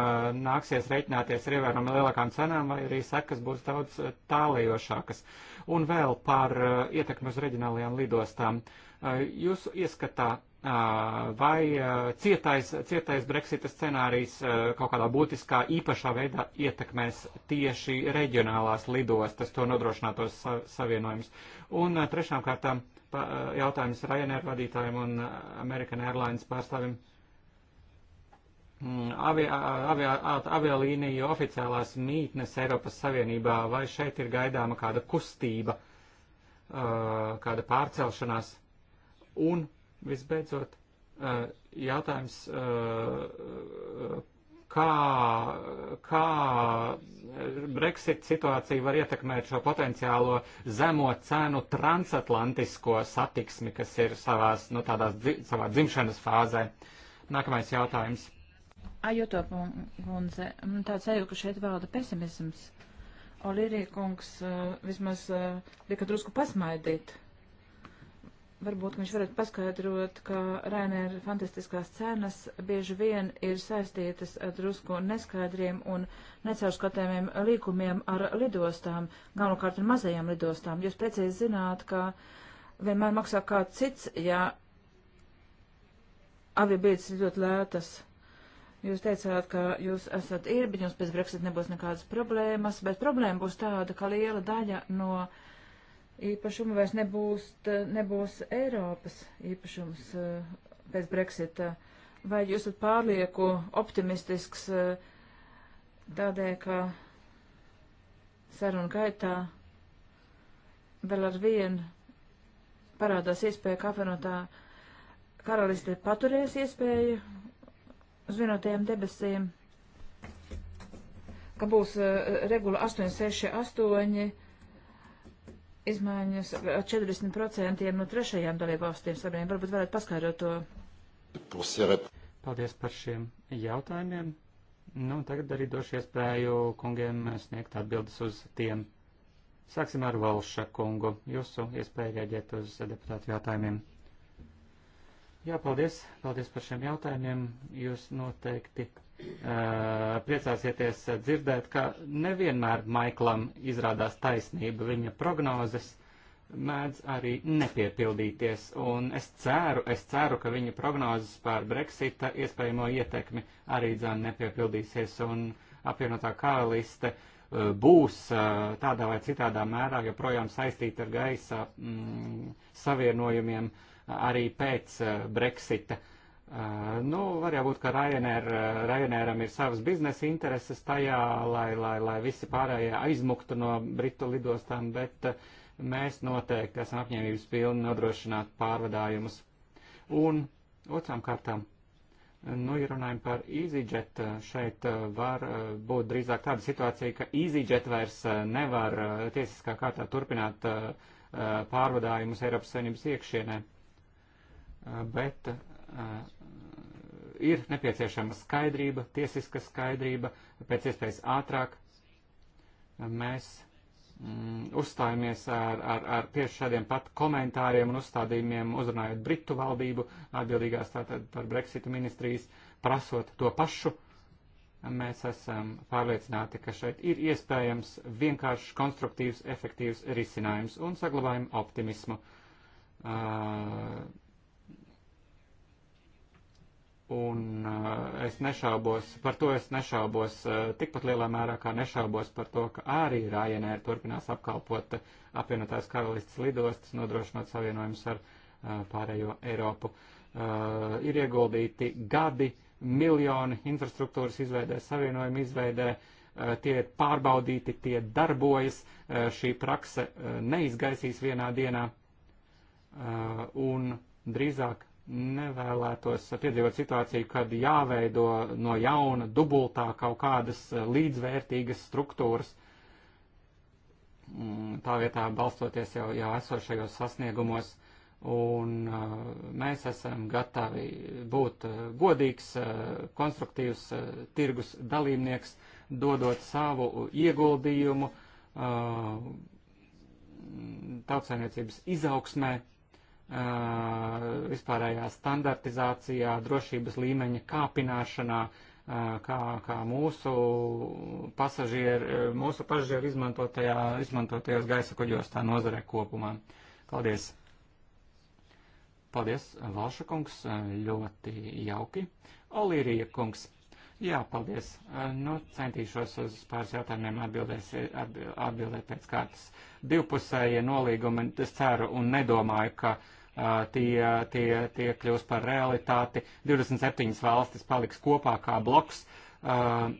nāksies reiķināties ar ievērojami lielākām cenām, vai arī sekas būs daudz tālējošākas? Un vēl par ietekmi uz reģionālajām lidostām. Jūsu ieskatā vai cietais, cietais Brexita scenārijs kaut kādā būtiskā īpašā veidā ietekmēs tieši reģionālās lidostas, to nodrošinātos savienojums. Un trešām kārtām jautājums Ryanair vadītājiem un American Airlines pārstāvim. Avi, mm, avi, avialīniju oficiālās mītnes Eiropas Savienībā, vai šeit ir gaidāma kāda kustība, kāda pārcelšanās? Un Visbeidzot, eh, jautājums, eh, kā, kā Brexit situācija var ietekmēt šo potenciālo zemo cenu transatlantisko satiksmi, kas ir savās, nu, tādās, savā dzimšanas fāzē. Nākamais jautājums. Ajuto kundze, mm, tāds sajūta, ka šeit valda pesimisms. Olīrija kungs eh, vismaz lika drusku pasmaidīt Varbūt viņš varētu paskaidrot, ka Rainēra fantastiskās cenas bieži vien ir saistītas ar drusku neskaidriem un necaurskatāmiem līkumiem ar lidostām, galvenokārt ar mazajām lidostām. Jūs precīzi zināt, ka vienmēr maksā kāds cits, ja aviabītes ir ļoti lētas. Jūs teicāt, ka jūs esat īri, bet jums pēc Brexit nebūs nekādas problēmas, bet problēma būs tāda, ka liela daļa no. Uh, īpašumu vairs nebūs, nebūs Eiropas īpašums e, pēc Brexita. Vai jūs esat pārlieku optimistisks e, tādēļ, ka sarunu gaitā vēl ar vienu parādās iespēja, ka apvienotā karaliste paturēs iespēju uz vienotajiem debesīm, ka būs e, regula 868 izmaiņas ar 40% no trešajām dalībvalstīm savienībām. Varbūt varētu paskaidrot to. Paldies par šiem jautājumiem. Nu, tagad arī došu iespēju kungiem sniegt atbildes uz tiem. Sāksim ar Valša kungu. Jūsu iespēja reaģēt uz deputātu jautājumiem. Jā, paldies. Paldies par šiem jautājumiem. Jūs noteikti Eh, priecāsieties dzirdēt, ka nevienmēr Maiklam izrādās taisnība. Viņa prognozes mēdz arī nepiepildīties, un es ceru, es ceru, ka viņa prognozes par Brexita iespējamo ietekmi arī dzēn nepiepildīsies, un apvienotā karaliste eh, būs eh, tādā vai citādā mērā joprojām saistīta ar gaisa mm, savienojumiem arī pēc Brexita. Uh, Eh, nu, var jābūt, ka Ryanair, eh, Ryanairam ir savas biznesa intereses tajā, lai, lai, lai visi pārējie aizmuktu no Britu lidostām, bet eh, mēs noteikti esam apņēmības pilni nodrošināt pārvadājumus. Un otrām kārtām, nu, ja runājam par EasyJet, šeit var būt drīzāk tāda situācija, ka EasyJet vairs nevar tiesiskā kārtā turpināt pārvadājumus Eiropas Savienības iekšienē. Bet Eh, ir nepieciešama skaidrība, tiesiska skaidrība, pēc iespējas ātrāk. Mēs mm, uzstājamies ar, ar, ar tieši šādiem pat komentāriem un uzstādījumiem, uzrunājot Britu valdību, atbildīgās tātad par Brexitu ministrijas, prasot to pašu. Mēs esam pārliecināti, ka šeit ir iespējams vienkāršs, konstruktīvs, efektīvs risinājums un saglabājam optimismu. Uh, Un eh, es nešaubos, par to es nešaubos eh, tikpat lielā mērā, kā nešaubos par to, ka arī Ryanair turpinās apkalpot apvienotās karalistas lidostas, nodrošinot savienojumus ar eh, pārējo Eiropu. Ir ieguldīti gadi, miljoni infrastruktūras izveidē, savienojumu izveidē, tie ir pārbaudīti, tie darbojas, šī prakse neizgaisīs vienā dienā. Un drīzāk nevēlētos piedzīvot situāciju, kad jāveido no jauna dubultā kaut kādas eh, līdzvērtīgas struktūras, mm, tā vietā balstoties jau, jau esošajos sasniegumos. Un eh, mēs esam gatavi būt eh, godīgs, konstruktīvs tirgus dalībnieks, dodot savu ieguldījumu tautsēmniecības izaugsmē, vispārējā standartizācijā, drošības līmeņa kāpināšanā, kā, kā mūsu pasažieru, mūsu pasažieru izmantotajā, izmantotajos gaisa kuģos tā nozarē kopumā. Paldies! Paldies, Valša kungs, ļoti jauki. Olīrija kungs, Jā, paldies. Eh, nu, centīšos uz pāris jautājumiem atbildēs, eh, atbildēt pēc kārtas. Divpusējie nolīgumi, es ceru un nedomāju, ka eh, tie, tie, tie kļūs par realitāti. 27 valstis paliks kopā kā bloks. Uh,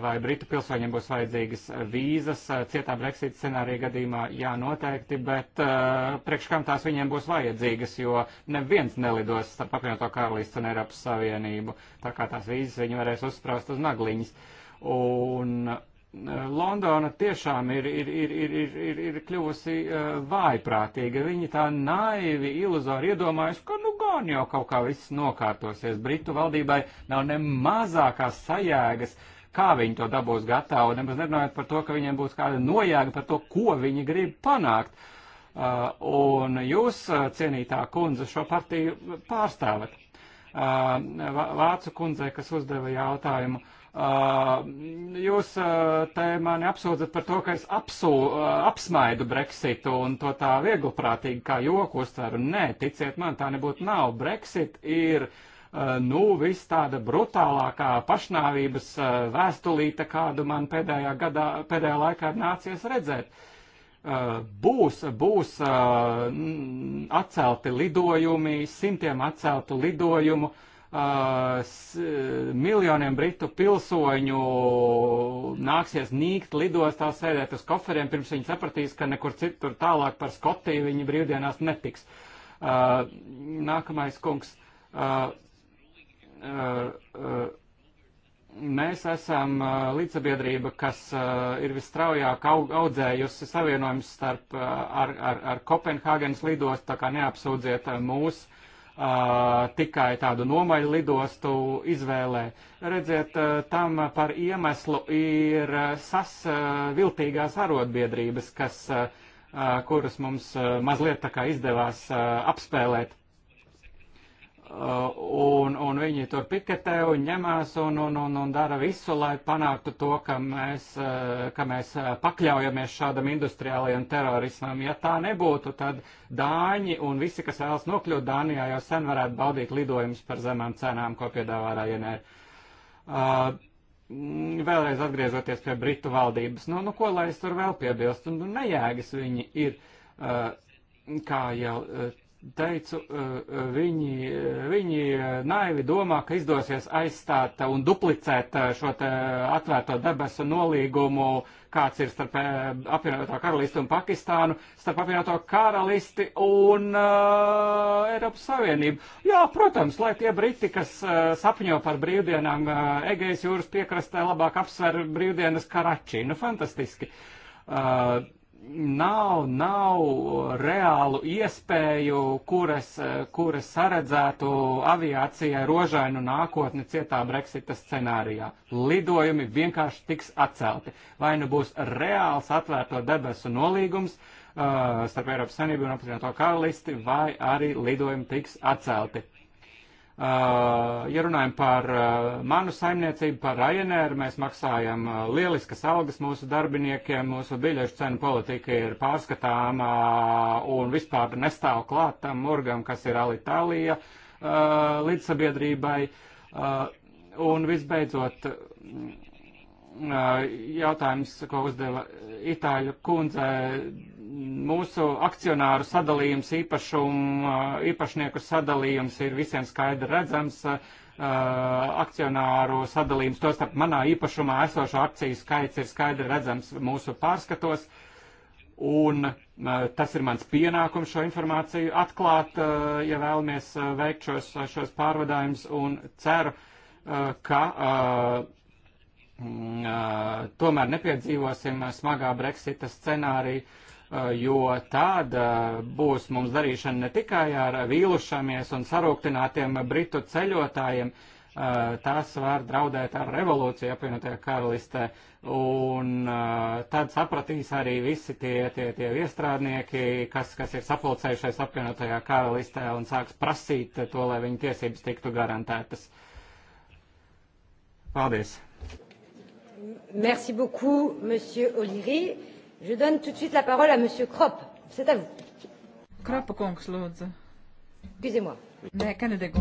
vai Britu pilsoņiem būs vajadzīgas vīzas cietā Brexit scenārija gadījumā, jā, noteikti, bet uh, eh, priekš kam tās viņiem būs vajadzīgas, jo neviens nelidos starp apvienoto karalistu un Eiropas Savienību, tā kā tās vīzas viņi varēs uzspraust uz nagliņas. Un uh, Londona tiešām ir, ir, ir, ir, ir, ir, ir kļuvusi uh, vājprātīga. Viņi tā naivi, iluzori iedomājas, ka nu gan jau kaut kā viss nokārtosies. Britu valdībai nav ne mazākās sajēgas uh, kā viņi to dabūs gatavu, nemaz nerunājot par to, ka viņiem būs kāda nojāga par to, ko viņi grib panākt. Uh, un jūs, uh, cienītā kundze, šo partiju pārstāvat. Uh, Vācu kundzei, kas uzdeva jautājumu, Uh, jūs uh, te mani apsūdzat par to, ka es apsū, uh, apsmaidu Brexitu un to tā viegliprātīgi kā joku uztveru. Nē, ticiet man, tā nebūtu nav. Brexit ir uh, Eh, nu, viss tāda brutālākā pašnāvības eh, vēstulīte, kādu man pēdējā, gadā, pēdējā laikā ir nācies redzēt. Eh, būs, būs atcelti lidojumi, simtiem atceltu lidojumu, miljoniem britu pilsoņu nāksies nīkt lidostā, sēdēt uz koferiem, pirms viņi sapratīs, ka nekur citur tālāk par Skotiju viņi brīvdienās netiks. Nākamais kungs. Uh, mēs esam līdzsabiedrība, kas ir visstraujāk audzējusi savienojums starp ar, ar, ar Kopenhāgenes lidostu, tā kā neapsūdziet mūs tikai tādu nomaļu lidostu izvēlē. Redziet, tam par iemeslu ir sas viltīgās arotbiedrības, kas, kuras mums mazliet tā kā izdevās apspēlēt Uh, un, un viņi tur piketē un ņemās un, un, un, un dara visu, lai panāktu to, ka mēs, uh, ka mēs uh, pakļaujamies šādam industriālajam terorismam. Ja tā nebūtu, tad Dāņi un visi, kas vēlas nokļūt Dānijā, jau sen varētu baudīt lidojumus par zemām cenām, ko piedāvā Ryanair. Uh, vēlreiz atgriežoties pie Britu valdības, nu, nu ko lai es tur vēl piebilstu, nu nejēgas viņi ir, uh, kā jau uh, teicu, viņi, viņi naivi domā, ka izdosies aizstāt un duplicēt šo atvērto debesu nolīgumu, kāds ir starp apvienoto karalisti un Pakistānu, starp apvienoto karalisti un uh, Eiropas Savienību. Jā, protams, lai tie briti, kas uh, sapņo par brīvdienām uh, Egejas jūras piekrastē, labāk apsver brīvdienas Karačī. Nu, fantastiski. Uh, nav, nav reālu iespēju, kuras, kuras saredzētu aviācijai rožainu nākotni cietā Brexita scenārijā. Lidojumi vienkārši tiks atcelti. Vai nu būs reāls atvērto debesu nolīgums uh, starp Eiropas Savienību un apvienoto karalisti, vai arī lidojumi tiks atcelti. Eh, ja runājam par eh, manu saimniecību, par Ryanair, mēs maksājam eh, lieliskas algas mūsu darbiniekiem, mūsu biļešu cenu politika ir pārskatāma un vispār nestāv klāt tam murgam, kas ir Alitalija līdzsabiedrībai. Un visbeidzot, jautājums, ko uzdeva Itāļu kundze, mūsu akcionāru sadalījums, īpašumu, īpašnieku sadalījums ir visiem skaidri redzams. Eh, akcionāru sadalījums, to starp manā īpašumā esošo akciju skaits ir skaidri redzams mūsu pārskatos. Un eh, tas ir mans pienākums šo informāciju atklāt, eh, ja vēlamies veikt šos, šos pārvadājumus un ceru, ka mm, tomēr nepiedzīvosim smagā Brexita scenāriju Eh, jo tāda būs mums darīšana ne tikai ar vīlušamies un sarūktinātiem britu ceļotājiem, eh, tās var draudēt ar revolūciju apvienotajā karalistē. Un eh, tad sapratīs arī visi tie, tie, tie iestrādnieki, kas, kas ir sapulcējušies apvienotajā karalistē un sāks prasīt to, lai viņu tiesības tiktu garantētas. Paldies! Merci beaucoup, monsieur Oliri. Je donne tout de suite la parole à Monsieur Krop. C'est à vous. Kropa kungs, lūdzu. Excusez-moi. Nē, Kanadegu.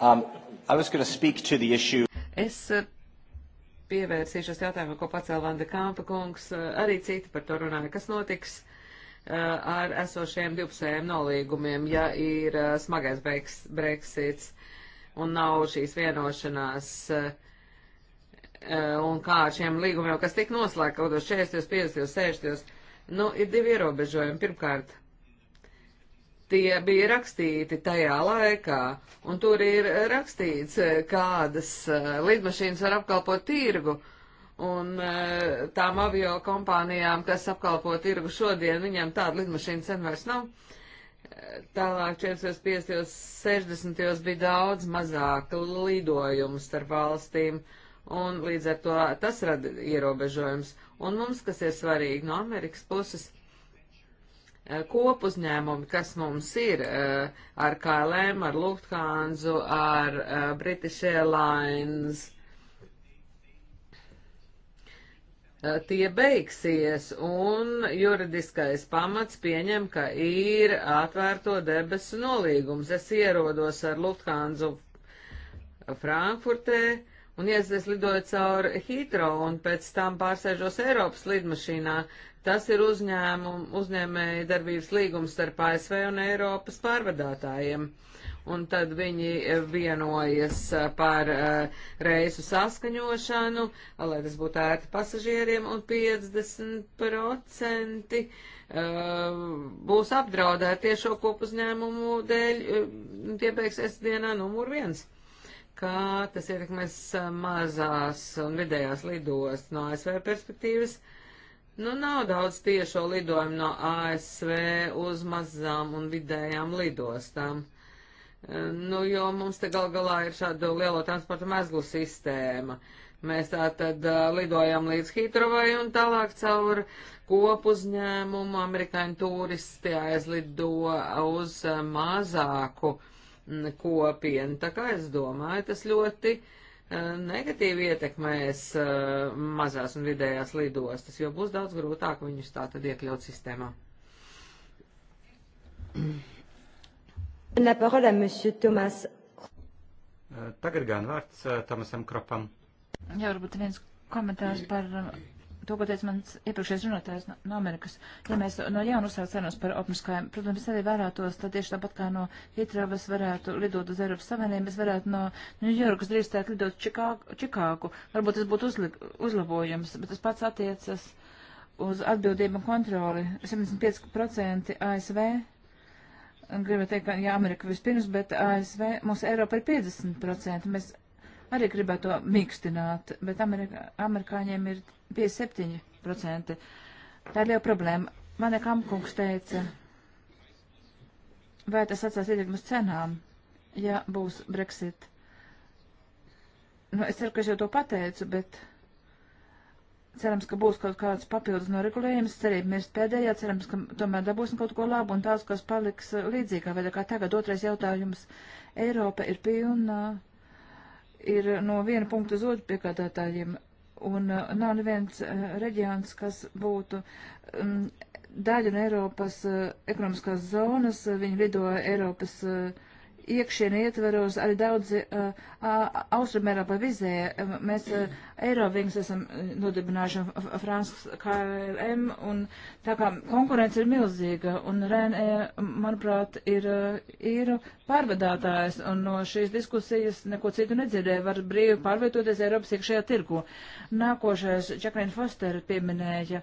Um, I was going to speak to the issue. Es uh, pievērsīšos jautājumam, ko pacēla Vanda Kampa kungs. Uh, arī citi par to runāja, kas notiks uh, ar esošiem divpusējiem nolīgumiem, ja ir smagais breks, Brexits un nav šīs vienošanās. Uh, Eh, un kā ar šiem līgumiem, kas tika noslēgta kaut kādos 40, 50, 60, nu, ir divi ierobežojumi. Pirmkārt, tie bija rakstīti tajā laikā, un tur ir rakstīts, eh, kādas eh, lidmašīnas var apkalpot tirgu. Un tām avio kompānijām, kas apkalpo tirgu šodien, viņiem tāda lidmašīna sen vairs nav. Tālāk 40, 50, 60 bija daudz mazāk lidojumu starp valstīm. Uh, un līdz ar to tas rada ierobežojums. Un mums, kas ir svarīgi no Amerikas puses, eh, kopuzņēmumi, kas mums ir eh, ar KLM, ar Lufthansa, ar eh, British Airlines, tie beigsies un juridiskais pamats pieņem, ka ir atvērto debesu nolīgums. Es ierodos ar Lufthansa Frankfurtē Un, ja es lidoju caur Hitro un pēc tam pārsēžos Eiropas lidmašīnā, tas ir uzņēmumu, uzņēmēja darbības līgums starp ASV un Eiropas pārvadātājiem. Un tad viņi vienojas par uh, reisu saskaņošanu, lai tas būtu ērti pasažieriem, un 50% uh, eh, būs apdraudēti tiešo kopuzņēmumu dēļ, eh, tie beigsies dienā numur viens kā tas ietekmēs mazās un vidējās lidost no ASV perspektīvas. Nu, nav daudz tiešo lidojumu no ASV uz mazām un vidējām lidostām. Nu, jo mums te gal galā ir šāda lielo transporta mezglu sistēma. Mēs tā tad uh, lidojam līdz Hitrovai un tālāk caur kopu uzņēmumu. Amerikāņu turisti aizlido uz mazāku uh, kopienu. Tā kā es domāju, tas ļoti eh, negatīvi ietekmēs eh, mazās un vidējās lidostas, jo būs daudz grūtāk viņus tā tad iekļaut sistēmā. La parole à monsieur Thomas. Eh, tagad gan vārds Tomasam Kropam. Jā, varbūt viens komentārs par to, ko teica mans iepriekšējais runātājs no, no Amerikas, ja mēs no jauna uzsākt sarunas par opniskajiem, protams, es arī vēlētos, tad tieši tāpat kā no Hitravas varētu lidot uz Eiropas Savienību, es varētu no Ņujorkas drīkstēt lidot Čikāgu, Čikāgu. Varbūt tas būtu uzli, uzlabojums, bet tas pats attiecas uz atbildību un kontroli. 75% ASV. Gribu teikt, ka jā, Amerika vispirms, bet ASV mums Eiropa ir 50%. Mēs arī gribētu to mīkstināt, bet Amerikā, amerikāņiem ir 57%. Tā ir liela problēma. Man Kamkungs teica, vai tas atstās ietekmes cenām, ja būs Brexit. Nu, es ceru, ka es jau to pateicu, bet cerams, ka būs kaut kāds papildus noregulējums, cerība mirst pēdējā, cerams, ka tomēr dabūsim kaut ko labu un tās, kas paliks līdzīgā veidā kā tagad. Otrais jautājums. Eiropa ir pilna. Uh, ir no viena punkta uz otru piekādātājiem, un uh, nav neviens uh, reģions, kas būtu um, daļa no Eiropas uh, ekonomiskās zonas, viņi lidoja Eiropas uh, iekšienē ietveros arī daudzi uh, austrumērā pa vizē. Um, mēs uh, Eirovings esam uh, nodibinājuši Fransks KLM, un tā kā konkurence ir milzīga, un Renē, manuprāt, ir uh, īru pārvadātājs, un no šīs diskusijas neko citu nedzirdēju, var brīvi pārvietoties Eiropas iekšējā tirgu. Nākošais Čaklīna Foster pieminēja,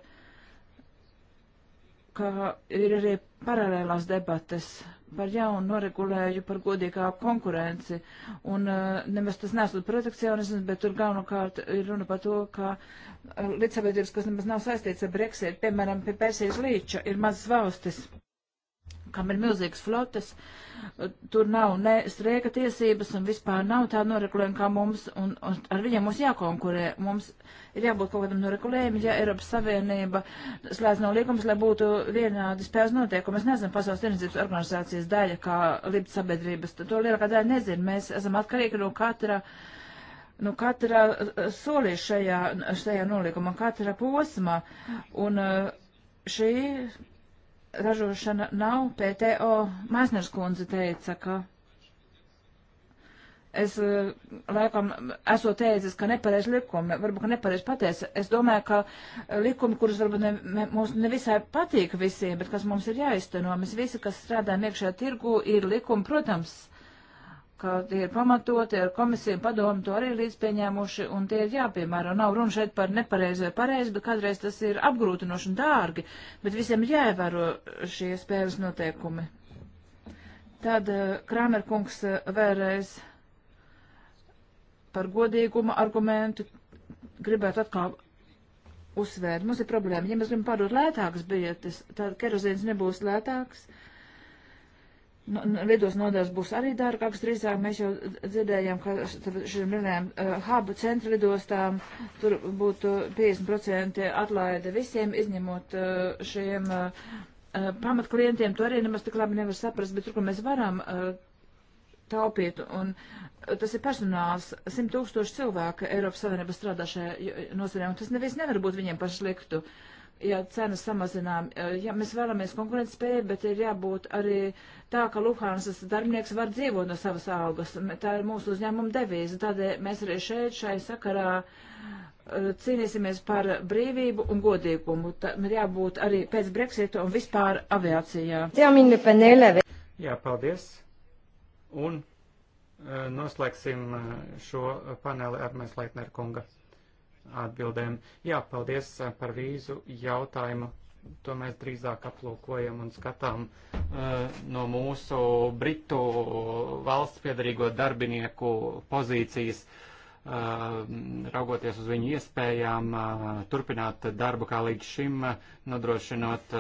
ka ir arī paralēlās debates par jaunu noregulēju par godīgāku konkurenci. Un uh, nemaz tas nesot protekcionisms, bet tur galvenokārt ir runa par to, ka uh, līdzsabiedrības, kas nemaz nav saistīts ar Brexit, piemēram, pie Persijas līča, ir mazas valstis kam ir milzīgas flotes, tur nav ne strēka tiesības un vispār nav tā noregulējuma kā mums, un, un ar viņiem mums jākonkurē. Mums ir jābūt kaut kādam noregulējumam, ja Eiropas Savienība slēdz no līgumus, lai būtu vienādi spējas noteikumi. Es nezinu, pasaules tirdzniecības organizācijas daļa, kā Libta sabiedrības, to lielākā daļa nezinu. Mēs esam atkarīgi no katra. Nu, katra solī šajā, šajā nolīgumā, katra posmā, un eh, šī ražošana nav PTO. Mēsners kundze teica, ka es e, laikam esmu teicis, ka nepareizi likumi, varbūt, ka nepareizi pateicis. Es domāju, ka likumi, kurus varbūt ne, mums nevisai patīk visiem, bet kas mums ir jāizteno, mēs visi, kas strādājam iekšējā tirgu, ir likumi, protams, ka tie ir pamatoti, ar komisiju padomu to arī līdz pieņēmuši, un tie ir jāpiemēro. Nav runa šeit par nepareizi vai pareizi, bet kādreiz tas ir apgrūtinoši un dārgi, bet visiem jāievēro šie spēles noteikumi. Tad eh, Krāmerkungs eh, vēlreiz par godīgumu argumentu gribētu atkal uzsvērt. Mums ir problēma, ja mēs gribam pārdot lētākas biļetes, tad kerozīns nebūs lētāks. Uh, Nu, nu, lidos nodevs būs arī dārgāks, drīzāk mēs jau dzirdējām, ka šiem lielajām uh, hubu centra lidostām tur būtu 50% atlaide visiem, izņemot uh, šiem uh, uh, pamatklientiem. To arī nemaz tik labi nevar saprast, bet tur, kur mēs varam uh, taupīt, un uh, tas ir personāls, 100 tūkstoši cilvēku Eiropas Savienības strādā šajā nosvarē, un tas nevis nevar būt viņiem par sliktu. Uh, ja cenu samazinām. Eh, ja mēs vēlamies konkurētspēju, bet ir jābūt arī tā, ka Luhansas darbinieks var dzīvot no savas algas. Tā ir mūsu uzņēmuma devīze. Tādēļ mēs arī šeit, šai sakarā, eh, cīnīsimies par brīvību un godīgumu. Tam ir jābūt arī pēc Brexita un vispār aviācijā. Jā, paldies. Un eh, noslēgsim šo paneli ar mēs Leitner kunga atbildēm. Jā, paldies eh, par vīzu jautājumu. To mēs drīzāk aplūkojam un skatām eh, no mūsu britu valsts piedarīgo darbinieku pozīcijas, eh, raugoties uz viņu iespējām turpināt darbu kā līdz šim, nodrošinot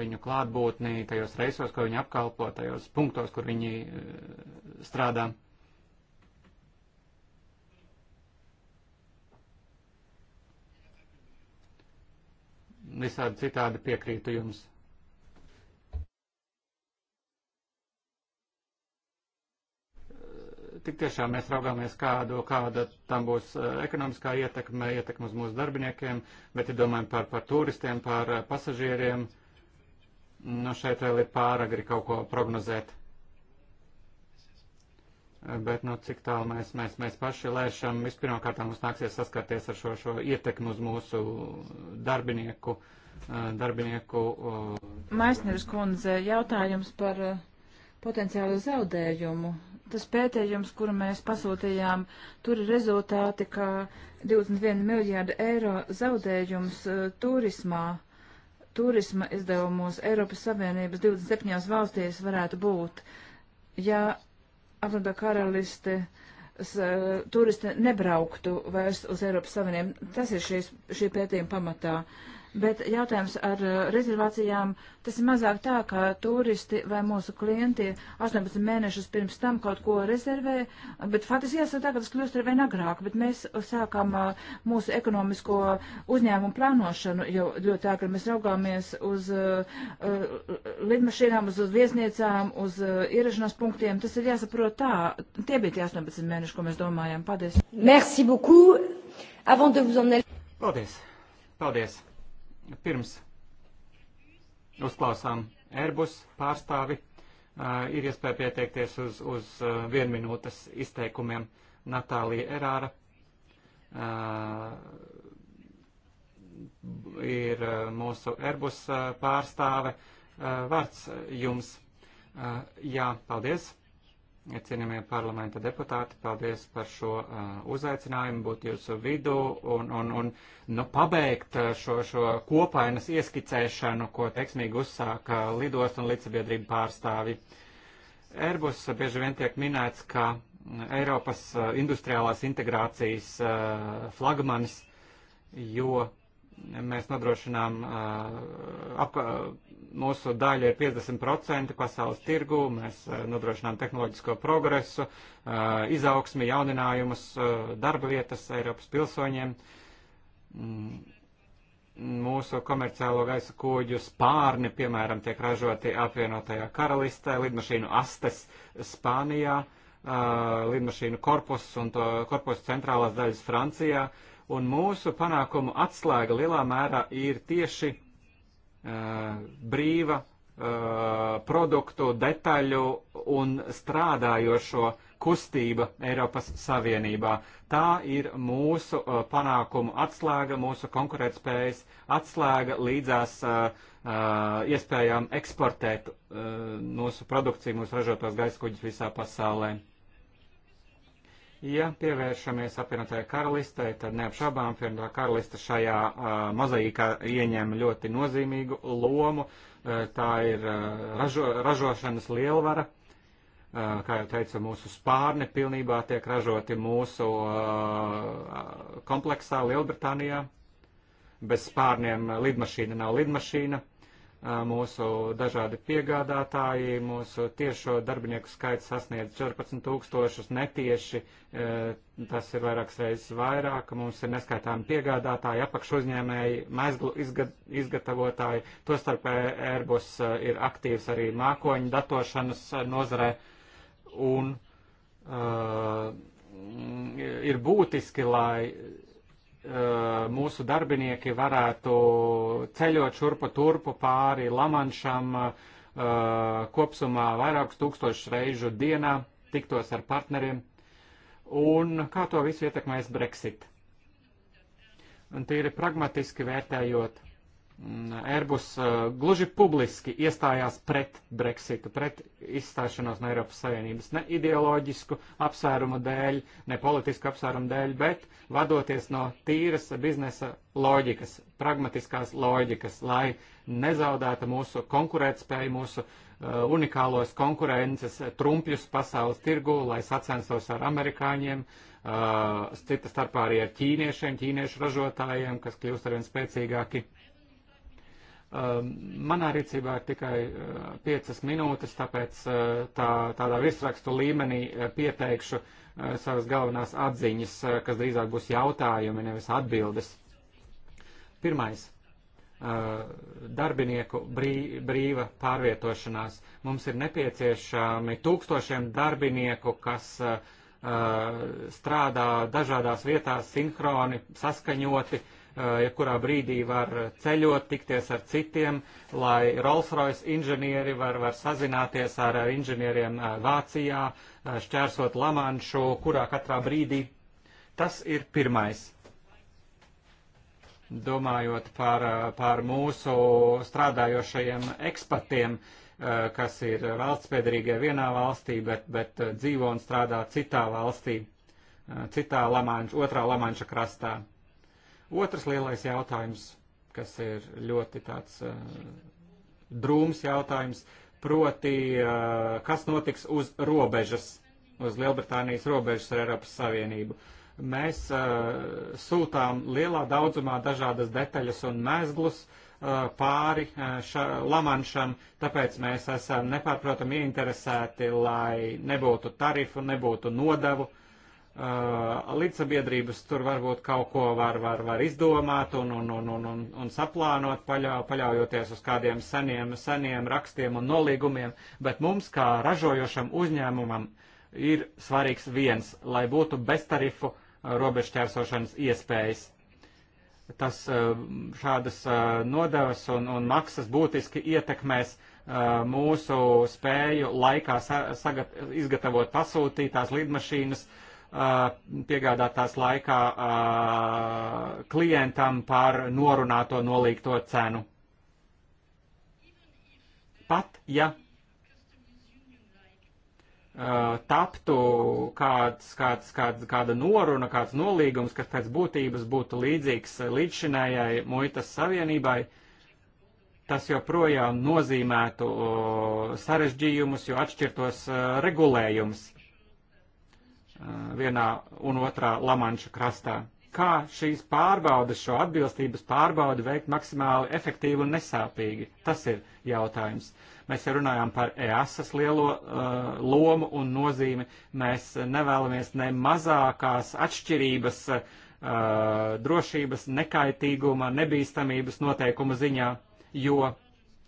viņu klātbūtni tajos reisos, ko viņi apkalpo, tajos punktos, kur viņi strādā. visādi citādi piekrītu jums. Tik tiešām mēs raugāmies, kādu, kāda tam būs eh, ekonomiskā ietekme, ietekme uz mūsu darbiniekiem, bet, ja domājam par, par turistiem, par eh, pasažieriem, nu šeit vēl ir pāragri kaut ko prognozēt bet nu, cik tālu mēs, mēs, mēs paši lēšam, vispirmkārt mums nāksies saskarties ar šo, šo ietekmi uz mūsu darbinieku. darbinieku Maisners kundze, jautājums par potenciālu zaudējumu. Tas pētījums, kuru mēs pasūtījām, tur ir rezultāti, ka 21 miljārdu eiro zaudējums turismā, turisma izdevumos Eiropas Savienības 27 valstīs varētu būt. Ja apvienotā karaliste e, turisti nebrauktu vairs uz Eiropas Savienību. Tas ir šīs, šī pētījuma pamatā. Uh, bet jautājums ar uh, rezervācijām, tas ir mazāk tā, ka turisti vai mūsu klienti 18 mēnešus pirms tam kaut ko rezervē, bet faktiski jāsaka tā, ka tas kļūst ar vien agrāk, bet mēs sākam uh, mūsu ekonomisko uzņēmumu plānošanu, jo ļoti āgri mēs raugāmies uz uh, uh lidmašīnām, uz, uz viesniecām, uz uh, ierašanās punktiem, tas ir jāsaprot tā, tie bija tie 18 mēneši, ko mēs domājām. Paldies! Merci beaucoup! Avant de vous en aller. Paldies! Paldies! Pirms uzklausām Airbus pārstāvi, ir iespēja pieteikties uz, uz vienminūtes izteikumiem Natālija Erāra. Ir mūsu Airbus pārstāve. Vārds jums. Jā, paldies cienījamie parlamenta deputāti, paldies par šo uh, uzaicinājumu būt jūsu vidū un, un, un nu, pabeigt uh, šo, šo kopainas ieskicēšanu, ko teiksmīgi uzsāka lidost un līdzsabiedrību pārstāvi. Airbus uh, bieži vien tiek minēts, ka uh, Eiropas industriālās integrācijas uh, flagmanis, jo mēs nodrošinām uh, ap, mūsu daļa ir 50% pasaules tirgū, mēs eh, nodrošinām tehnoloģisko progresu, eh, izaugsmi, jauninājumus, eh, darba vietas Eiropas pilsoņiem. Mm, mūsu komerciālo gaisa kuģu spārni, piemēram, tiek ražoti apvienotajā karalistē, lidmašīnu astes Spānijā, lidmašīnu korpus un to korpusu centrālās daļas Francijā. Un mūsu panākumu atslēga lielā mērā ir tieši uh, Eh, brīva eh, produktu, detaļu un strādājošo kustība Eiropas Savienībā. Tā ir mūsu eh, panākumu atslēga, mūsu konkurētspējas atslēga līdzās iespējām eksportēt mūsu produkciju, mūsu ražotos gaiskuģus visā pasaulē. Ja pievēršamies apvienotajai karalistei, tad neapšaubām apvienotā karaliste šajā uh, mozaīkā ieņem ļoti nozīmīgu lomu. Uh, tā ir uh, ražo, ražošanas lielvara. Uh, kā jau teicu, mūsu spārni pilnībā tiek ražoti mūsu uh, kompleksā Lielbritānijā. Bez spārniem lidmašīna nav lidmašīna mūsu dažādi piegādātāji, mūsu tiešo darbinieku skaits sasniedz 14 tūkstošus netieši, tas ir vairākas reizes vairāk, mums ir neskaitāmi piegādātāji, apakšuzņēmēji, mezglu izgatavotāji, tostarp Airbus ir aktīvs arī mākoņu datošanas nozarē un uh, ir būtiski, lai Eh, mūsu darbinieki varētu ceļot šurpu turpu pāri Lamanšam eh, kopsumā vairākus tūkstošus reižu dienā, tiktos ar partneriem. Un kā to visu ietekmēs Brexit? Un tīri pragmatiski vērtējot, Airbus eh, gluži publiski iestājās pret Brexitu, pret izstāšanos no Eiropas Savienības ne ideoloģisku apsvērumu dēļ, ne politisku apsvērumu dēļ, bet vadoties no tīras biznesa loģikas, pragmatiskās loģikas, lai nezaudētu mūsu konkurētspēju, mūsu uh, unikālos konkurences trumpļus pasaules tirgu, lai sacenstos ar amerikāņiem, uh, cita starpā arī ar ķīniešiem, ķīniešu ražotājiem, kas kļūst arvien spēcīgāki. Um, manā rīcībā ir tikai uh, piecas minūtes, tāpēc uh, tā, tādā virsrakstu līmenī uh, pieteikšu savas galvenās atziņas, kas drīzāk būs jautājumi, nevis atbildes. Pirmais darbinieku brīva pārvietošanās. Mums ir nepieciešami tūkstošiem darbinieku, kas strādā dažādās vietās, sinhroni, saskaņoti, Eh, jebkurā brīdī var ceļot, tikties ar citiem, lai Rolls-Royce inženieri var, var sazināties ar inženieriem eh, Vācijā, eh, šķērsot Lamanšu, kurā katrā brīdī. Tas ir pirmais. Domājot par, par mūsu strādājošajiem ekspatiem, kas ir valstspiedrīgie vienā valstī, bet, bet dzīvo un strādā citā valstī, citā Lamanša, otrā Lamanša krastā Otrs lielais jautājums, kas ir ļoti tāds eh, drūms jautājums, proti, eh, kas notiks uz robežas, uz Lielbritānijas robežas ar Eiropas Savienību. Mēs eh, sūtām lielā daudzumā dažādas detaļas un mezglus, pāri ša, Lamanšam, tāpēc mēs esam nepārprotami ieinteresēti, lai nebūtu tarifu, nebūtu nodevu Uh, līdzsabiedrības tur varbūt kaut ko var, var, var izdomāt un, un, un, un, un, un saplānot, paļau, paļaujoties uz kādiem seniem, seniem rakstiem un nolīgumiem, bet mums, kā ražojošam uzņēmumam, ir svarīgs viens, lai būtu beztarifu uh, robežķērsošanas iespējas. Tas uh, šādas nodevas un, un maksas būtiski ietekmēs mūsu spēju laikā sagat, izgatavot pasūtītās lidmašīnas, uh, piegādātās laikā klientam par norunāto nolīgto cenu. Pat ja taptu kāds, kāds, kāds, kāda noruna, kāds nolīgums, kas pēc būtības būtu līdzīgs līdzšinējai muitas savienībai, tas joprojām nozīmētu sarežģījumus, jo atšķirtos regulējums vienā un otrā Lamanša krastā. Kā šīs pārbaudas, šo atbilstības pārbaudi veikt maksimāli efektīvi un nesāpīgi? Tas ir jautājums. Mēs jau runājām par EASAS lielo uh, lomu un nozīmi. Mēs nevēlamies ne mazākās atšķirības uh, drošības, nekaitīguma, nebīstamības noteikuma ziņā, jo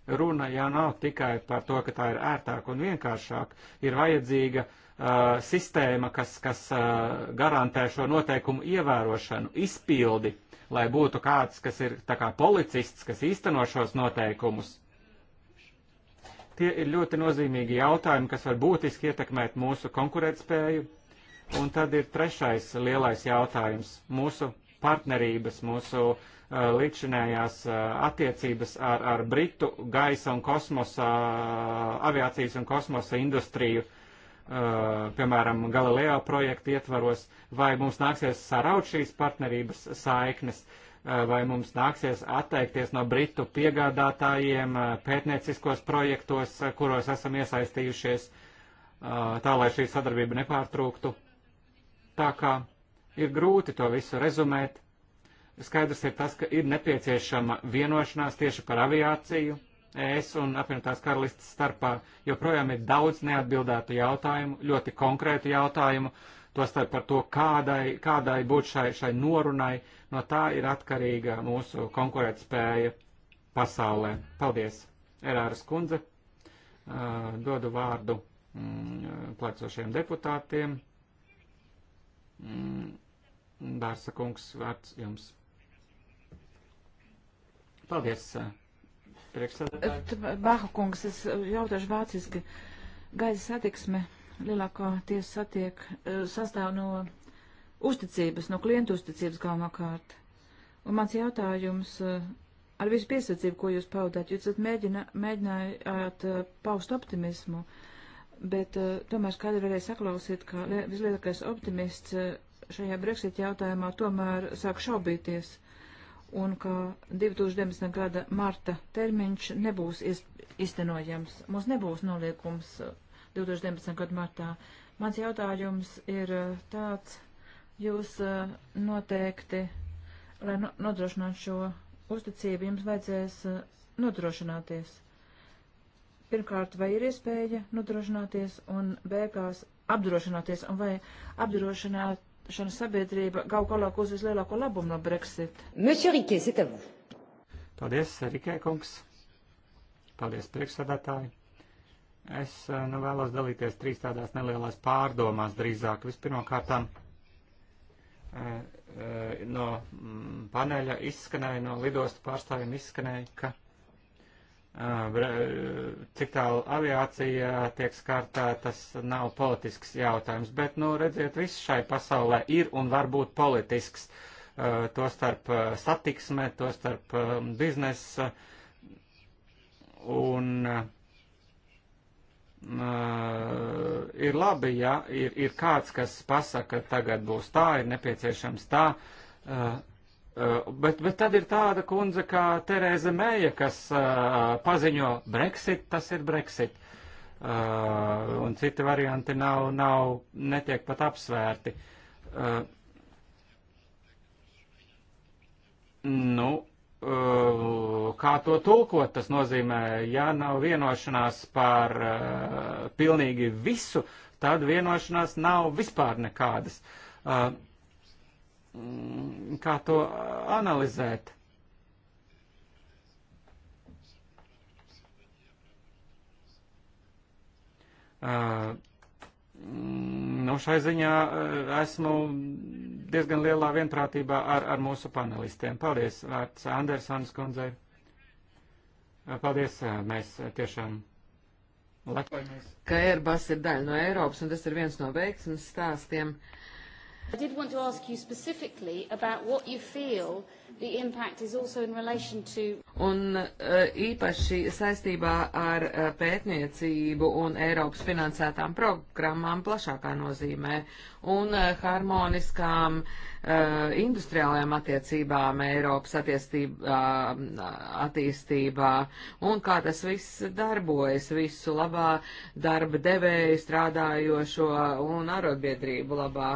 runa jau nav tikai par to, ka tā ir ērtāk un vienkāršāk, ir vajadzīga uh, sistēma, kas, kas garantē šo noteikumu ievērošanu, izpildi, lai būtu kāds, kas ir tā kā policists, kas īsteno šos noteikumus. Tie ir ļoti nozīmīgi jautājumi, kas var būtiski ietekmēt mūsu konkurētspēju. Un tad ir trešais lielais jautājums - mūsu partnerības, mūsu uh, līdzinējās uh, attiecības ar, ar Britu gaisa un kosmosa, uh, aviācijas un kosmosa industriju uh, Uh, piemēram, Galileo projekta ietvaros, vai mums nāksies saraut šīs partnerības saiknes, uh, vai mums nāksies atteikties no britu piegādātājiem uh, pētnieciskos projektos, kuros esam iesaistījušies, tā lai šī sadarbība nepārtrūktu. Tā kā ir grūti to visu rezumēt, skaidrs ir tas, ka ir nepieciešama vienošanās tieši par aviāciju ES un apvienotās karalistas starpā joprojām ir daudz neatbildētu jautājumu, ļoti konkrētu jautājumu, tostarp par to, kādai, kādai būtu šai, šai norunai, no tā ir atkarīga mūsu konkurētspēja pasaulē. Paldies, Erāras kundze. Dodu vārdu mm, plecošiem deputātiem. Mm, Dārsa kungs, vārds jums. Paldies. Priekšsēdētāji. Baha kungs, es jautāšu vāciski. Gaisa satiksme lielākā tiesa satiek, eh, sastāv no uzticības, no klientu uzticības galvenokārt. Un mans jautājums eh, ar visu piesacību, ko jūs paudāt, jūs mēģinā, mēģinājāt eh, paust optimismu, bet tomēr skaidri varēja saklausīt, ka vislielākais optimists šajā Brexit jautājumā tomēr sāk šaubīties un ka 2019. gada marta termiņš nebūs iztenojams. Mums nebūs noliekums 2019. Uh, gada martā. Mans jautājums ir uh, tāds, jūs uh, noteikti, lai nodrošinātu šo uzticību, jums vajadzēs nodrošināties. Pirmkārt, vai ir iespēja nodrošināties un beigās apdrošināties, un vai apdrošināt likumdošana sabiedrība gau galā gūs vislielāko labumu no Brexit. Monsieur Rikē, sitavu. Paldies, Rikē kungs. Paldies, priekšsādātāji. Es eh, nu, vēlos dalīties trīs tādās nelielās pārdomās drīzāk. Vispirmkārtām eh, eh, no mm, paneļa izskanēja, no lidostu pārstāvjiem izskanēja, ka cik tālu aviācija tiek skartā, tas nav politisks jautājums. Bet, nu, redziet, viss šai pasaulē ir un var būt politisks. To starp satiksme, to starp biznesa un ir labi, ja ir, ir kāds, kas pasaka, tagad būs tā, ir nepieciešams tā Eh, bet, bet tad ir tāda kundze kā Terēza Mēja, kas uh, paziņo Brexit, tas ir Brexit. Uh, un citi varianti nav, nav, netiek pat apsvērti. Uh, nu, uh, kā to tulkot, tas nozīmē, ja nav vienošanās par uh, pilnīgi visu, tad vienošanās nav vispār nekādas. Uh, Mm, kā to analizēt. Uh, nu, šai ziņā esmu diezgan lielā vienprātībā ar, ar mūsu panelistiem. Paldies, vārds Andersons kundzei. Paldies, mēs tiešām lepojamies. Ka Airbus ir daļa no Eiropas, un tas ir viens no veiksmes stāstiem. Uh, I did want to ask you specifically about what you feel the impact is also in relation to. Un eh, īpaši saistībā ar eh, pētniecību un Eiropas finansētām programmām plašākā nozīmē un eh, harmoniskām uh, industriālajām attiecībām Eiropas attīstībā, attīstībā un kā tas viss darbojas visu labā darba devēju strādājošo un arotbiedrību labā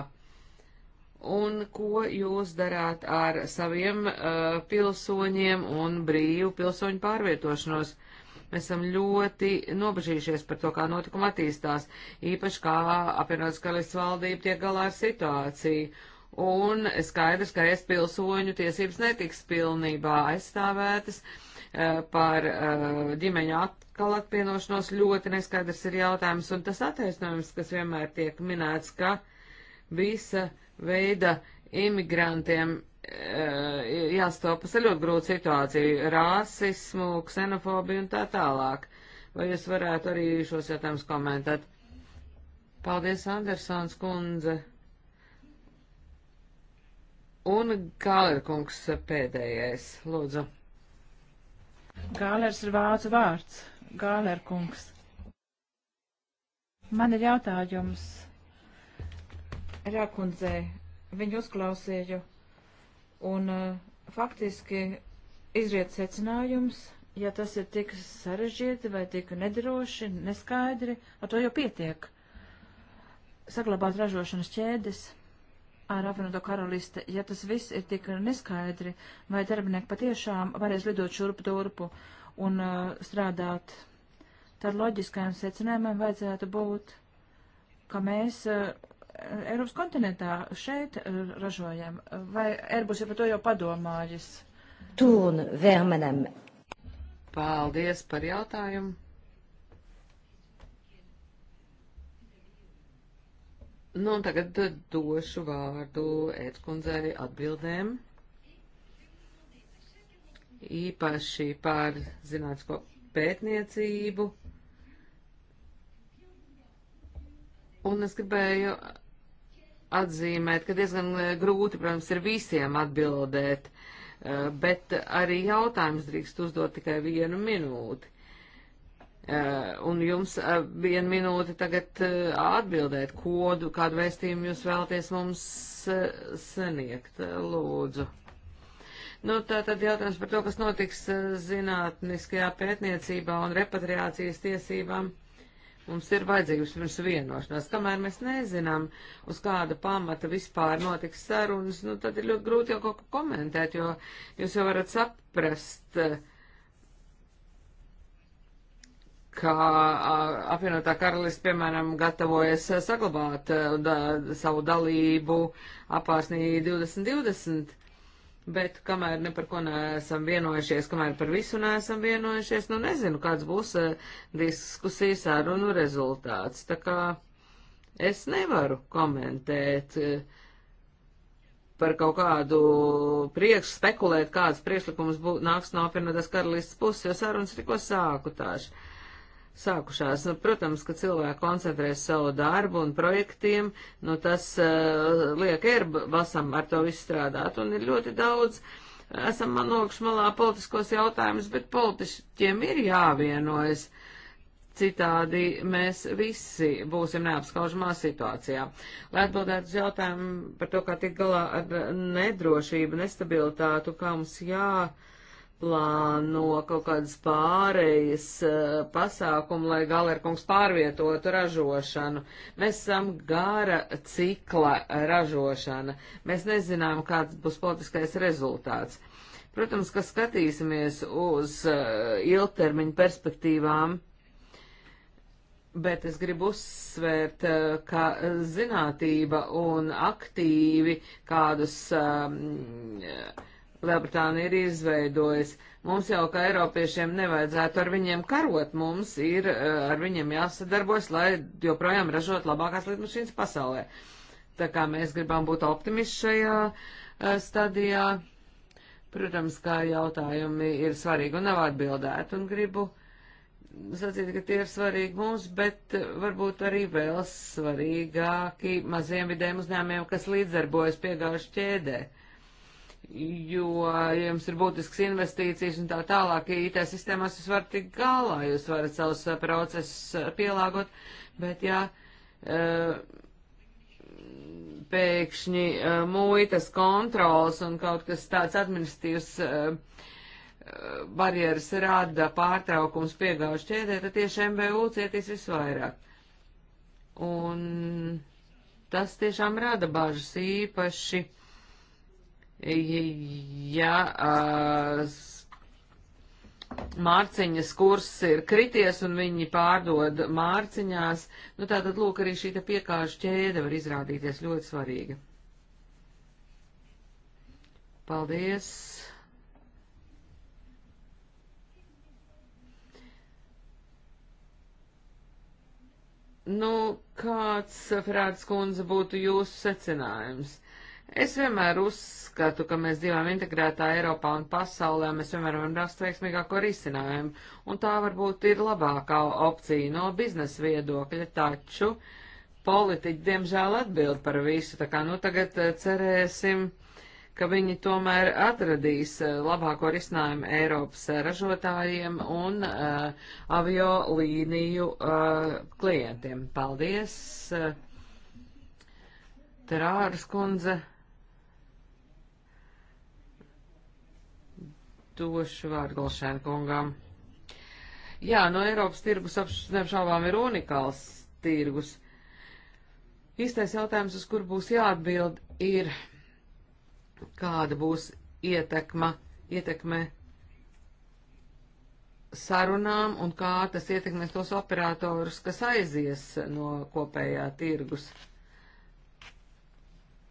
un ko jūs darāt ar saviem uh, pilsoņiem un brīvu pilsoņu pārvietošanos. Mēs esam ļoti nobežījušies par to, kā notikuma attīstās, īpaši kā apvienotās karalists valdība tiek galā ar situāciju. Un skaidrs, ka es pilsoņu tiesības netiks pilnībā aizstāvētas uh, par uh, ģimeņu atkal atpienošanos. Ļoti neskaidrs ir jautājums, un tas attaisnojums, kas vienmēr tiek minēts, ka uh, visa veida imigrantiem eh, jāstopas ar ļoti grūtu situāciju - rāsismu, ksenofobiju un tā tālāk. Vai jūs varētu arī šos jautājumus komentēt? Paldies, Andersons kundze. Un Gālerkungs pēdējais, lūdzu. Gālers ir vācu vārds. Gālerkungs. Man ir jautājums Rākundzē, viņu uzklausīju, un uh, faktiski izriet secinājums, ja tas ir tik sarežģīti vai tik nedroši, neskaidri, ar to jau pietiek. Saglabāt ražošanas ķēdes ar apvienoto karalisti, ja tas viss ir tik neskaidri, vai darbinieki patiešām varēs lidot šurp turpu un uh, strādāt, tad loģiskajam secinājumam vajadzētu būt, ka mēs uh, Eiropas kontinentā šeit ražojam? Vai Airbus jau par to jau padomājis? Tūn vērmenam. Paldies par jautājumu. Nu, un tagad došu vārdu Ēdskundzei atbildēm. Īpaši par zinātnisko pētniecību. Un es gribēju atzīmēt, ka diezgan eh, grūti, protams, ir visiem atbildēt, eh, bet arī jautājums drīkst uzdot tikai vienu minūti. Eh, un jums vienu minūti tagad atbildēt, kodu, kādu vēstījumu jūs vēlaties mums sniegt, lūdzu. Nu, tā tad jautājums par to, kas notiks zinātniskajā pētniecībā un repatriācijas tiesībām. Uh, Mums ir vajadzīgs pirms vienošanās. Kamēr mēs nezinām, uz kāda pamata vispār notiks sarunas, nu tad ir ļoti grūti jau kaut ko komentēt, jo jūs jau varat saprast, ka apvienotā karalists, piemēram, gatavojas saglabāt da, savu dalību apārsnī 2020 Bet kamēr ne par ko neesam vienojušies, kamēr par visu neesam vienojušies, nu nezinu, kāds būs uh, diskusijas sarunu rezultāts. Tā kā es nevaru komentēt uh, par kaut kādu priekš, spekulēt, kāds priekšlikums bū, nāks no apvienotās karalistas puses, jo sarunas tikko sāku tāšu. Uh, sākušās. Nu, protams, ka cilvēki koncentrēs savu darbu un projektiem, nu, tas uh, liek Airbusam ar to visu strādāt, un ir ļoti daudz, esam manokši malā politiskos jautājumus, bet politiķiem ir jāvienojas. Citādi mēs visi būsim neapskaužamā situācijā. Lai atbildētu uz jautājumu par to, kā tikt galā ar nedrošību, nestabilitātu, kā mums jā. Uh, plāno kaut kādas pārējas uh, eh, pasākumu, lai galerkungs pārvietotu ražošanu. Mēs esam gara cikla ražošana. Mēs nezinām, kāds būs politiskais rezultāts. Protams, ka skatīsimies uz uh, eh, ilgtermiņu perspektīvām, bet es gribu uzsvērt, eh, ka zinātība un aktīvi kādus um, Lielbritānija ir izveidojusi. Mums jau, kā Eiropiešiem, nevajadzētu ar viņiem karot, mums ir eh, ar viņiem jāsadarbojas, lai joprojām ražot labākās lidmašīnas pasaulē. Tā kā mēs gribam būt optimisti šajā eh, stadijā, protams, kā jautājumi ir svarīgi un nav atbildēti, un gribu sacīt, ka tie ir svarīgi mums, bet eh, varbūt arī vēl svarīgāki maziem vidējiem uzņēmiem, kas līdzdarbojas piegājuši ķēdē. Uh, jo jums ir būtisks investīcijas un tā tālāk, IT sistēmās jūs varat tik galā, jūs varat savus eh, procesus eh, pielāgot, bet jā, eh, pēkšņi muitas kontrols un kaut kas tāds administratīvs barjeras rada pārtraukums piegājuši ķēdē, tad tieši MBU cietīs visvairāk. Un tas tiešām rada bažas īpaši ja uh, mārciņas kurs ir krities un viņi pārdod mārciņās, nu tā tad lūk arī šī piekāžu ķēde var izrādīties ļoti svarīga. Paldies! Nu, kāds, Frāds kundze, būtu jūsu secinājums? Es vienmēr uzskatu, ka mēs dzīvojam integrētā Eiropā un pasaulē, mēs vienmēr varam rast veiksmīgāko risinājumu, un tā varbūt ir labākā opcija no biznesa viedokļa, taču politiķi diemžēl atbild par visu, tā kā nu tagad eh, cerēsim, ka viņi tomēr atradīs eh, labāko risinājumu Eiropas ražotājiem un uh, avio līniju uh, klientiem. Paldies! Uh, Terāras kundze. došu vārdu Golšēna kungam. Jā, no Eiropas tirgus apšaubām ir unikāls tirgus. Īstais jautājums, uz kur būs jāatbild, ir, kāda būs ietekma, ietekme sarunām un kā tas ietekmēs tos operatorus, kas aizies no kopējā tirgus.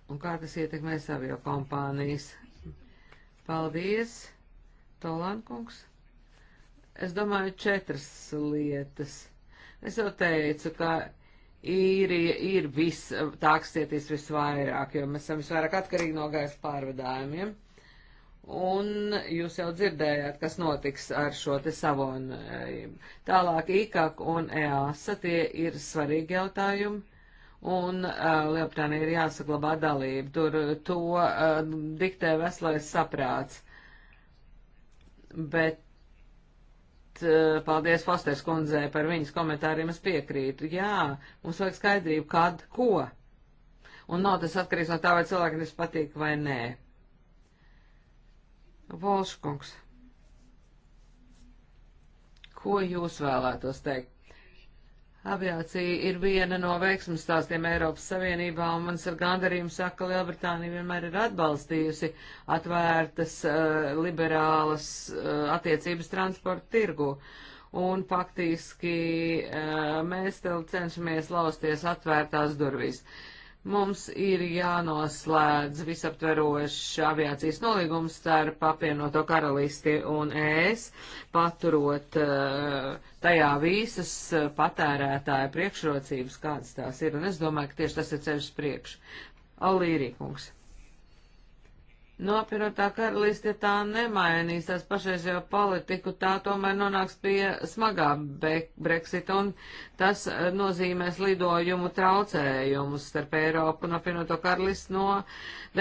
Un kā tas ietekmēs avio kompānijas. Paldies! Tolankungs. Es domāju, četras lietas. Es jau teicu, ka īrija ir vis, tākstieties visvairāk, jo mēs esam visvairāk atkarīgi no gaisa pārvadājumiem. Un jūs jau dzirdējāt, kas notiks ar šo te savonējumu. Tālāk IKAK un EASA tie ir svarīgi jautājumi. Un uh, Lielbritānija ir jāsaglabā dalība. Tur to uh, diktē veselais saprāts bet eh, paldies Fosters kundzē par viņas komentāriem, es piekrītu. Jā, mums vajag skaidrību, kad, ko. Un nav tas atkarīgs no tā, vai cilvēkiem tas patīk vai nē. Volškungs, ko jūs vēlētos teikt Aviācija ir viena no veiksmju stāstiem Eiropas Savienībā, un mans ar gandarījumu saka, ka Lielbritānija vienmēr ir atbalstījusi atvērtas, uh, liberālas uh, attiecības transporta tirgu. Un faktiski uh, mēs vēl cenšamies lausties atvērtās durvīs. Uh, Mums ir jānoslēdz visaptverošs aviācijas nolīgums starp apvienoto karalisti un ES, paturot eh, tajā visas eh, patērētāja priekšrocības, kādas tās ir. Un es domāju, ka tieši tas ir ceļš priekš. Alīrīkungs. No apvienotā karaliste tā nemainīs tās pašreizējo politiku, tā tomēr nonāks pie smagā Brexita un tas eh, nozīmēs lidojumu traucējumus starp Eiropu un apvienoto karalisti no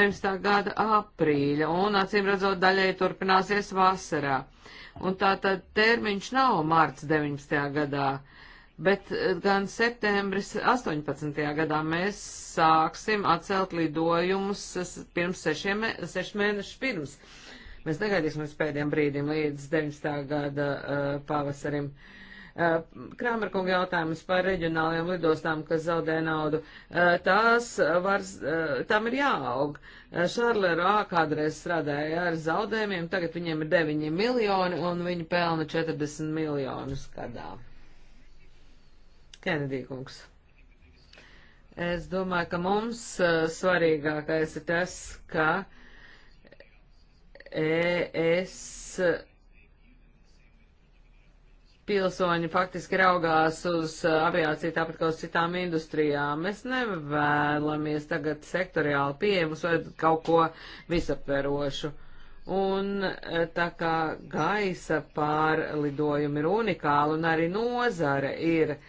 19. gada aprīļa un acīm redzot daļai turpināsies vasarā. Un tā tad termiņš nav marts 19. gadā. Uh, bet eh, gan septembris 18. gadā mēs sāksim atcelt lidojumus pirms sešiem, sešu mēnešu pirms. Mēs negaidīsim līdz pēdējiem brīdim, līdz 19. gada uh, pavasarim. Uh, eh, Krāmerkunga jautājums par reģionālajām lidostām, kas zaudē naudu. Uh, tās var, uh, tam ir jāaug. Šarleru A kādreiz strādāja ar zaudējumiem, tagad viņiem ir 9 miljoni un viņi pelna 40 miljonus gadā. Kenedī kungs. Es domāju, ka mums eh, svarīgākais ir tas, ka ES pilsoņi faktiski raugās uz eh, aviāciju tāpat kā uz citām industrijām. Mēs nevēlamies tagad sektoriāli pieejamus vai kaut ko visaptverošu. Un eh, tā kā gaisa pārlidojumi ir unikāli un arī nozare ir uh,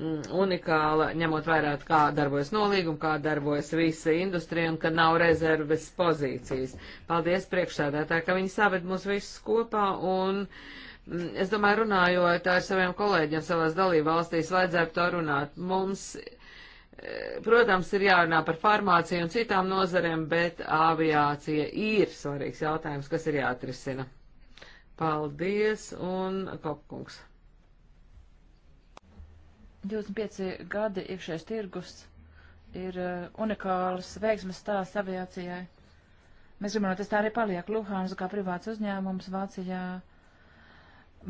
Mm, unikāla, ņemot vērā, kā darbojas nolīguma, kā darbojas visa industrija un ka nav rezerves pozīcijas. Paldies priekšsēdētāji, ka viņi saved mūs visus kopā un, mm, es domāju, runājot ar saviem kolēģiem savās dalībvalstīs, vajadzētu to runāt. Mums, e, protams, ir jārunā par farmāciju un citām nozarēm, bet aviācija ir svarīgs jautājums, kas ir jāatrisina. Paldies un kopkungs. 25 gadi iekšējais tirgus ir eh, unikāls veiksmes stāsts aviācijai. Mēs gribam, lai tas tā arī paliek. Luhāns kā privāts uzņēmums Vācijā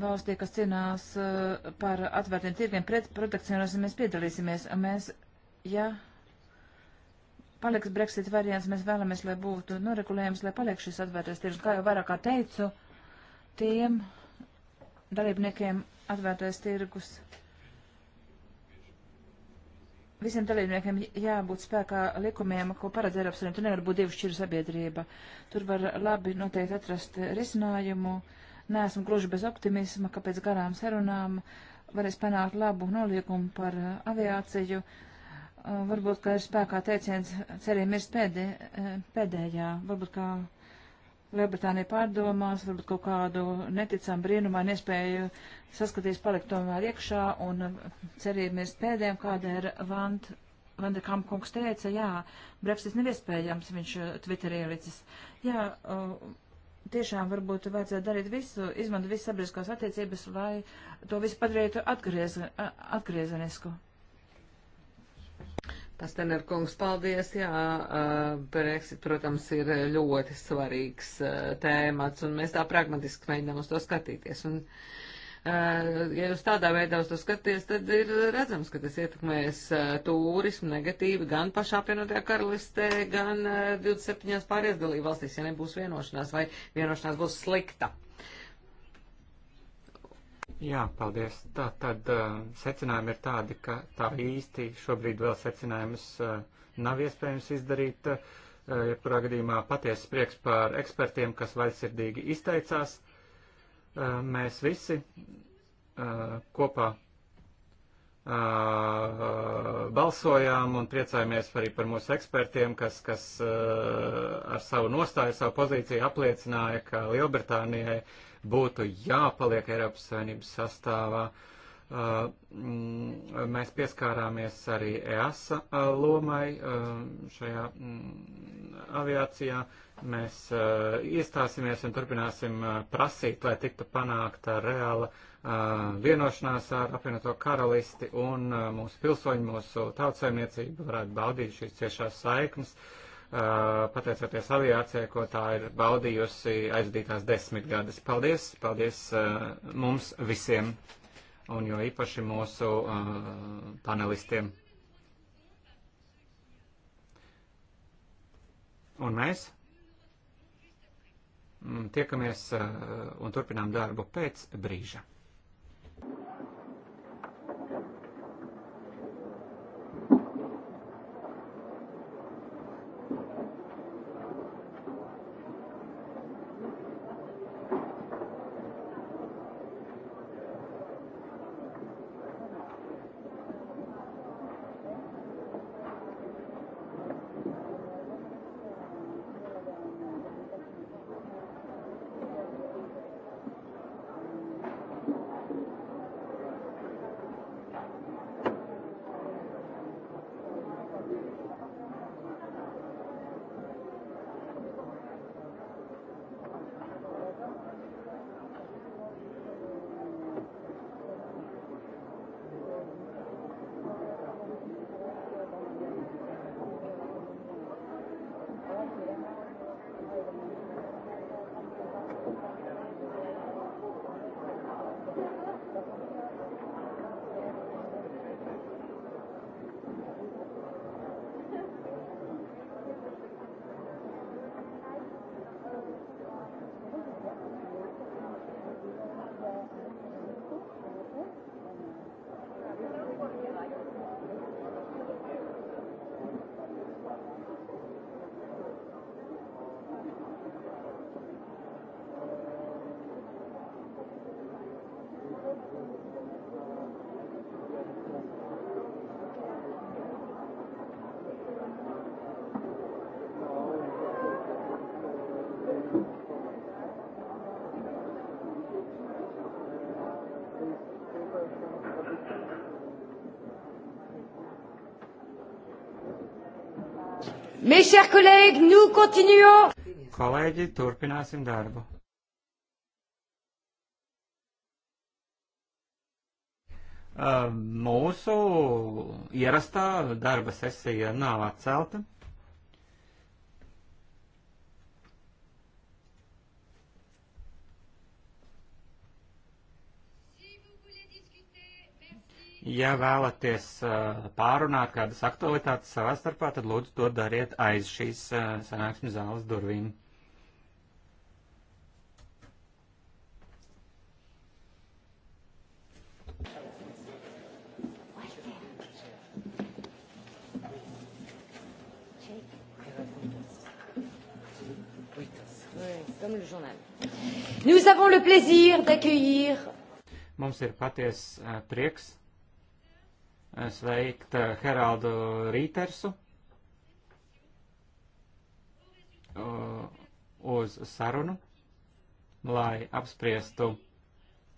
valstī, kas cīnās uh, par atvērtiem tirgiem pret protekcionismu, mēs piedalīsimies. Mēs, ja paliks Brexit variants, mēs vēlamies, lai būtu noregulējums, lai paliek šis atvērtais tirgus. Kā jau vairāk kā teicu, tiem dalībniekiem atvērtais tirgus, visiem dalībniekiem jābūt spēkā likumiem, ko paredz Eiropas Savienība. Tur nevar būt divu šķiru sabiedrība. Tur var labi noteikti atrast risinājumu. Neesmu gluži bez optimisma, ka pēc garām sarunām varēs panākt labu noliekumu par aviāciju. Varbūt, ka ir spēkā teiciens ceriem ir pēdē, pēdējā. Varbūt, ka Lielbritānija pārdomās, varbūt kaut kādu neticam brīnumā nespēju saskatīties palikt tomēr iekšā, un cerība mēs pēdējām, kāda ir Vant, Vandekam kungs teica, jā, Brexit nav iespējams, viņš uh, Twitterī ielicis. Jā, uh, tiešām varbūt vajadzētu darīt visu, izmantot visas sabiedriskās attiecības, lai to visu padarītu atgriez, atgriezenisku. Atgriez Pastener kungs, paldies. Jā, Brexit, protams, ir ļoti svarīgs tēmats, un mēs tā pragmatiski mēģinām uz to skatīties. Un, ja jūs tādā veidā uz to skaties, tad ir redzams, ka tas ietekmēs turismu negatīvi gan pašā apvienotajā karalistē, gan 27. pārējās dalībvalstīs, ja nebūs vienošanās, vai vienošanās būs slikta. Jā, paldies. Tā tad uh, secinājumi ir tādi, ka tā īsti šobrīd vēl secinājumus uh, nav iespējams izdarīt. Uh, jebkurā gadījumā patiesas prieks par ekspertiem, kas vaļsirdīgi izteicās. Uh, mēs visi uh, kopā Uh, balsojām un priecājamies arī par mūsu ekspertiem, kas, kas uh, ar savu nostāju, savu pozīciju apliecināja, ka Lielbritānijai būtu jāpaliek Eiropas Savienības sastāvā. Uh, mm, mēs pieskārāmies arī EASA uh, lomai uh, šajā mm, aviācijā. Mēs iestāsimies un turpināsim prasīt, lai tiktu panākta reāla vienošanās ar apvienoto karalisti un mūsu pilsoņu, mūsu tautsēmniecību varētu baudīt šīs ciešās saiknes. Uh, pateicoties aviācijai, ko tā ir baudījusi aizdītās desmitgades. Paldies, paldies mums visiem, un jo īpaši mūsu panelistiem. Un mēs tiekamies un turpinām darbu pēc brīža. Mes chers collègues, nous continuons. Kolēģi, turpināsim darbu. Mūsu ierastā darba sesija nav atcelta. ja vēlaties uh, pārunāt kādas aktualitātes savā starpā, tad lūdzu to dariet aiz šīs uh, sanāksmes zāles durvīm. comme le journal. Nous avons le plaisir d'accueillir. Mums ir paties uh, prieks sveikt eh, Heraldu Rītersu uz sarunu, lai apspriestu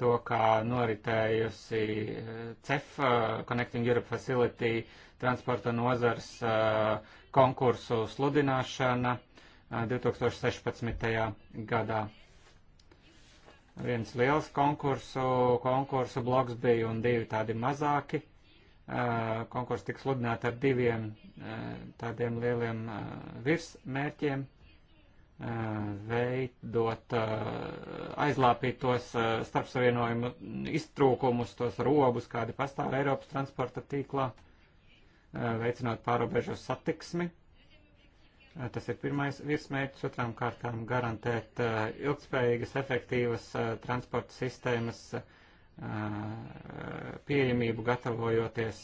to, kā noritējusi eh, CEF, eh, Connecting Europe Facility, transporta nozars konkursu sludināšana 2016. gadā viens liels konkursu, konkursu bloks bija un divi tādi mazāki konkursi tika sludināti ar diviem tādiem lieliem virsmērķiem veidot, aizlāpīt tos starpsavienojumu iztrūkumus, tos robus, kādi pastāv Eiropas transporta tīklā, veicinot pārobežu satiksmi. Tas ir pirmais virsmērķis, otrām kārtām garantēt ilgspējīgas, efektīvas transporta sistēmas uh, pieejamību, gatavojoties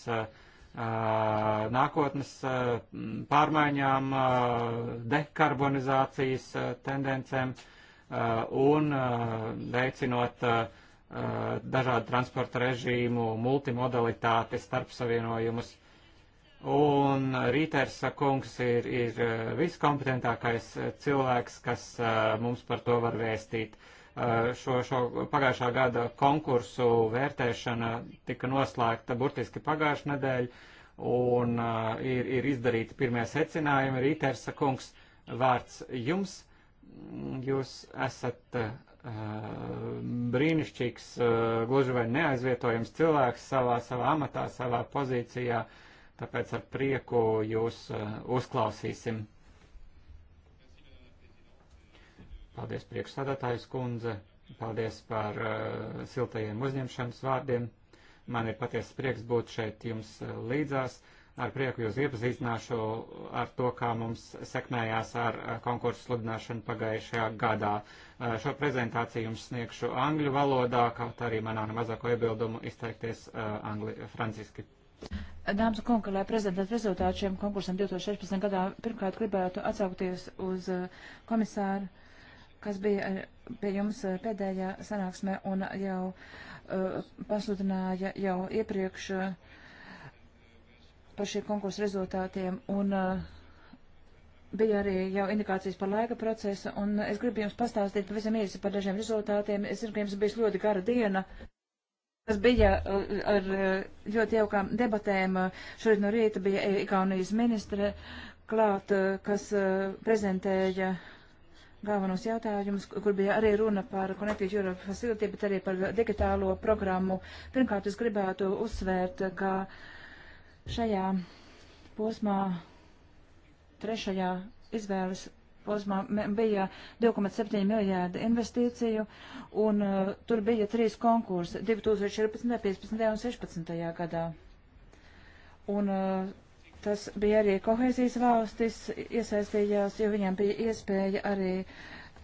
nākotnes pārmaiņām, dekarbonizācijas tendencēm un veicinot dažādu transporta režīmu, multimodalitāti, starpsavienojumus. Un Rīters kungs ir, ir viskompetentākais cilvēks, kas mums par to var vēstīt. Uh, Eh, šo, šo pagājušā gada konkursu vērtēšana tika noslēgta burtiski pagājušā nedēļa, un eh, ir, ir izdarīti pirmie secinājumi. Rītersa kungs, vārds jums. Jūs esat eh, brīnišķīgs, gluži vai neaizvietojams cilvēks savā, savā amatā, savā pozīcijā, tāpēc ar prieku jūs uzklausīsim. Paldies priekšsādātājas kundze, paldies par uh, siltajiem uzņemšanas vārdiem. Man ir patiesa prieks būt šeit jums uh, līdzās. Ar prieku jūs iepazīstināšu ar to, kā mums sekmējās ar uh, konkursu sludināšanu pagājušajā gadā. Uh, šo prezentāciju jums sniegšu angļu valodā, kaut arī manā mazāko iebildumu izteikties uh, angli, franciski. Dāmas un kungi, lai prezentētu rezultātu šiem konkursam 2016. gadā, pirmkārt gribētu atsaukties uz uh, komisāru kas bija eh, pie jums eh, pēdējā sanāksmē un jau uh, pasludināja jau iepriekš uh, par šī konkursa rezultātiem. Un, uh, bija arī jau indikācijas par laika procesu, un es gribu jums pastāstīt pavisam īsi par dažiem rezultātiem. Es zinu, ka jums bijis ļoti gara diena. Tas bija ar ļoti jaukām debatēm. Šorīt no rīta bija Igaunijas ministre klāt, kas prezentēja galvenos jautājumus, kur bija arī runa par Connected Europe Facility, bet arī par digitālo programmu. Pirmkārt, es gribētu uzsvērt, ka šajā posmā, trešajā izvēles posmā bija 2,7 miljārdi investīciju, un uh, tur bija trīs konkursi 2014, 15 un 16 gadā. Un uh, Tas bija arī kohēzijas valstis iesaistījās, jo viņiem bija iespēja arī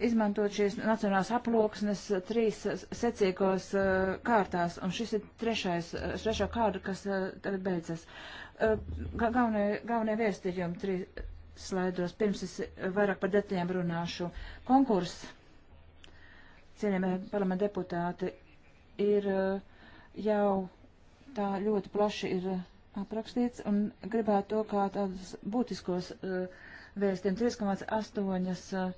izmantot šīs nacionālās aploksnes trīs secīgos uh, kārtās, un šis ir trešais, eh, trešā kārta, kas uh, tagad beidzas. Uh, Galvenie ga vēstījumi trīs slaidos, pirms es vairāk par detaļām runāšu. Konkurs, cienījamie parlamenta deputāti, ir jau tā ļoti plaši ir aprakstīts un gribētu to kā tādus būtiskos uh, vēstiem 3,8 uh,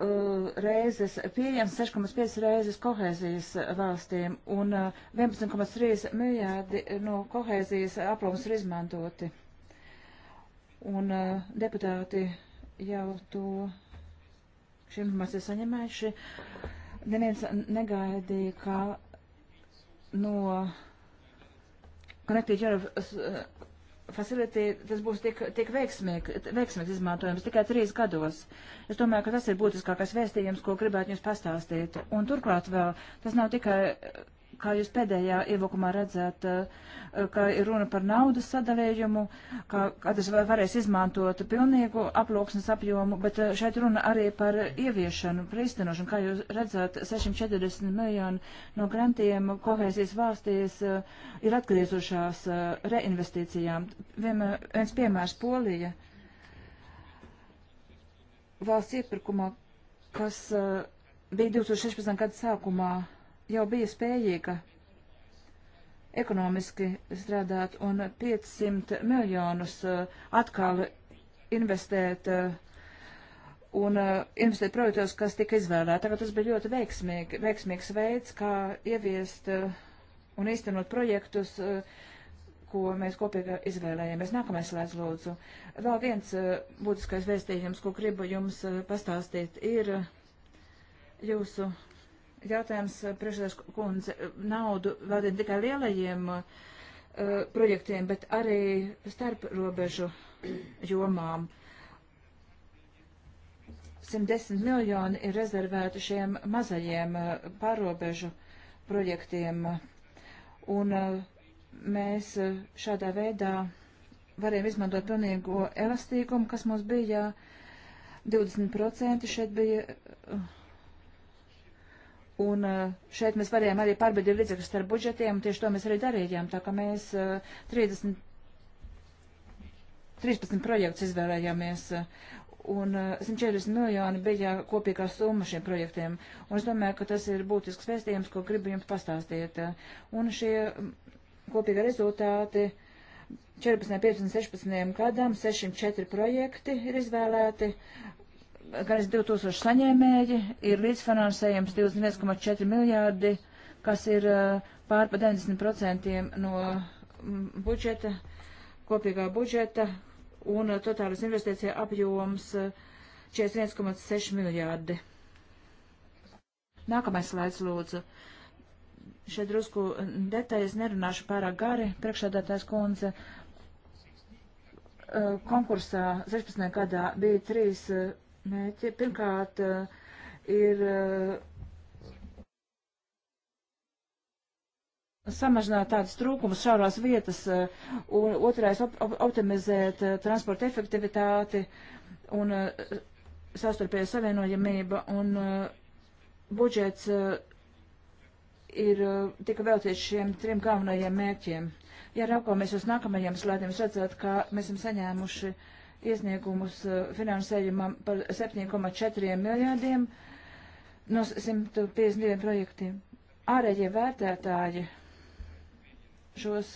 eh, reizes pieejams 6,5 reizes kohēzijas valstīm un uh, eh, 11,3 miljārdi no kohēzijas aplums ir izmantoti. Un uh, deputāti jau to šī informācija saņemējuši. Neviens negaidīja, ka no Connected Europe eh, facility, tas būs tik, tik veiksmīgs, veiksmīgs izmantojums tikai trīs gados. Es domāju, ka tas ir būtiskākais vēstījums, ko gribētu jums pastāstīt. Un turklāt vēl, tas nav tikai kā jūs pēdējā ievokumā redzat, eh, ka ir runa par naudas sadalījumu, ka katrs varēs izmantot pilnīgu aploksnes apjomu, bet eh, šeit runa arī par ieviešanu, par īstenošanu. Kā jūs redzat, 640 miljoni no grantiem kohēzijas valstīs eh, ir atgriezušās reinvestīcijām. Vien, viens piemērs Polija valsts iepirkumā, kas bija 2016. gada sākumā jau bija spējīga ekonomiski strādāt un 500 miljonus uh, atkal investēt uh, un uh, investēt projektos, kas tika izvēlēti. Tagad tas bija ļoti veiksmīgi, veiksmīgs veids, kā ieviest un īstenot projektus, ko mēs kopīgi izvēlējāmies. Nākamais slēdz lūdzu. Vēl viens būtiskais vēstījums, ko gribu jums pastāstīt, ir jūsu jautājums eh, priekšsēdētājas kundze. Eh, naudu veltīt tikai lielajiem uh, projektiem, bet arī starp robežu [CLEARS THROAT] jomām. 110 miljoni ir rezervēti šiem mazajiem uh, pārobežu projektiem. Un uh, mēs šādā veidā varējām izmantot pilnīgo elastīgumu, kas mums bija 20% šeit bija Un eh, šeit mēs varējām arī pārbaudīt līdzekļus starp budžetiem, tieši to mēs arī darījām, tā ka mēs 30, 13 projektus izvēlējāmies, eh, un 140 eh, miljoni bija kopīgā summa šiem projektiem. Un es domāju, ka tas ir būtisks vēstījums, ko gribu jums pastāstīt. Un šie mm, kopīgā rezultāti 14, 15, 16 gadam 604 projekti ir izvēlēti, gandrīz 2000 saņēmēji, ir līdzfinansējums 21,4 miljārdi, kas ir pār pa 90% no budžeta, kopīgā budžeta, un totālas investīcija apjoms 41,6 miljārdi. Nākamais slaids, lūdzu. Šeit drusku detaļas nerunāšu pārāk gari. Priekšādātājs kundze konkursā 16. gadā bija trīs mērķi. Pirmkārt, eh, ir eh, samazināt tādas trūkumus šaurās vietas, eh, un otrais op - optimizēt transporta efektivitāti un savstarpēju savienojamību, un budžets ir tika veltīts šiem trim galvenajiem mērķiem. Ja raukāmies uz nākamajiem slēdiem, redzat, ka mēs esam saņēmuši uh, iesniegumus eh, finansējumam par 7,4 miljārdiem no 152 projektiem. Ārējie vērtētāji šos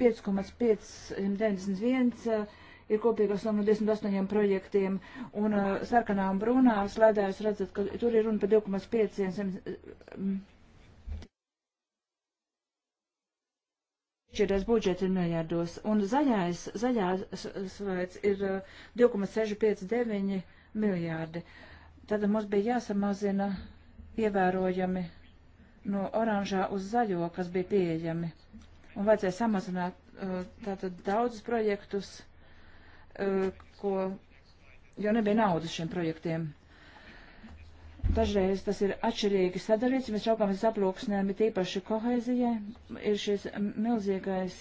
5,591 eh, eh, ir kopīga summa no 28 projektiem, un sarkanā un brūnā slēdēs redzat, ka tur ir runa par 2,5 piešķirtais budžets ir miljardos, un zaļais, zaļā svaids ir 2,659 eh, miljārdi. Tad mums bija jāsamazina ievērojami no oranžā uz zaļo, kas bija pieejami. Un vajadzēja samazināt eh, tātad daudzus projektus, eh, ko, jo nebija naudas šiem projektiem dažreiz tas ir atšķirīgi sadarīts, mēs raugāmies aploksnēm, ir īpaši kohēzijai, ir šis milzīgais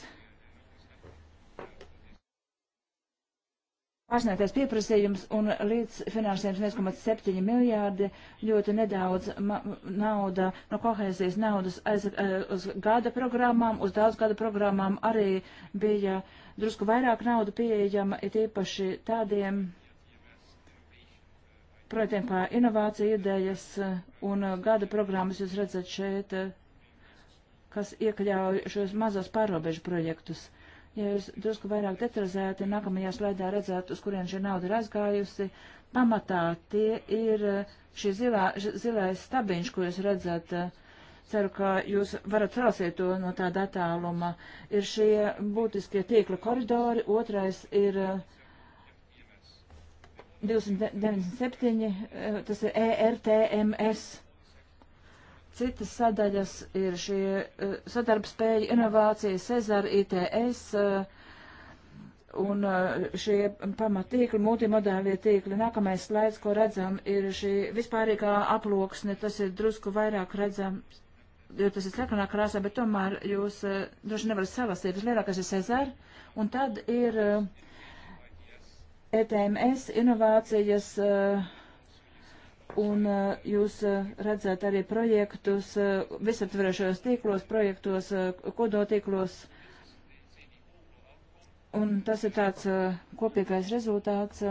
pārsniegtais pieprasījums un līdz finansējums 1,7 miljārdi, ļoti nedaudz nauda no kohēzijas naudas aiz, eh, uz gada programmām, uz daudz gada programmām arī bija drusku vairāk naudu pieejama, ir īpaši tādiem projektiem kā inovācija idejas eh, un eh, gada programmas jūs redzat šeit, eh, kas iekļauj šos mazos pārobežu projektus. Ja jūs drusku vairāk detalizēti nākamajā slaidā redzētu, uz kurien šī nauda ir aizgājusi, pamatā tie ir šī zilā, zilais stabiņš, ko jūs redzat. Ceru, ka jūs varat trausiet to no tāda attāluma. Ir šie būtiskie tīkla koridori, otrais ir uh, 297, eh, tas ir ERTMS. Citas sadaļas ir šie eh, sadarbspēja, inovācija, Cezara, ITS eh, un šie pamatīkli, multimodālie tīkli. Nākamais slaids, ko redzam, ir šī vispārīgā aploksne, tas ir drusku vairāk redzams, jo tas ir slepenā krāsā, bet tomēr jūs droši nevarat savasīt. Vislielākais ir Cezara, un tad ir uh, ETMS inovācijas eh, un eh, jūs eh, redzat arī projektus visaptverošajos tīklos, projektos, kodotīklos. Un tas ir tāds kopīgais rezultāts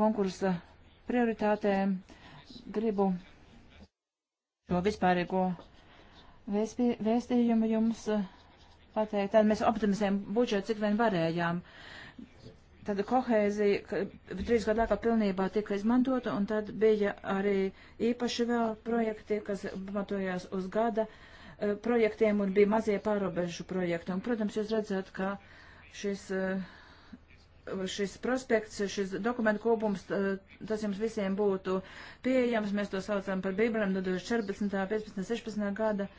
konkursa prioritātēm. Gribu šo vispārīgo vēstījumu jums pateikt. Tad mēs optimizējam budžetu, cik vien varējām. Uh, tāda kohēzija, ka trīs gadu laikā pilnībā tika izmantota, un tad bija arī īpaši vēl projekti, kas pamatojās uz gada uh, projektiem un bija mazie pārobežu projekti. Un, protams, jūs redzat, ka šis, uh, šis prospekts, šis dokumentu kopums, uh, tas jums visiem būtu pieejams. Mēs to saucam par Bībelēm no 14., 15., 16. gada.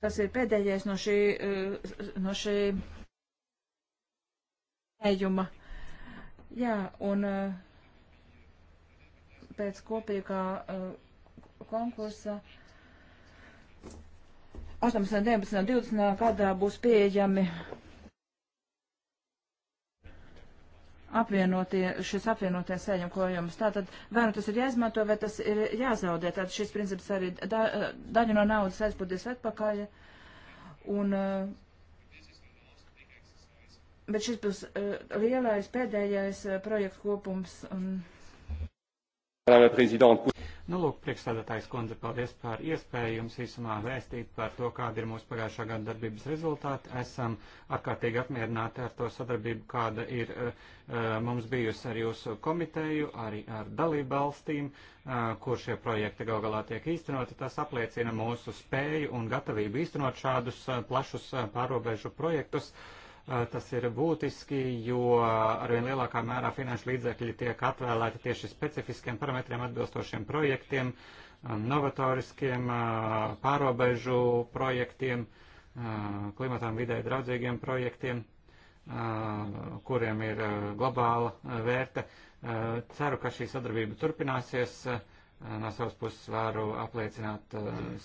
Tas ir pēdējais no šī, no šī minējuma. Jā, un eh, pēc kopīgā eh, konkursa 18, 19, 20 gadā būs pieejami apvienotie, šis apvienotie sēņu klājums. Tātad vai nu tas ir jāizmanto, vai tas ir jāzaudē. Tātad šis princips arī da, eh, daļu no naudas aizpūties atpakaļ. Un uh, Bet šis būs uh, lielais pēdējais uh, projekts kopums. Un... Nu, lūk, priekšstādātājs kundze, paldies par iespēju jums īsumā vēstīt par to, kāda ir mūsu pagājušā gada darbības rezultāti. Esam ārkārtīgi apmierināti ar to sadarbību, kāda ir uh, mums bijusi ar jūsu komiteju, arī ar dalību valstīm, uh, kur šie projekti gal galā tiek īstenoti. Tas apliecina mūsu spēju un gatavību īstenot šādus uh, plašus uh, pārobežu projektus. Uh, Eh, tas ir būtiski, jo arvien lielākā mērā finanšu līdzekļi tiek atvēlēti tieši specifiskiem parametriem atbilstošiem projektiem, eh, novatoriskiem eh, pārobežu projektiem, klimatām vidē draudzīgiem projektiem, kuriem ir globāla vērte. Ceru, ka šī sadarbība turpināsies. No savas puses varu apliecināt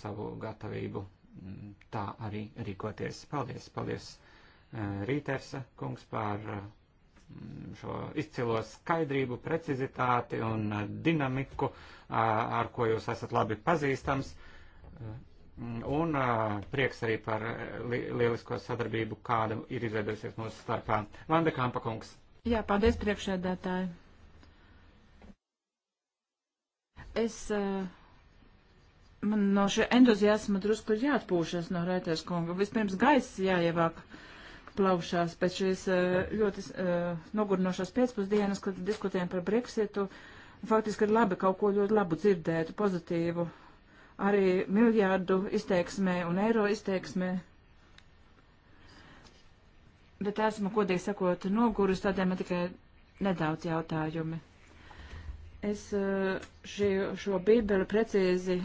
savu gatavību mm, tā arī rīkoties. Paldies! paldies. Eh, Rītersa kungs par eh, šo izcilo skaidrību, precizitāti un eh, dinamiku, ar ko jūs esat labi pazīstams. Un prieks arī par lielisko sadarbību, kāda ir izveidojusies mūsu starpā. Vanda Kampa kungs. Jā, paldies priekšēdētāji. Es, man no šī entuziasma drusku ir jāatpūšas no Rētēs kunga. Vispirms gaiss jāievāk. Uh, plaušās pēc šīs eh, ļoti eh, nogurnošās pēcpusdienas, kad diskutējam par Brexitu. Faktiski ir labi kaut ko ļoti labu dzirdēt, pozitīvu, arī miljārdu izteiksmē un eiro izteiksmē. Bet esmu, godīgi sakot, noguris, tādēļ man tikai nedaudz jautājumi. Es eh, šī, šo bībeli precīzi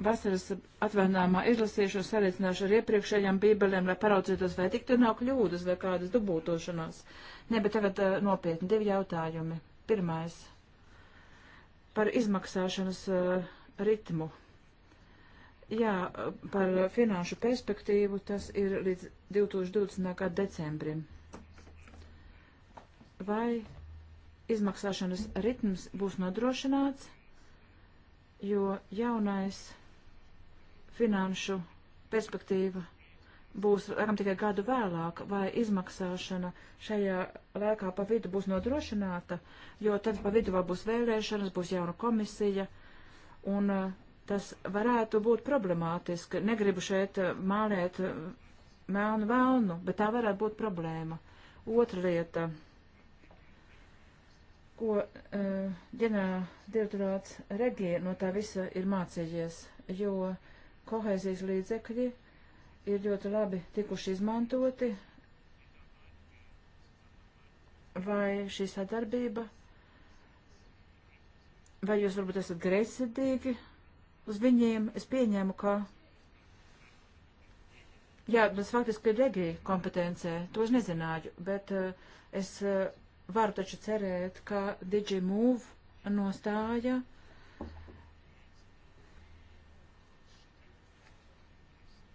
vasaras atvainājumā izlasīšu un salīdzināšu ar iepriekšējām bībelēm, lai paraudzītos, vai tik tur nav kļūdas vai kādas dubultošanās. Nē, bet tagad uh, nopietni divi jautājumi. Pirmais par izmaksāšanas uh, ritmu. Jā, par finanšu perspektīvu tas ir līdz 2020. gada decembrim. Vai izmaksāšanas ritms būs nodrošināts, jo jaunais finanšu perspektīva būs laikam tikai gadu vēlāk, vai izmaksāšana šajā laikā pa vidu būs nodrošināta, jo tad pa vidu vēl būs vēlēšanas, būs jauna komisija, un eh, tas varētu būt problemātiski. Negribu šeit eh, mālēt eh, melnu vēlnu, bet tā varētu būt problēma. Otra lieta, ko ģenerāla direktorāts Regija no tā visa ir mācījies, jo uh, kohēzijas līdzekļi ir ļoti labi tikuši izmantoti, vai šī sadarbība, vai jūs varbūt esat greizsirdīgi uz viņiem, es pieņēmu, ka, jā, tas faktiski ir regija kompetencē, to es nezināju, bet uh, es uh, varu taču cerēt, ka DigiMove nostāja uh,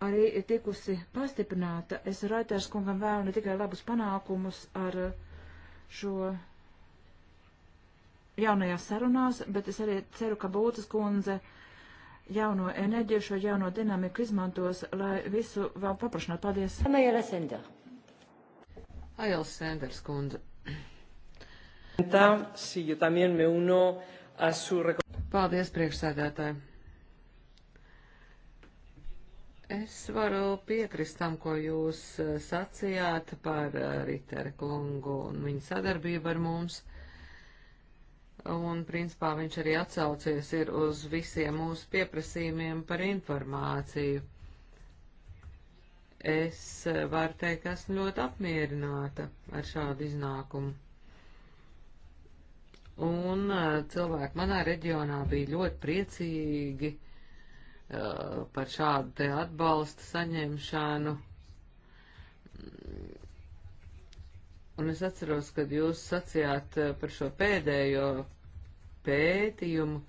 arī ir tikusi pastiprināta. Es Raiters kungam vēlu ne tikai labus panākumus ar šo jaunajās sarunās, bet es arī ceru, ka Būtas kundze jauno enerģiju, šo jauno dinamiku izmantos, lai visu vēl paprašinātu. Paldies! Anajala Sender. Ajala Senders kundze. Paldies, priekšsēdētāji! Es varu piekrist tam, ko jūs eh, sacījāt par eh, Ritere kungu un viņa sadarbību ar mums. Un, principā, viņš arī atsaucies ir uz visiem mūsu pieprasījumiem par informāciju. Es eh, varu teikt, ka esmu ļoti apmierināta ar šādu iznākumu. Un cilvēki manā reģionā bija ļoti priecīgi Uh, par šādu te atbalstu saņemšanu. Un es atceros, kad jūs sacījāt uh, par šo pēdējo pētījumu.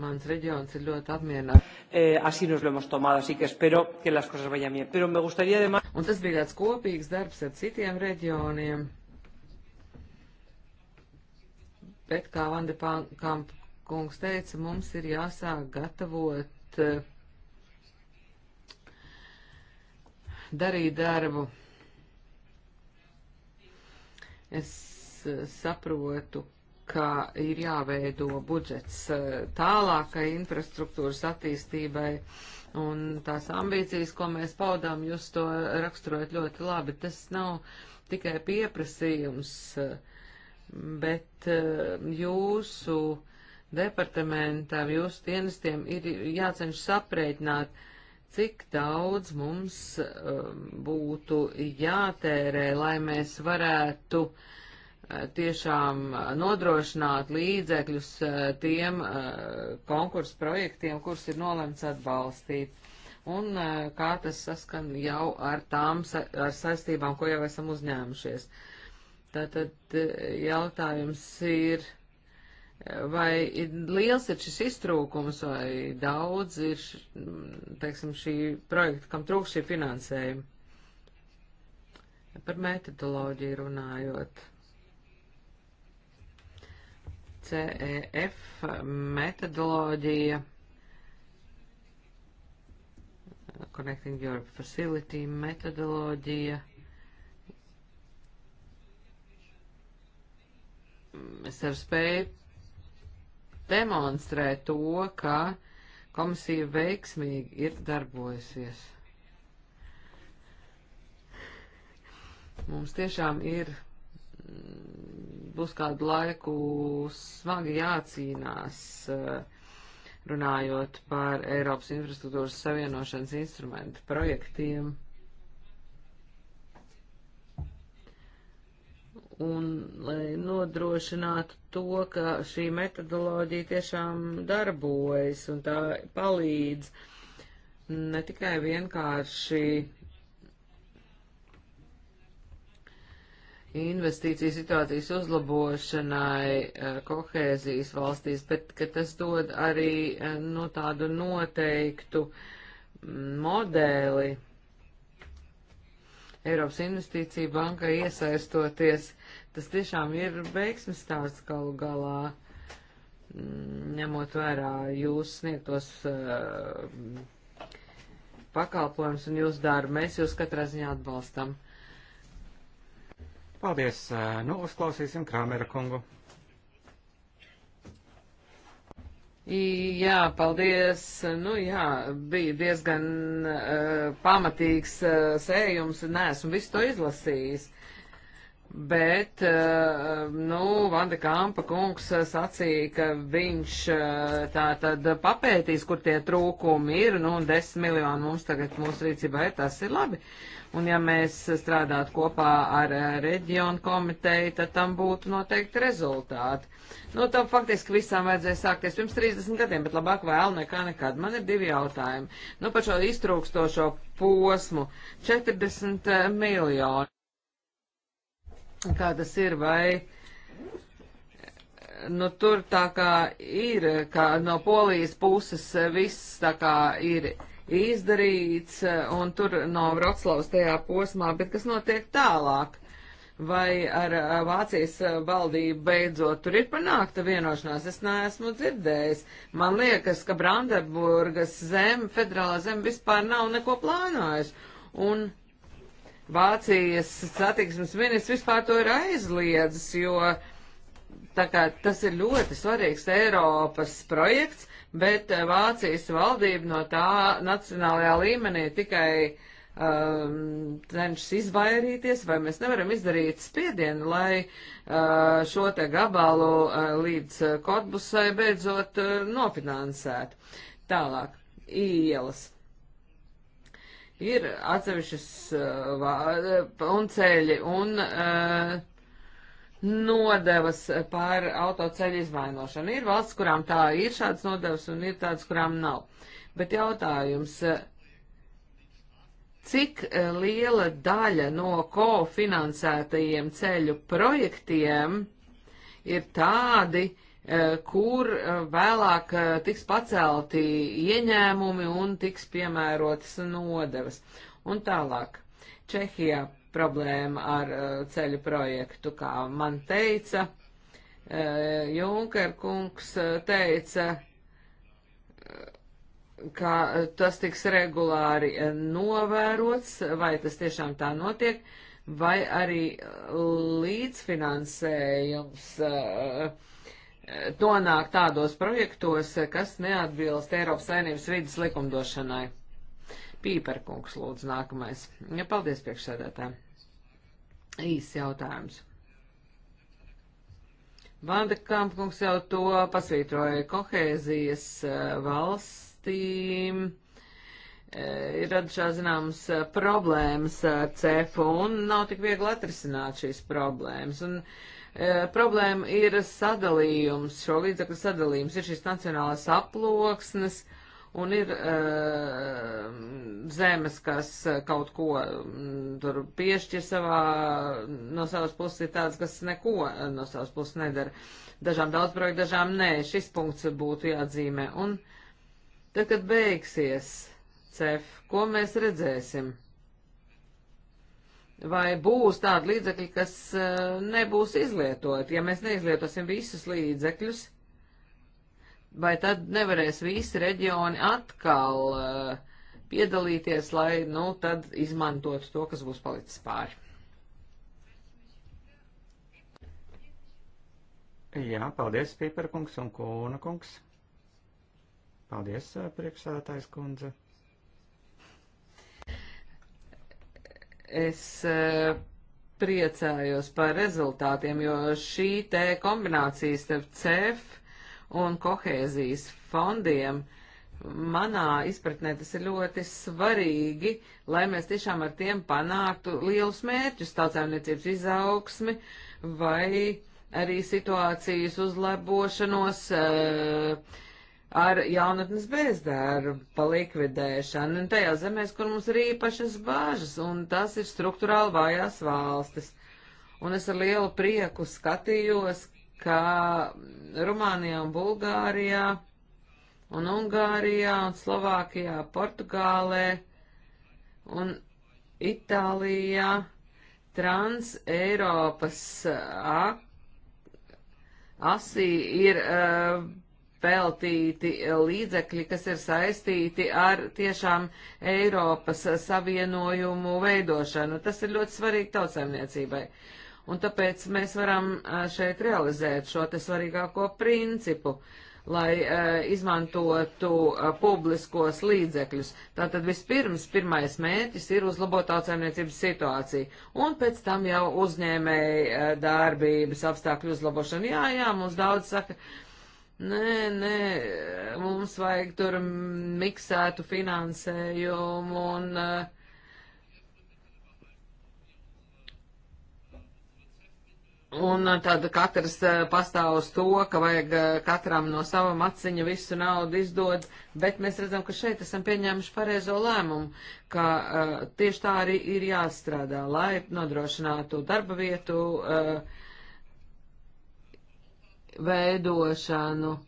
Mans reģions ir ļoti apmierināts. Eh, así nos lo hemos tomado, así que espero que las cosas vayan bien. Pero me gustaría además... Un tas bija tāds kopīgs darbs ar citiem reģioniem. Bet kā Vande Kamp kungs teica, mums ir jāsāk gatavot eh, darīt darbu. Es eh, saprotu, ka ir jāveido budžets eh, tālākai infrastruktūras attīstībai, un tās ambīcijas, ko mēs paudām, jūs to raksturojat ļoti labi. Tas nav tikai pieprasījums, bet jūsu uh, departamentam, jūsu dienestiem ir jācenšas aprēķināt, cik daudz mums um, būtu jātērē, lai mēs varētu uh, tiešām uh, nodrošināt līdzekļus uh, tiem uh, konkursu projektiem, kurus ir nolemts atbalstīt. Un uh, kā tas saskan jau ar tām sa ar saistībām, ko jau esam uzņēmušies. Tātad uh, jautājums ir Vai liels ir šis iztrūkums, vai daudz ir, teiksim, šī projekta, kam trūkst šī finansējuma? Par metodoloģiju runājot. CEF metodoloģija, Connecting Europe Facility metodoloģija. Es ar spēju demonstrē to, ka komisija veiksmīgi ir darbojusies. Mums tiešām ir, mm, būs kādu laiku smagi jācīnās, eh, runājot par Eiropas infrastruktūras savienošanas instrumentu projektiem. un lai nodrošinātu to, ka šī metodoloģija tiešām darbojas un tā palīdz ne tikai vienkārši investīciju situācijas uzlabošanai eh, kohēzijas valstīs, bet ka tas dod arī eh, no tādu noteiktu mm, modeli Eiropas investīcija banka iesaistoties. Tas tiešām ir veiksmes stāsts galu galā, mm, ņemot vērā jūs sniegtos uh, eh, pakalpojums un jūsu darbu. Mēs jūs katrā ziņā atbalstam. Paldies. Eh, nu, uzklausīsim Krāmera kungu. Jā, paldies. Nu jā, bija diezgan uh, pamatīgs uh, sējums, nesmu visu to izlasījis. Bet, eh, nu, Vanda Kampa kungs eh, sacīja, ka viņš eh, tā tad papētīs, kur tie trūkumi ir, nu, un 10 miljoni mums tagad mūsu rīcībā ir, tas ir labi. Un ja mēs strādātu kopā ar reģionu komiteju, tad tam būtu noteikti rezultāti. Nu, tam faktiski visām vajadzēja sākties pirms 30 gadiem, bet labāk vēl nekā nekad. Man ir divi jautājumi. Nu, par šo iztrūkstošo posmu - 40 miljoni kā tas ir, vai nu, tur tā kā ir, kā no polijas puses viss tā kā ir izdarīts, un tur no Vroclavas tajā posmā, bet kas notiek tālāk? Vai ar Vācijas valdību beidzot tur ir panākta vienošanās? Es neesmu dzirdējis. Man liekas, ka Brandenburgas zem, federālā zem vispār nav neko plānojis. Un Vācijas satiksmes ministrs vispār to ir aizliedzis, jo tā kā tas ir ļoti svarīgs Eiropas projekts, bet eh, Vācijas valdība no tā nacionālajā līmenī tikai um, cenšas izvairīties, vai mēs nevaram izdarīt spiedienu, lai uh, šo te gabalu uh, līdz Kotbusai beidzot uh, nofinansētu. Tālāk, ielas ir atsevišķas punceļi uh, uh, un uh, nodevas par autoceļu izmainošanu. Ir valsts, kurām tā ir šāds nodevas un ir tāds, kurām nav. Bet jautājums, uh, cik liela daļa no kofinansētajiem ceļu projektiem ir tādi, uh, Eh, kur eh, vēlāk eh, tiks pacelti ieņēmumi un tiks piemērotas nodevas. Un tālāk. Čehijā problēma ar ceļu projektu, kā man teica. Junker kungs teica, ka tas tiks regulāri novērots, vai tas tiešām tā notiek, vai arī līdzfinansējums uh, nonāk tādos projektos, kas neatbilst Eiropas saimnības vidas likumdošanai. Pīperkungs lūdzu nākamais. Ja, paldies priekšsēdētājiem. Īsts jautājums. Vanda Kampkungs jau to pasvītroja kohēzijas eh, valstīm. Eh, ir radušās zināmas eh, problēmas ar CEFU un nav tik viegli atrisināt šīs problēmas. Un, uh, E, problēma ir sadalījums, šo līdzekļu sadalījums. Ir šis nacionālās aploksnes un ir uh, zemes, kas kaut ko m, mm, tur piešķir savā, no savas puses ir tāds, kas neko no savas puses nedara. Dažām daudz projektu, dažām nē. Šis punkts būtu jāatzīmē. Un tad, kad beigsies CEF, ko mēs redzēsim? vai būs tādi līdzekļi, kas e, nebūs izlietoti. Ja mēs neizlietosim visus līdzekļus, vai tad nevarēs visi reģioni atkal uh, piedalīties, lai, nu, tad izmantotu to, kas būs palicis pāri. Jā, paldies, Pīperkungs un Kūna kungs. Paldies, e, priekšsēdētājs kundze. Es eh, priecājos par rezultātiem, jo šī te kombinācija starp CEF un kohēzijas fondiem uh, manā izpratnē tas ir ļoti svarīgi, lai mēs tiešām ar tiem panāktu lielus mērķus, tautsēmniecības izaugsmi vai arī situācijas uzlabošanos, eh, ar jaunatnes bezdarba likvidēšanu, un tajās zemēs, kur mums ir īpašas bāžas, un tas ir struktūrāli vājās valstis. Un es ar lielu prieku skatījos, ka Rumānijā un Bulgārijā un Ungārijā un Slovākijā, Portugālē un Itālijā Trans-Eiropas asī ir uh, veltīti līdzekļi, kas ir saistīti ar tiešām Eiropas savienojumu veidošanu. Tas ir ļoti svarīgi tautsaimniecībai. Un tāpēc mēs varam šeit realizēt šo te svarīgāko principu, lai izmantotu publiskos līdzekļus. Tātad vispirms pirmais mērķis ir uzlabot tautsaimniecības situāciju, un pēc tam jau uzņēmēji darbības apstākļu uzlabošana. Jā, jā, mums daudz saka, uh, Nē, nē, mums vajag tur miksētu finansējumu un uh, Un tad katrs eh, pastāv uz to, ka vajag eh, katram no sava maciņa visu naudu izdod, bet mēs redzam, ka šeit esam pieņēmuši pareizo lēmumu, ka uh, tieši tā arī ir jāstrādā, lai nodrošinātu darba vietu, uh, veidošanu.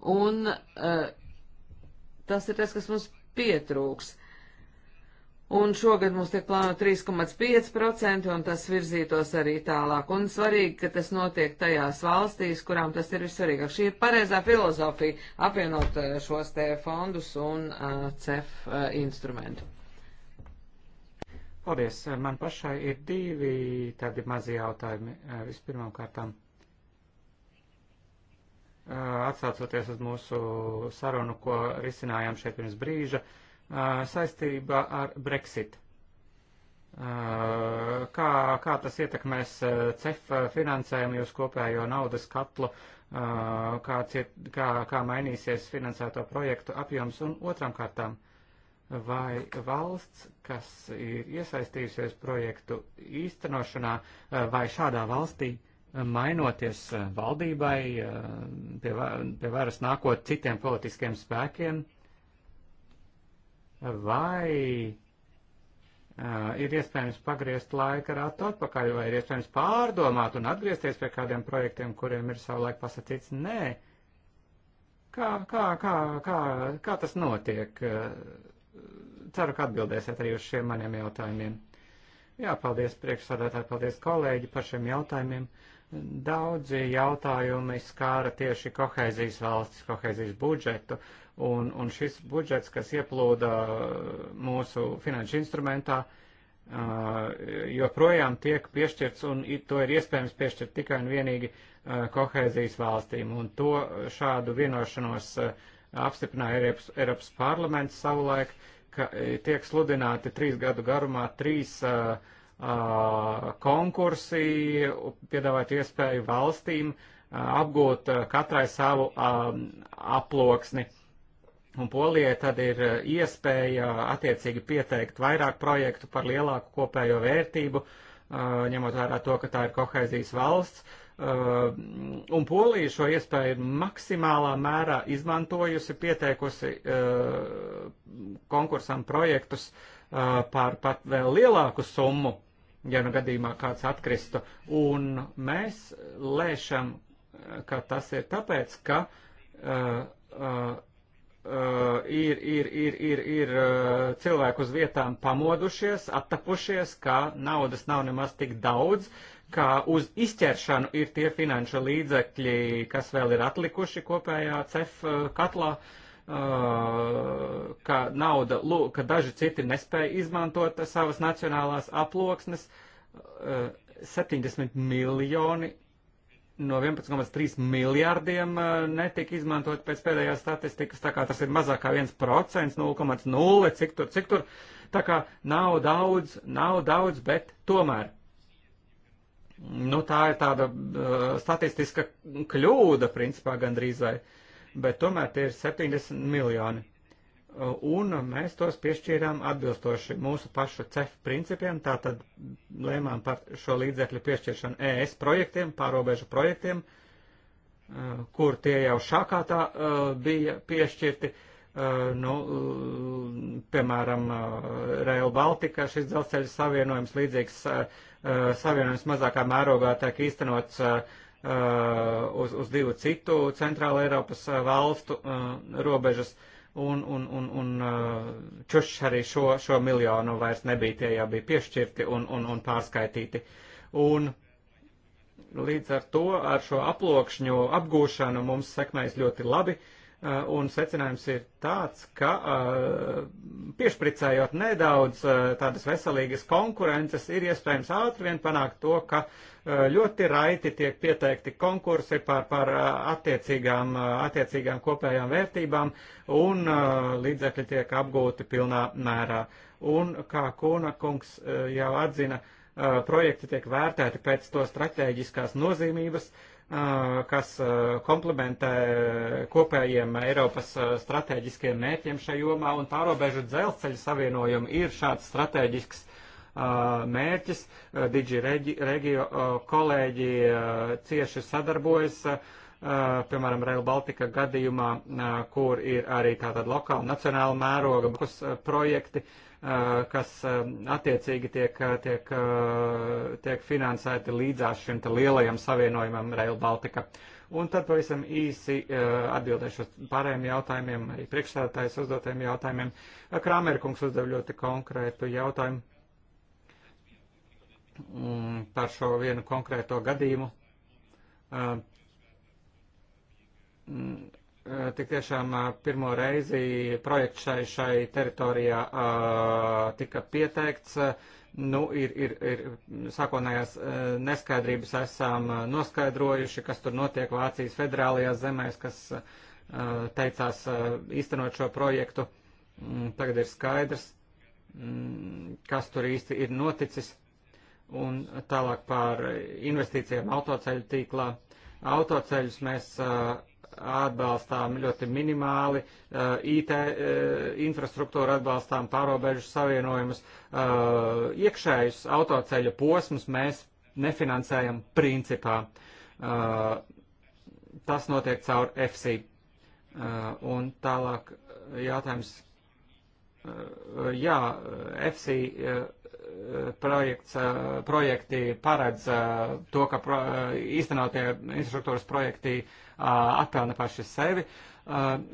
Un uh, tas ir tas, kas mums pietrūks. Un šogad mums tiek plāno 3,5%, un tas virzītos arī tālāk. Un svarīgi, ka tas notiek tajās valstīs, kurām tas ir vissvarīgāk. Šī ir pareizā filozofija apvienot eh, šos te fondus un uh, CEF uh, instrumentu. Paldies. Man pašai ir divi tādi mazi jautājumi. Vispirmām kārtām. Uh, atsaucoties uz mūsu sarunu, ko risinājām šeit pirms brīža, saistībā ar Brexit. Kā, kā tas ietekmēs CEF finansējumu, jūs kopējo naudas katlu, kā, ciet, kā, kā mainīsies finansēto projektu apjoms un otram kārtām? vai valsts, kas ir iesaistījusies projektu īstenošanā, vai šādā valstī mainoties eh, valdībai, eh, pie, pie varas nākot citiem politiskiem spēkiem, vai eh, ir iespējams pagriezt laika rātu atpakaļ, vai ir iespējams pārdomāt un atgriezties pie kādiem projektiem, kuriem ir savulaik pasakīts nē. Kā, kā, kā, kā, kā tas notiek? Ceru, ka atbildēsiet arī uz šiem maniem jautājumiem. Jā, paldies priekšsādātāji, paldies kolēģi par šiem jautājumiem. Uh, Daudzi jautājumi skāra tieši kohēzijas valstis, kohēzijas budžetu, un, un šis budžets, kas ieplūda mūsu finanšu instrumentā, joprojām tiek piešķirts, un to ir iespējams piešķirt tikai un vienīgi kohēzijas valstīm, un to šādu vienošanos apstiprināja Eiropas, Eiropas parlaments savulaik, ka tiek sludināti trīs gadu garumā trīs uh, Uh, konkursi, piedāvāt iespēju valstīm uh, apgūt uh, katrai savu um, aploksni. Un Polijai tad ir iespēja attiecīgi pieteikt vairāk projektu par lielāku kopējo vērtību, ņemot vērā to, ka tā ir kohēzijas valsts. Un Polija šo iespēju ir maksimālā mērā izmantojusi, pieteikusi konkursam projektus par pat vēl lielāku summu ja nu gadījumā kāds atkristu. Un mēs lēšam, ka tas ir tāpēc, ka uh, uh, uh, ir, ir, ir, ir, ir uh, cilvēki uz vietām pamodušies, attapušies, ka naudas nav nemaz tik daudz, ka uz izķeršanu ir tie finanšu līdzekļi, kas vēl ir atlikuši kopējā CEF uh, katlā. Uh, Uh, ka nauda, ka daži citi nespēja izmantot savas nacionālās aploksnes, 70 uh, miljoni no 11,3 miljārdiem uh, netika izmantot pēc pēdējās statistikas, tā kā tas ir mazāk kā 1%, 0,0, cik tur, cik tur. Tā kā nav daudz, nav daudz, bet tomēr. Nu, tā ir tāda uh, statistiska kļūda, principā, gandrīz vai. Uh, bet tomēr tie ir 70 miljoni. Uh, un mēs tos piešķīrām atbilstoši mūsu pašu CEF principiem, tātad lēmām par šo līdzekļu piešķiršanu ES projektiem, pārobežu projektiem, uh, kur tie jau šākātā uh, bija piešķirti. Nu, piemēram, Rail Baltica, šis dzelzceļa savienojums līdzīgs savienojums mazākā mērogā tiek īstenots uh, Uh, uz, uz divu citu centrāla Eiropas uh, valstu uh, robežas, un, un, un, un čušs arī šo, šo miljonu vairs nebija, tie jau bija piešķirti un, un, un pārskaitīti. Un līdz ar to, ar šo aploksņu apgūšanu mums sekmējas ļoti labi. Uh, Eh, un secinājums ir tāds, ka eh, piešpricējot nedaudz eh, tādas veselīgas konkurences, ir iespējams ātri vien panākt to, ka ļoti raiti tiek pieteikti konkursi par, par attiecīgām, attiecīgām kopējām vērtībām un līdzekļi tiek apgūti pilnā mērā. Un kā Kūna kungs jau atzina, projekti tiek vērtēti pēc to strateģiskās nozīmības, uh, kas komplementē kopējiem Eiropas strateģiskiem mērķiem šajā jomā, un pārobežu dzelzceļa savienojumi ir šāds strateģisks mērķis. Digi reģio kolēģi cieši sadarbojas, piemēram, Rail Baltica gadījumā, kur ir arī tātad lokāla nacionāla mēroga projekti. Uh, kas attiecīgi tiek, tiek, tiek finansēti līdzās šim lielajam savienojumam Rail Baltica. Un tad pavisam īsi atbildēšu uz pārējiem jautājumiem, arī priekšstādātājs uzdotajiem jautājumiem. Krāmerkungs uzdev ļoti konkrētu jautājumu mm, par šo vienu konkrēto gadījumu mm, Eh, tik tiešām eh, pirmo reizi projekts šai, šai teritorijā eh, tika pieteikts. Nu, ir, ir, ir sākotnējās neskaidrības esam noskaidrojuši, kas tur notiek Vācijas federālajās zemēs, kas teicās īstenot šo projektu. Mm, tagad ir skaidrs, mm, kas tur īsti ir noticis. Un tālāk par investīcijām autoceļu tīklā. Autoceļus mēs uh, atbalstām ļoti minimāli, eh, IT eh, infrastruktūru atbalstām, pārobežu savienojumus, eh, iekšējus autoceļa posmus mēs nefinansējam principā. Tas notiek caur FC. Un tālāk jautājums. Jā, FC projekts, projekti paredz to, ka pro, īstenotie infrastruktūras projekti atpelna paši sevi.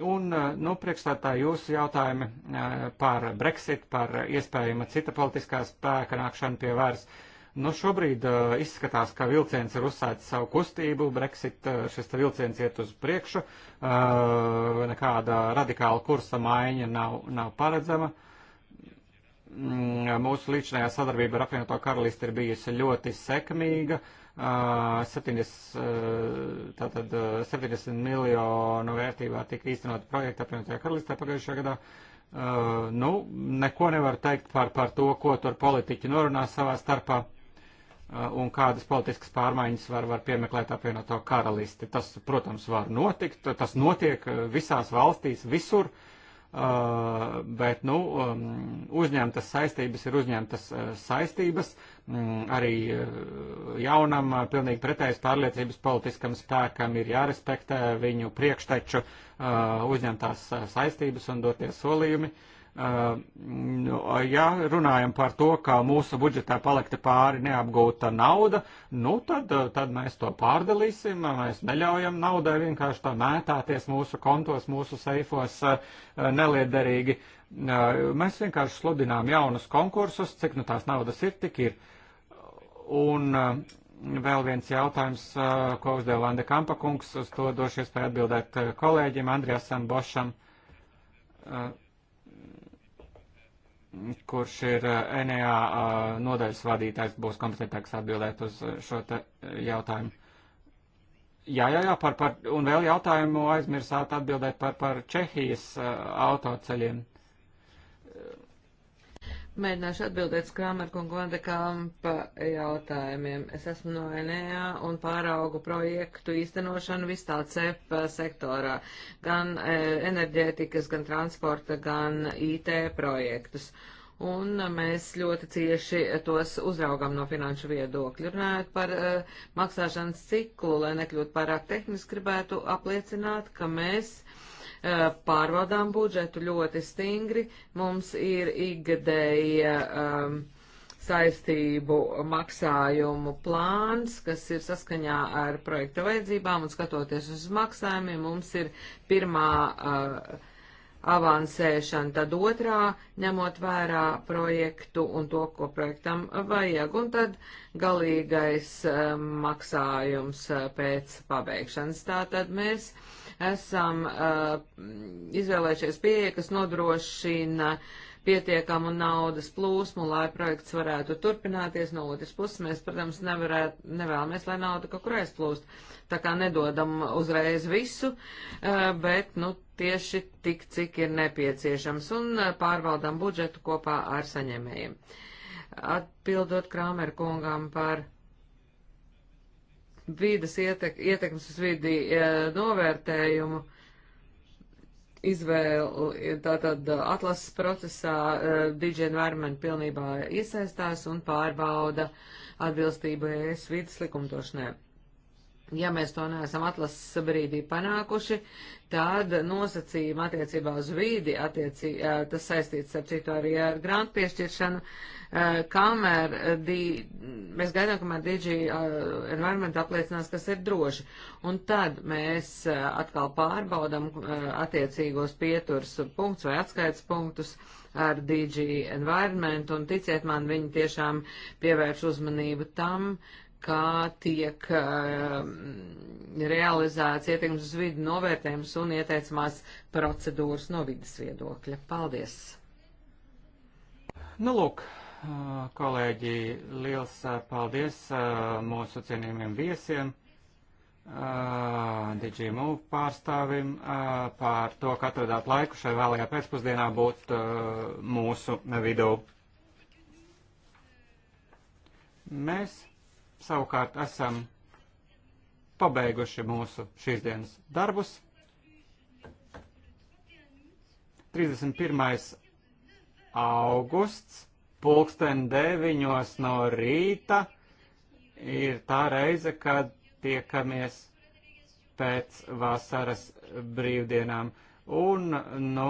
Un, nu, priekšstādā jūsu jautājumi par Brexit, par iespējama cita politiskā spēka nākšanu pie varas. Nu, šobrīd uh, izskatās, ka vilciens ir uzsācis savu kustību, Brexit uh, šis vilciens iet uz priekšu, uh, nekāda radikāla kursa maiņa nav, nav paredzama. Uh, Mm, mūsu līdzinājā sadarbība ar apvienoto karalisti ir bijusi ļoti sekmīga. 70, tātad 70 miljonu vērtībā tika īstenot projekta apvienotajā karalistē pagājušajā gadā. Nu, neko nevar teikt par, par to, ko tur politiķi norunā savā starpā un kādas politiskas pārmaiņas var, var piemeklēt apvienoto karalisti. Tas, protams, var notikt, tas notiek visās valstīs, visur. Uh, Uh, bet nu, um, uzņemtas saistības ir uzņemtas uh, saistības mm, arī uh, jaunam, pilnīgi pretējas pārliecības politiskam spēkam ir jārespektē viņu priekšteču uzņemtās saistības un doties solījumi. Uh, Nu, ja runājam par to, ka mūsu budžetā palikta pāri neapgūta nauda, nu tad, tad mēs to pārdalīsim, mēs neļaujam naudai vienkārši tā mētāties mūsu kontos, mūsu seifos neliederīgi. Mēs vienkārši sludinām jaunus konkursus, cik nu tās naudas ir, tik ir. Un vēl viens jautājums, ko uzdeva Landa Kampakungs, uz to došies pēc atbildēt kolēģim Andriasam Bošam. Uh, kurš ir eh, NEA eh, nodaļas vadītājs, būs kompetentāks atbildēt uz eh, šo jautājumu. Jā, jā, jā, par, par, un vēl jautājumu aizmirsāt atbildēt par, par Čehijas autoceļiem. Mēģināšu atbildēt Skrāmerkungu Vandekampa jautājumiem. Es esmu no Enējā un pāraugu projektu īstenošanu visā CEP sektorā. Gan e, enerģētikas, gan transporta, gan IT projektus. Un mēs ļoti cieši tos uzraugam no finanšu viedokļa. Runājot par e, maksāšanas ciklu, lai nekļūtu pārāk tehniski, gribētu apliecināt, ka mēs Eh, pārvaldām budžetu ļoti stingri. Mums ir ikgadēja um, saistību maksājumu plāns, kas ir saskaņā ar projekta vajadzībām un skatoties uz maksājumiem, mums ir pirmā uh, avansēšana, tad otrā, ņemot vērā projektu un to, ko projektam vajag, un tad galīgais uh, maksājums uh, pēc pabeigšanas. Tātad mēs uh, esam uh, izvēlējušies pieeja, kas nodrošina pietiekamu naudas plūsmu, lai projekts varētu turpināties. No otras puses, mēs, protams, nevarētu, nevēlamies, lai nauda kaut kur aizplūst. Tā kā nedodam uzreiz visu, uh, bet, nu, tieši tik, cik ir nepieciešams, un uh, pārvaldām budžetu kopā ar saņēmējiem. Atbildot Krāmer kungam par vīdas ietek, ietekmes uz vidi e, novērtējumu izvēli, e, tātad e, atlases procesā DJ Environment pilnībā iesaistās un pārbauda atbilstību ES vīdas likumdošanai. Ja mēs to neesam atlases brīdī panākuši, tad nosacījuma attiecībā uz vīdi, attiecī, tas saistīts ar citu arī ar grantu piešķiršanu, uh, Eh, kamēr eh, di, mēs gaidām, kamēr DG eh, environment apliecinās, kas ir droši. Un tad mēs atkal pārbaudam attiecīgos pieturs punktus vai atskaits punktus ar DG environment, un ticiet man, viņi tiešām pievērš uzmanību tam, kā tiek uh, realizēts ietekmes uz vidu novērtējums un ieteicamās procedūras no vidas viedokļa. Paldies! Nu, lūk, Ah, kolēģi, liels ah, paldies ah, mūsu cienījumiem viesiem, DigiMu pārstāvim par to, ka atradāt laiku šai vēlajā pēcpusdienā būt mūsu vidū. Mēs savukārt esam pabeiguši mūsu šīs dienas darbus. 31. augusts pulksten deviņos no rīta ir tā reize, kad tiekamies pēc vasaras brīvdienām. Un, nu,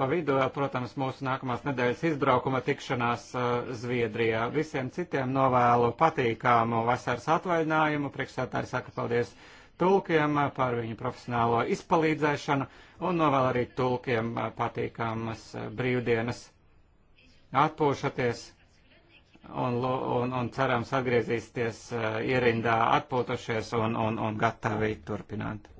pa vidu vēl, protams, mūsu nākamās nedēļas izbraukuma tikšanās uh, Zviedrijā. Visiem citiem novēlu patīkāmu vasaras atvaļinājumu. Priekšsētāji saka paldies tulkiem uh, par viņu profesionālo izpalīdzēšanu un novēlu arī tulkiem uh, patīkāmas uh, brīvdienas atpūšaties un, un, un cerams atgriezīsties eh, ierindā atpūtušies un, un, un gatavi turpināt.